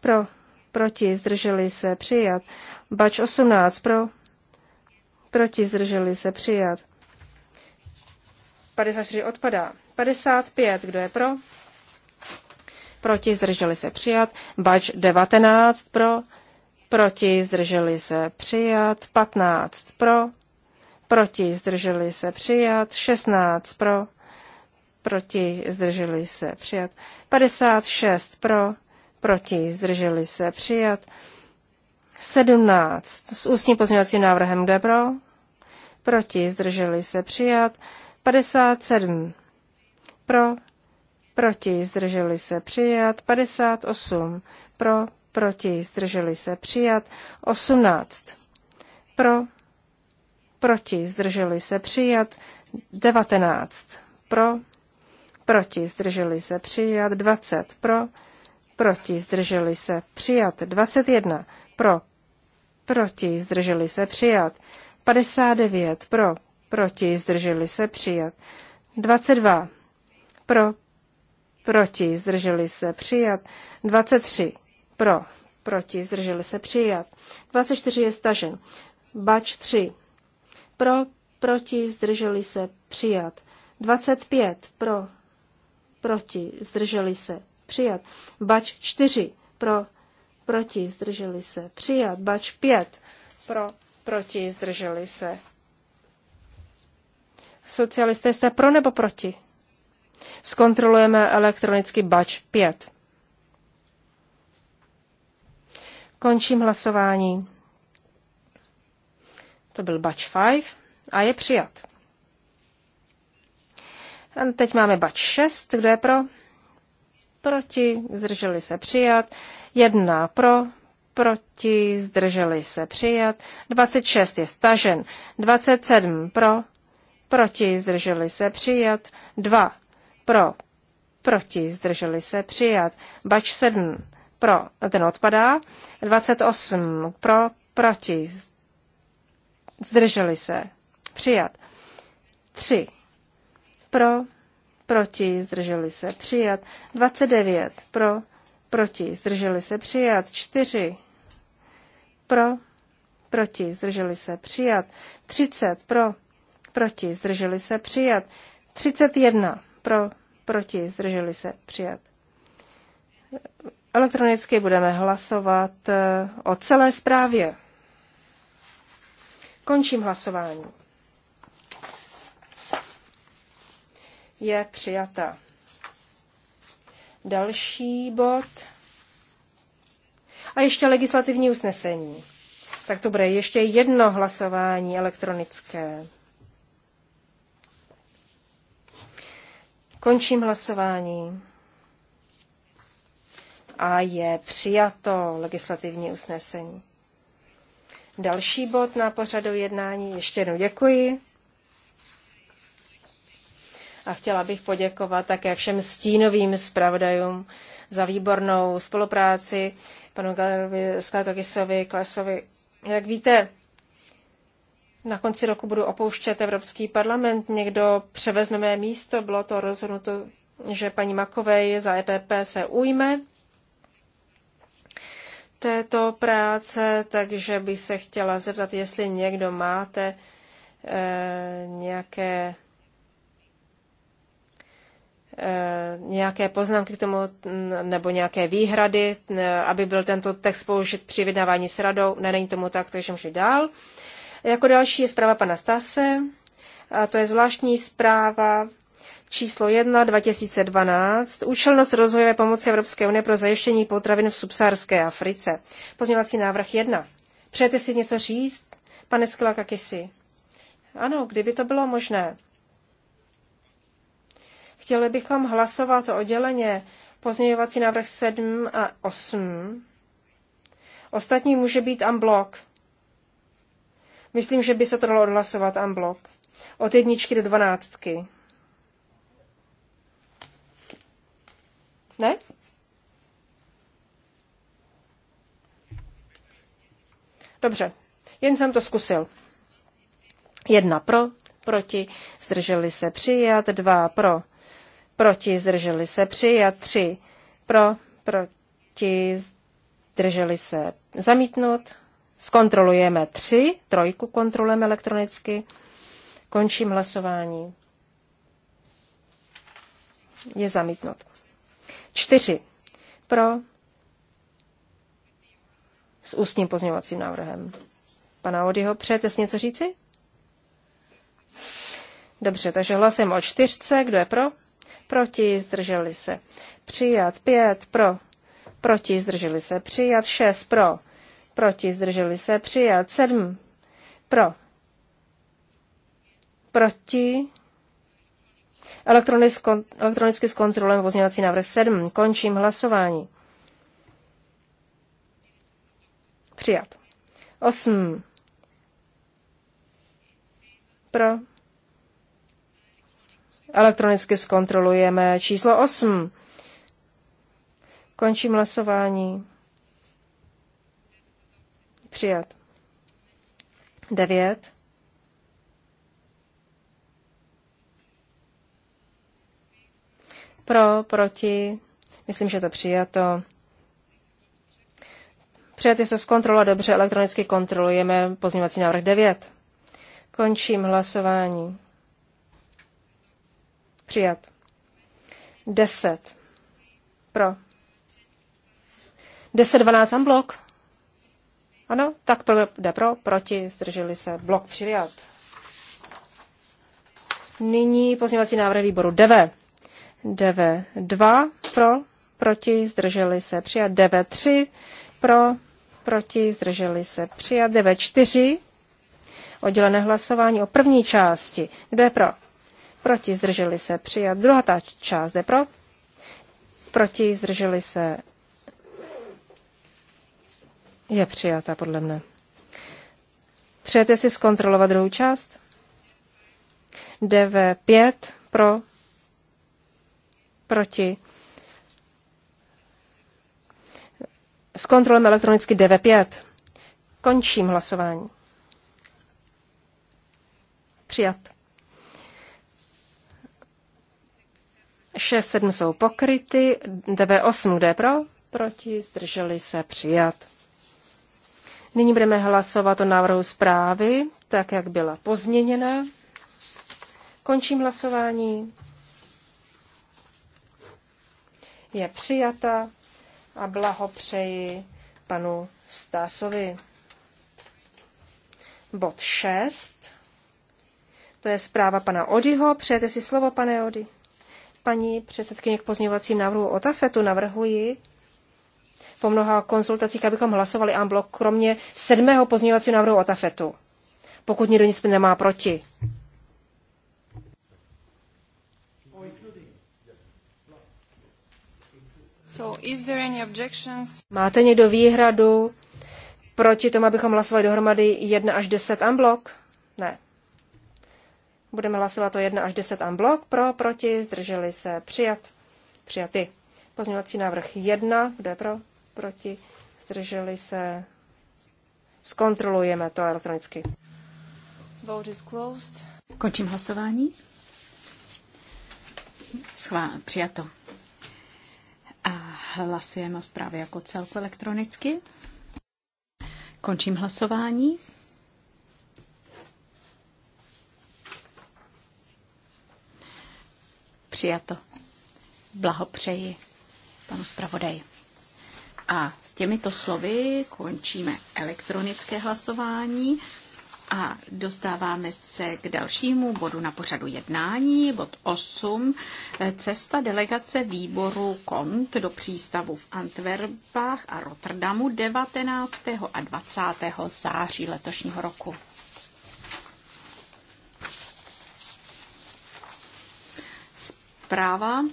pro, proti, zdrželi se, přijat. Bač 18 pro, proti, zdrželi se, přijat. 54 odpadá. 55, kdo je pro? Proti, zdrželi se, přijat. Bač 19 pro, proti, zdrželi se přijat, 15 pro, proti, zdrželi se přijat, 16 pro, proti, zdrželi se přijat, 56 pro, proti, zdrželi se přijat, 17 s ústním pozměňovacím návrhem D pro, proti, zdrželi se přijat, 57 pro, proti, zdrželi se přijat, 58 pro, proti, zdrželi se přijat, 18 pro, proti, zdrželi se přijat, 19 pro, proti, zdrželi se přijat, 20 pro, proti, zdrželi se přijat, 21 pro, proti, zdrželi se přijat, 59 pro, proti, zdrželi se přijat, 22 pro, proti, zdrželi se přijat, 23 pro, proti, zdrželi se přijat. 24 je stažen. Bač 3, pro, proti, zdrželi se přijat. 25 pro, proti, zdrželi se přijat. Bač 4 pro, proti, zdrželi se přijat. Bač 5 pro, proti, zdrželi se. Socialisté jste pro nebo proti? Zkontrolujeme elektronicky bač 5. Končím hlasování. To byl batch 5 a je přijat. A teď máme batch 6. Kdo je pro? Proti. Zdrželi se přijat. 1 pro. Proti. Zdrželi se přijat. 26 je stažen. 27 pro. Proti. Zdrželi se přijat. 2 pro. Proti. Zdrželi se přijat. Batch 7 pro, ten odpadá, 28 pro, proti, zdrželi se, přijat, 3 pro, proti, zdrželi se, přijat, 29 pro, proti, zdrželi se, přijat, 4 pro, proti, zdrželi se, přijat, 30 pro, proti, zdrželi se, přijat, 31 pro, proti, zdrželi se, přijat. Elektronicky budeme hlasovat eh, o celé zprávě. Končím hlasování. Je přijata. Další bod. A ještě legislativní usnesení. Tak to bude ještě jedno hlasování elektronické. Končím hlasování a je přijato legislativní usnesení. Další bod na pořadu jednání. Ještě jednou děkuji. A chtěla bych poděkovat také všem stínovým zpravodajům za výbornou spolupráci, panu Galerovi, Skalkakisovi, Klasovi. Jak víte, na konci roku budu opouštět Evropský parlament. Někdo převezme mé místo. Bylo to rozhodnuto, že paní Makovej za EPP se ujme této práce, takže bych se chtěla zeptat, jestli někdo máte eh, nějaké eh, nějaké poznámky k tomu nebo nějaké výhrady, eh, aby byl tento text použit při vydávání s radou. Ne, není tomu tak, takže můžu dál. Jako další je zpráva pana Stase. A to je zvláštní zpráva číslo 1 2012, účelnost rozvoje pomoci Evropské unie pro zajištění potravin v subsárské Africe. Pozměňovací návrh 1. Přejete si něco říct, pane Sklakakisi? Ano, kdyby to bylo možné. Chtěli bychom hlasovat odděleně pozměňovací návrh 7 a 8. Ostatní může být unblock. Myslím, že by se to dalo odhlasovat unblock. Od jedničky do dvanáctky. Ne? Dobře, jen jsem to zkusil. Jedna pro, proti, zdrželi se přijat, dva pro, proti, zdrželi se přijat, tři pro, proti, zdrželi se zamítnout. Zkontrolujeme tři, trojku kontrolujeme elektronicky. Končím hlasování. Je zamítnut. 4. Pro s ústním pozměňovacím návrhem. Pana Odyho, přejete si něco říci? Dobře, takže hlasujeme o čtyřce. Kdo je pro? Proti, zdrželi se. Přijat pět, pro. Proti, zdrželi se. Přijat šest, pro. Proti, zdrželi se. Přijat sedm, pro. Proti, Elektronicky zkontrolujeme pozměňovací návrh 7. Končím hlasování. Přijat. 8. Pro. Elektronicky zkontrolujeme číslo 8. Končím hlasování. Přijat. 9. Pro, proti, myslím, že to přijato. Přijaty se zkontrola dobře, elektronicky kontrolujeme pozměňovací návrh 9. Končím hlasování. Přijat. 10. Pro. 10, 12 a blok. Ano, tak pro, jde pro, proti, zdrželi se. Blok přijat. Nyní pozměňovací návrh výboru 9. DV2 pro, proti, zdrželi se přijat. DV3 pro, proti, zdrželi se přijat. DV4 oddělené hlasování o první části. Kdo je pro? Proti, zdrželi se přijat. Druhá ta část je pro. Proti, zdrželi se je přijata, podle mne. Přejete si zkontrolovat druhou část? DV5 pro Proti. Zkontrolujeme elektronicky DV5. Končím hlasování. Přijat. 6, 7 jsou pokryty, 9, 8, kde pro, proti, zdrželi se přijat. Nyní budeme hlasovat o návrhu zprávy, tak jak byla pozměněna. Končím hlasování. je přijata a blahopřeji panu Stásovi. Bod 6. To je zpráva pana Odiho. Přejete si slovo, pane Odi? Paní předsedkyně k pozměňovacím návrhu o tafetu navrhuji po mnoha konzultacích, abychom hlasovali amblok kromě sedmého pozměňovacího návrhu o tafetu, pokud nikdo nic nemá proti. Máte někdo výhradu proti tomu, abychom hlasovali dohromady 1 až 10 amblok? Ne. Budeme hlasovat o 1 až 10 amblok. Pro, proti, zdrželi se, přijat, přijaty. Pozměňovací návrh 1, kdo je pro, proti, zdrželi se. Zkontrolujeme to elektronicky. Vote is closed. Končím hlasování. Schvál, přijato. A hlasujeme o zprávě jako celku elektronicky. Končím hlasování. Přijato. Blahopřeji panu zpravodaji. A s těmito slovy končíme elektronické hlasování. A dostáváme se k dalšímu bodu na pořadu jednání, bod 8. Cesta delegace výboru KONT do přístavu v Antwerpách a Rotterdamu 19. a 20. září letošního roku. Zpráva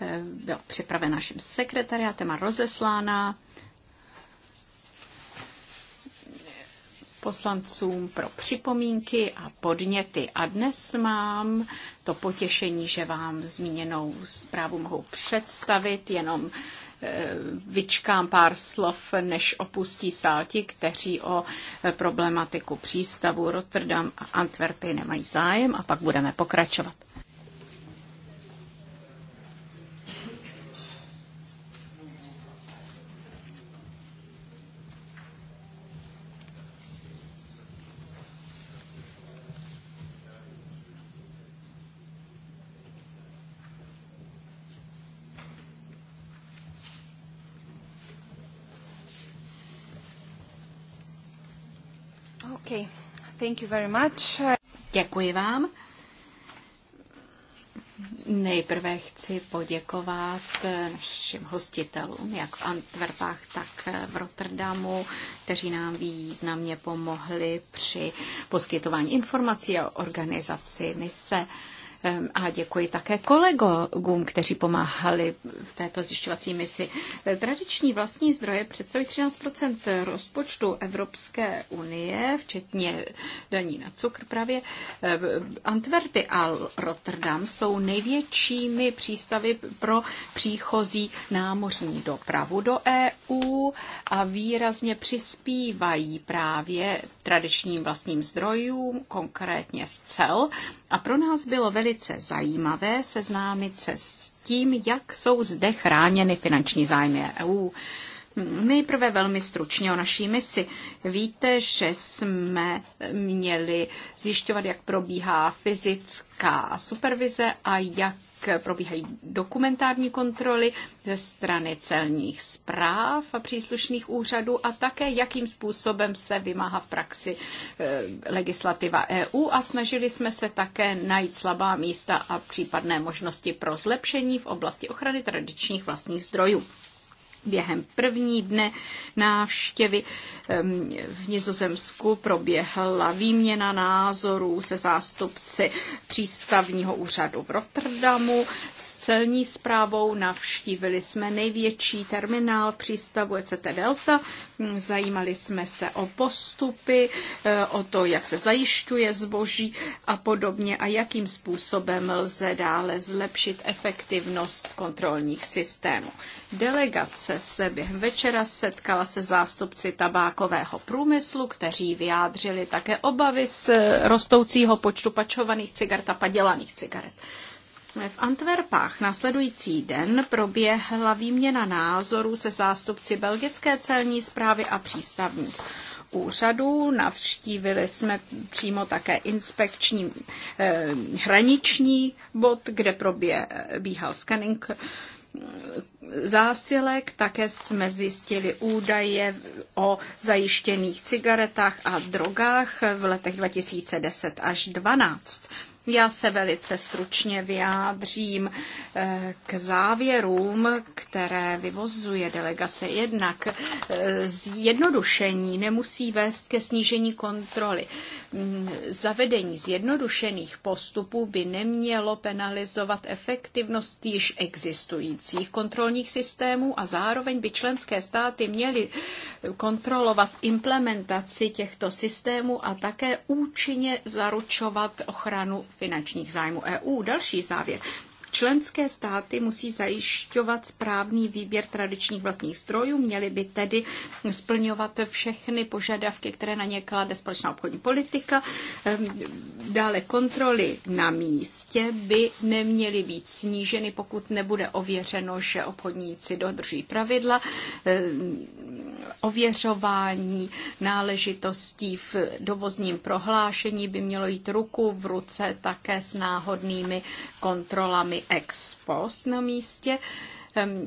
eh, byla připravena naším sekretariátem a rozeslána poslancům pro připomínky a podněty. A dnes mám to potěšení, že vám zmíněnou zprávu mohu představit, jenom eh, vyčkám pár slov, než opustí sál ti, kteří o eh, problematiku přístavu Rotterdam a Antwerpy nemají zájem a pak budeme pokračovat. Thank you very much. Děkuji vám. Nejprve chci poděkovat našim hostitelům, jak v Antwerpách, tak v Rotterdamu, kteří nám významně pomohli při poskytování informací a organizaci mise. A děkuji také kolegům, kteří pomáhali v této zjišťovací misi. Tradiční vlastní zdroje představují 13 rozpočtu Evropské unie, včetně daní na cukr právě. Antwerpy a Rotterdam jsou největšími přístavy pro příchozí námořní dopravu do EU a výrazně přispívají právě tradičním vlastním zdrojům, konkrétně z cel. A pro nás bylo velice velice zajímavé seznámit se s tím, jak jsou zde chráněny finanční zájmy EU. Nejprve velmi stručně o naší misi. Víte, že jsme měli zjišťovat, jak probíhá fyzická supervize a jak probíhají dokumentární kontroly ze strany celních zpráv a příslušných úřadů a také, jakým způsobem se vymáhá v praxi eh, legislativa EU a snažili jsme se také najít slabá místa a případné možnosti pro zlepšení v oblasti ochrany tradičních vlastních zdrojů. Během první dne návštěvy v Nizozemsku proběhla výměna názorů se zástupci přístavního úřadu v Rotterdamu. S celní zprávou navštívili jsme největší terminál přístavu ECT Delta zajímali jsme se o postupy, eh, o to, jak se zajišťuje zboží a podobně a jakým způsobem lze dále zlepšit efektivnost kontrolních systémů. Delegace se během večera setkala se zástupci tabákového průmyslu, kteří vyjádřili také obavy z rostoucího počtu pačovaných cigaret a padělaných cigaret. V Antwerpách následující den proběhla výměna názorů se zástupci belgické celní zprávy a přístavních úřadů. Navštívili jsme přímo také inspekční eh, hraniční bod, kde probíhal scanning eh, zásilek. Také jsme zjistili údaje o zajištěných cigaretách a drogách v letech 2010 až 2012. Já se velice stručně vyjádřím eh, k závěrům, které vyvozuje delegace. Jednak eh, zjednodušení nemusí vést ke snížení kontroly. Mm, zavedení zjednodušených postupů by nemělo penalizovat efektivnost již existujících kontrolních systémů a zároveň by členské státy měly kontrolovat implementaci těchto systémů a také účinně zaručovat ochranu finančních zájmů EU. Další závěr. Členské státy musí zajišťovat správný výběr tradičních vlastních strojů, měly by tedy splňovat všechny požadavky, které na ně klade společná obchodní politika. Ehm, dále kontroly na místě by neměly být sníženy, pokud nebude ověřeno, že obchodníci dodržují pravidla. Ehm, ověřování náležitostí v dovozním prohlášení by mělo jít ruku v ruce také s náhodnými kontrolami ex post na místě ehm,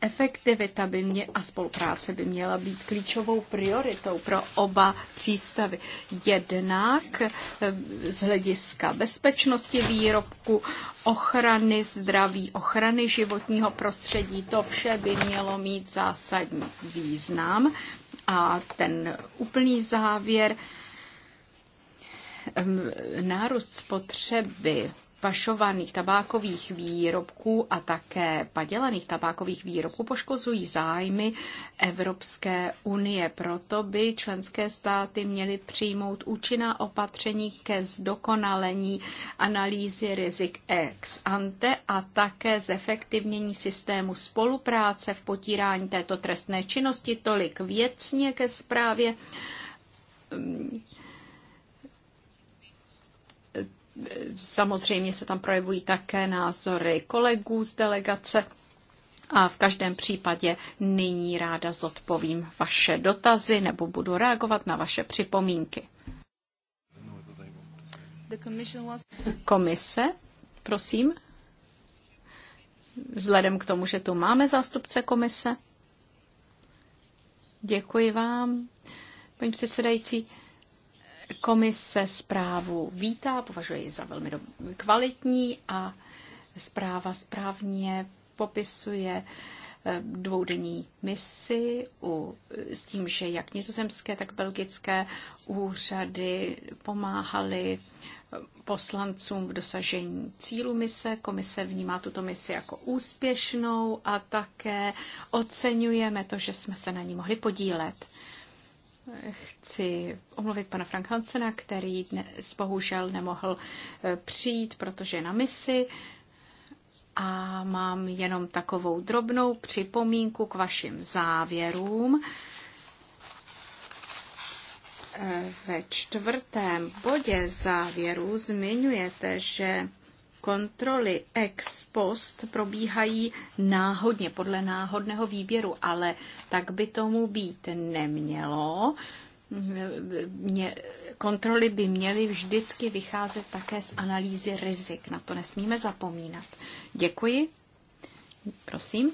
Efektivita by mě, a spolupráce by měla být klíčovou prioritou pro oba přístavy. Jednak eh, z hlediska bezpečnosti výrobku, ochrany zdraví, ochrany životního prostředí, to vše by mělo mít zásadní význam. A ten úplný závěr, nárůst spotřeby pašovaných tabákových výrobků a také padělaných tabákových výrobků poškozují zájmy Evropské unie. Proto by členské státy měly přijmout účinná opatření ke zdokonalení analýzy rizik ex ante a také zefektivnění systému spolupráce v potírání této trestné činnosti. Tolik věcně ke zprávě Samozřejmě se tam projevují také názory kolegů z delegace. A v každém případě nyní ráda zodpovím vaše dotazy nebo budu reagovat na vaše připomínky. Komise, prosím. Vzhledem k tomu, že tu máme zástupce komise. Děkuji vám, paní předsedající. Komise zprávu vítá, považuje ji za velmi kvalitní a zpráva správně popisuje eh, dvoudenní misi u, s tím, že jak nizozemské, tak belgické úřady pomáhaly eh, poslancům v dosažení cílu mise. Komise vnímá tuto misi jako úspěšnou a také oceňujeme to, že jsme se na ní mohli podílet. Chci omluvit pana Frank Hansena, který dnes bohužel nemohl eh, přijít, protože je na misi. A mám jenom takovou drobnou připomínku k vašim závěrům. Eh, ve čtvrtém bodě závěru zmiňujete, že kontroly ex post probíhají náhodně, podle náhodného výběru, ale tak by tomu být nemělo. Mě, kontroly by měly vždycky vycházet také z analýzy rizik. Na to nesmíme zapomínat. Děkuji. Prosím.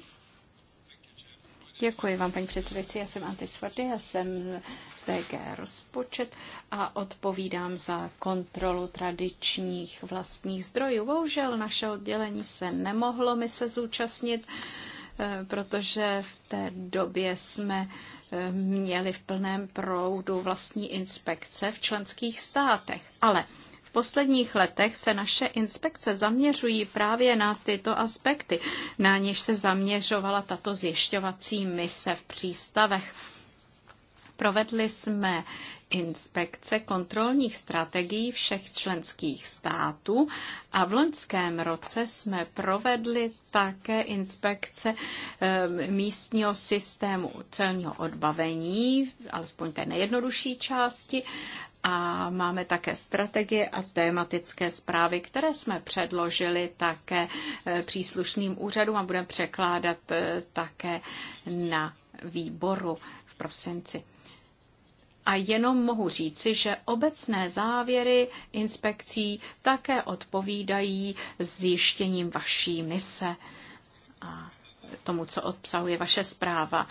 Děkuji vám, paní předsedající. Já jsem Antis Fordy, já jsem z DG rozpočet a odpovídám za kontrolu tradičních vlastních zdrojů. Bohužel naše oddělení se nemohlo my se zúčastnit, eh, protože v té době jsme eh, měli v plném proudu vlastní inspekce v členských státech. Ale posledních letech se naše inspekce zaměřují právě na tyto aspekty, na něž se zaměřovala tato zjišťovací mise v přístavech. Provedli jsme inspekce kontrolních strategií všech členských států a v loňském roce jsme provedli také inspekce eh, místního systému celního odbavení, alespoň té nejjednodušší části, a máme také strategie a tématické zprávy, které jsme předložili také eh, příslušným úřadům a budeme překládat eh, také na výboru v prosinci. A jenom mohu říci, že obecné závěry inspekcí také odpovídají zjištěním vaší mise a tomu, co obsahuje vaše zpráva.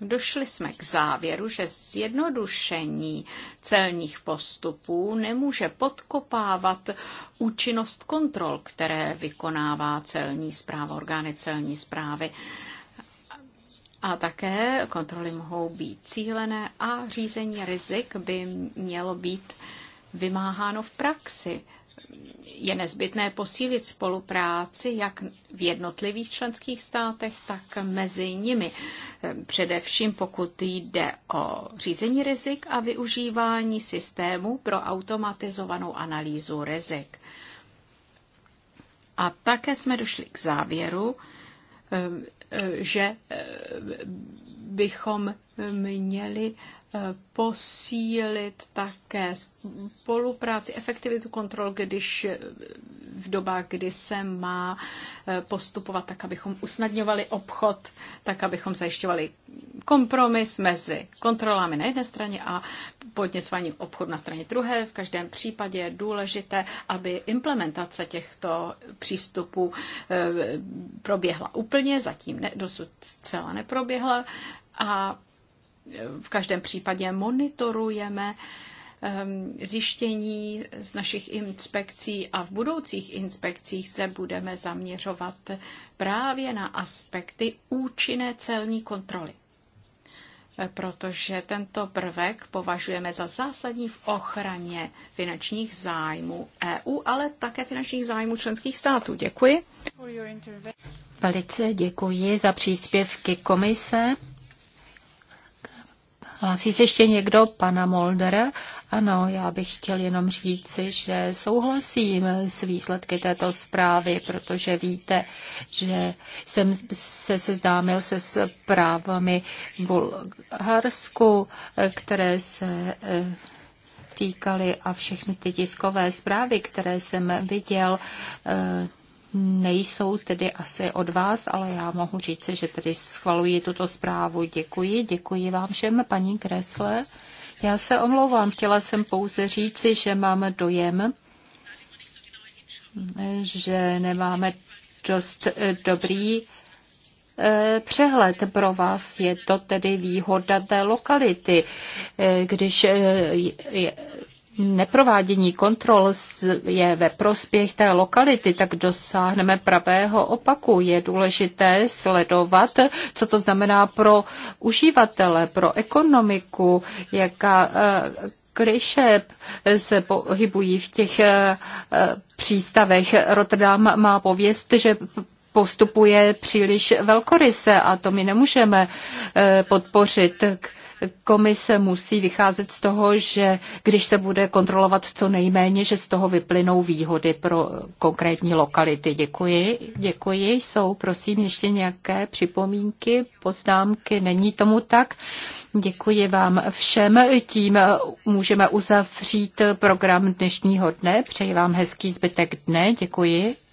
Došli jsme k závěru, že zjednodušení celních postupů nemůže podkopávat účinnost kontrol, které vykonává celní zpráva, orgány celní zprávy. A také kontroly mohou být cílené a řízení rizik by mělo být vymáháno v praxi je nezbytné posílit spolupráci jak v jednotlivých členských státech, tak mezi nimi. Především pokud jde o řízení rizik a využívání systému pro automatizovanou analýzu rizik. A také jsme došli k závěru, eh, eh, že eh, bychom měli posílit také spolupráci, efektivitu kontrol, když v dobách, kdy se má eh, postupovat tak, abychom usnadňovali obchod, tak, abychom zajišťovali kompromis mezi kontrolami na jedné straně a podněcováním obchodu na straně druhé. V každém případě je důležité, aby implementace těchto přístupů eh, proběhla úplně, zatím ne, dosud zcela neproběhla a v každém případě monitorujeme ehm, zjištění z našich inspekcí a v budoucích inspekcích se budeme zaměřovat právě na aspekty účinné celní kontroly e, protože tento prvek považujeme za zásadní v ochraně finančních zájmů EU, ale také finančních zájmů členských států. Děkuji. Velice děkuji za příspěvky komise. Hlásí se ještě někdo? Pana Moldera? Ano, já bych chtěl jenom říci, že souhlasím s výsledky této zprávy, protože víte, že jsem se seznámil se zprávami v Bulharsku, které se eh, týkaly a všechny ty tiskové zprávy, které jsem viděl, eh, nejsou tedy asi od vás, ale já mohu říct, že tedy schvaluji tuto zprávu. Děkuji, děkuji vám všem, paní Kresle. Já se omlouvám, chtěla jsem pouze říci, že mám dojem, že nemáme dost eh, dobrý eh, přehled pro vás. Je to tedy výhoda té lokality, eh, když neprovádění kontrol je ve prospěch té lokality, tak dosáhneme pravého opaku. Je důležité sledovat, co to znamená pro uživatele, pro ekonomiku, jaká eh, kliše se pohybují v těch eh, přístavech. Rotterdam má pověst, že postupuje příliš velkoryse a to my nemůžeme eh, podpořit komise musí vycházet z toho, že když se bude kontrolovat co nejméně, že z toho vyplynou výhody pro konkrétní lokality. Děkuji. Děkuji. Jsou prosím ještě nějaké připomínky, poznámky? Není tomu tak? Děkuji vám všem. Tím můžeme uzavřít program dnešního dne. Přeji vám hezký zbytek dne. Děkuji.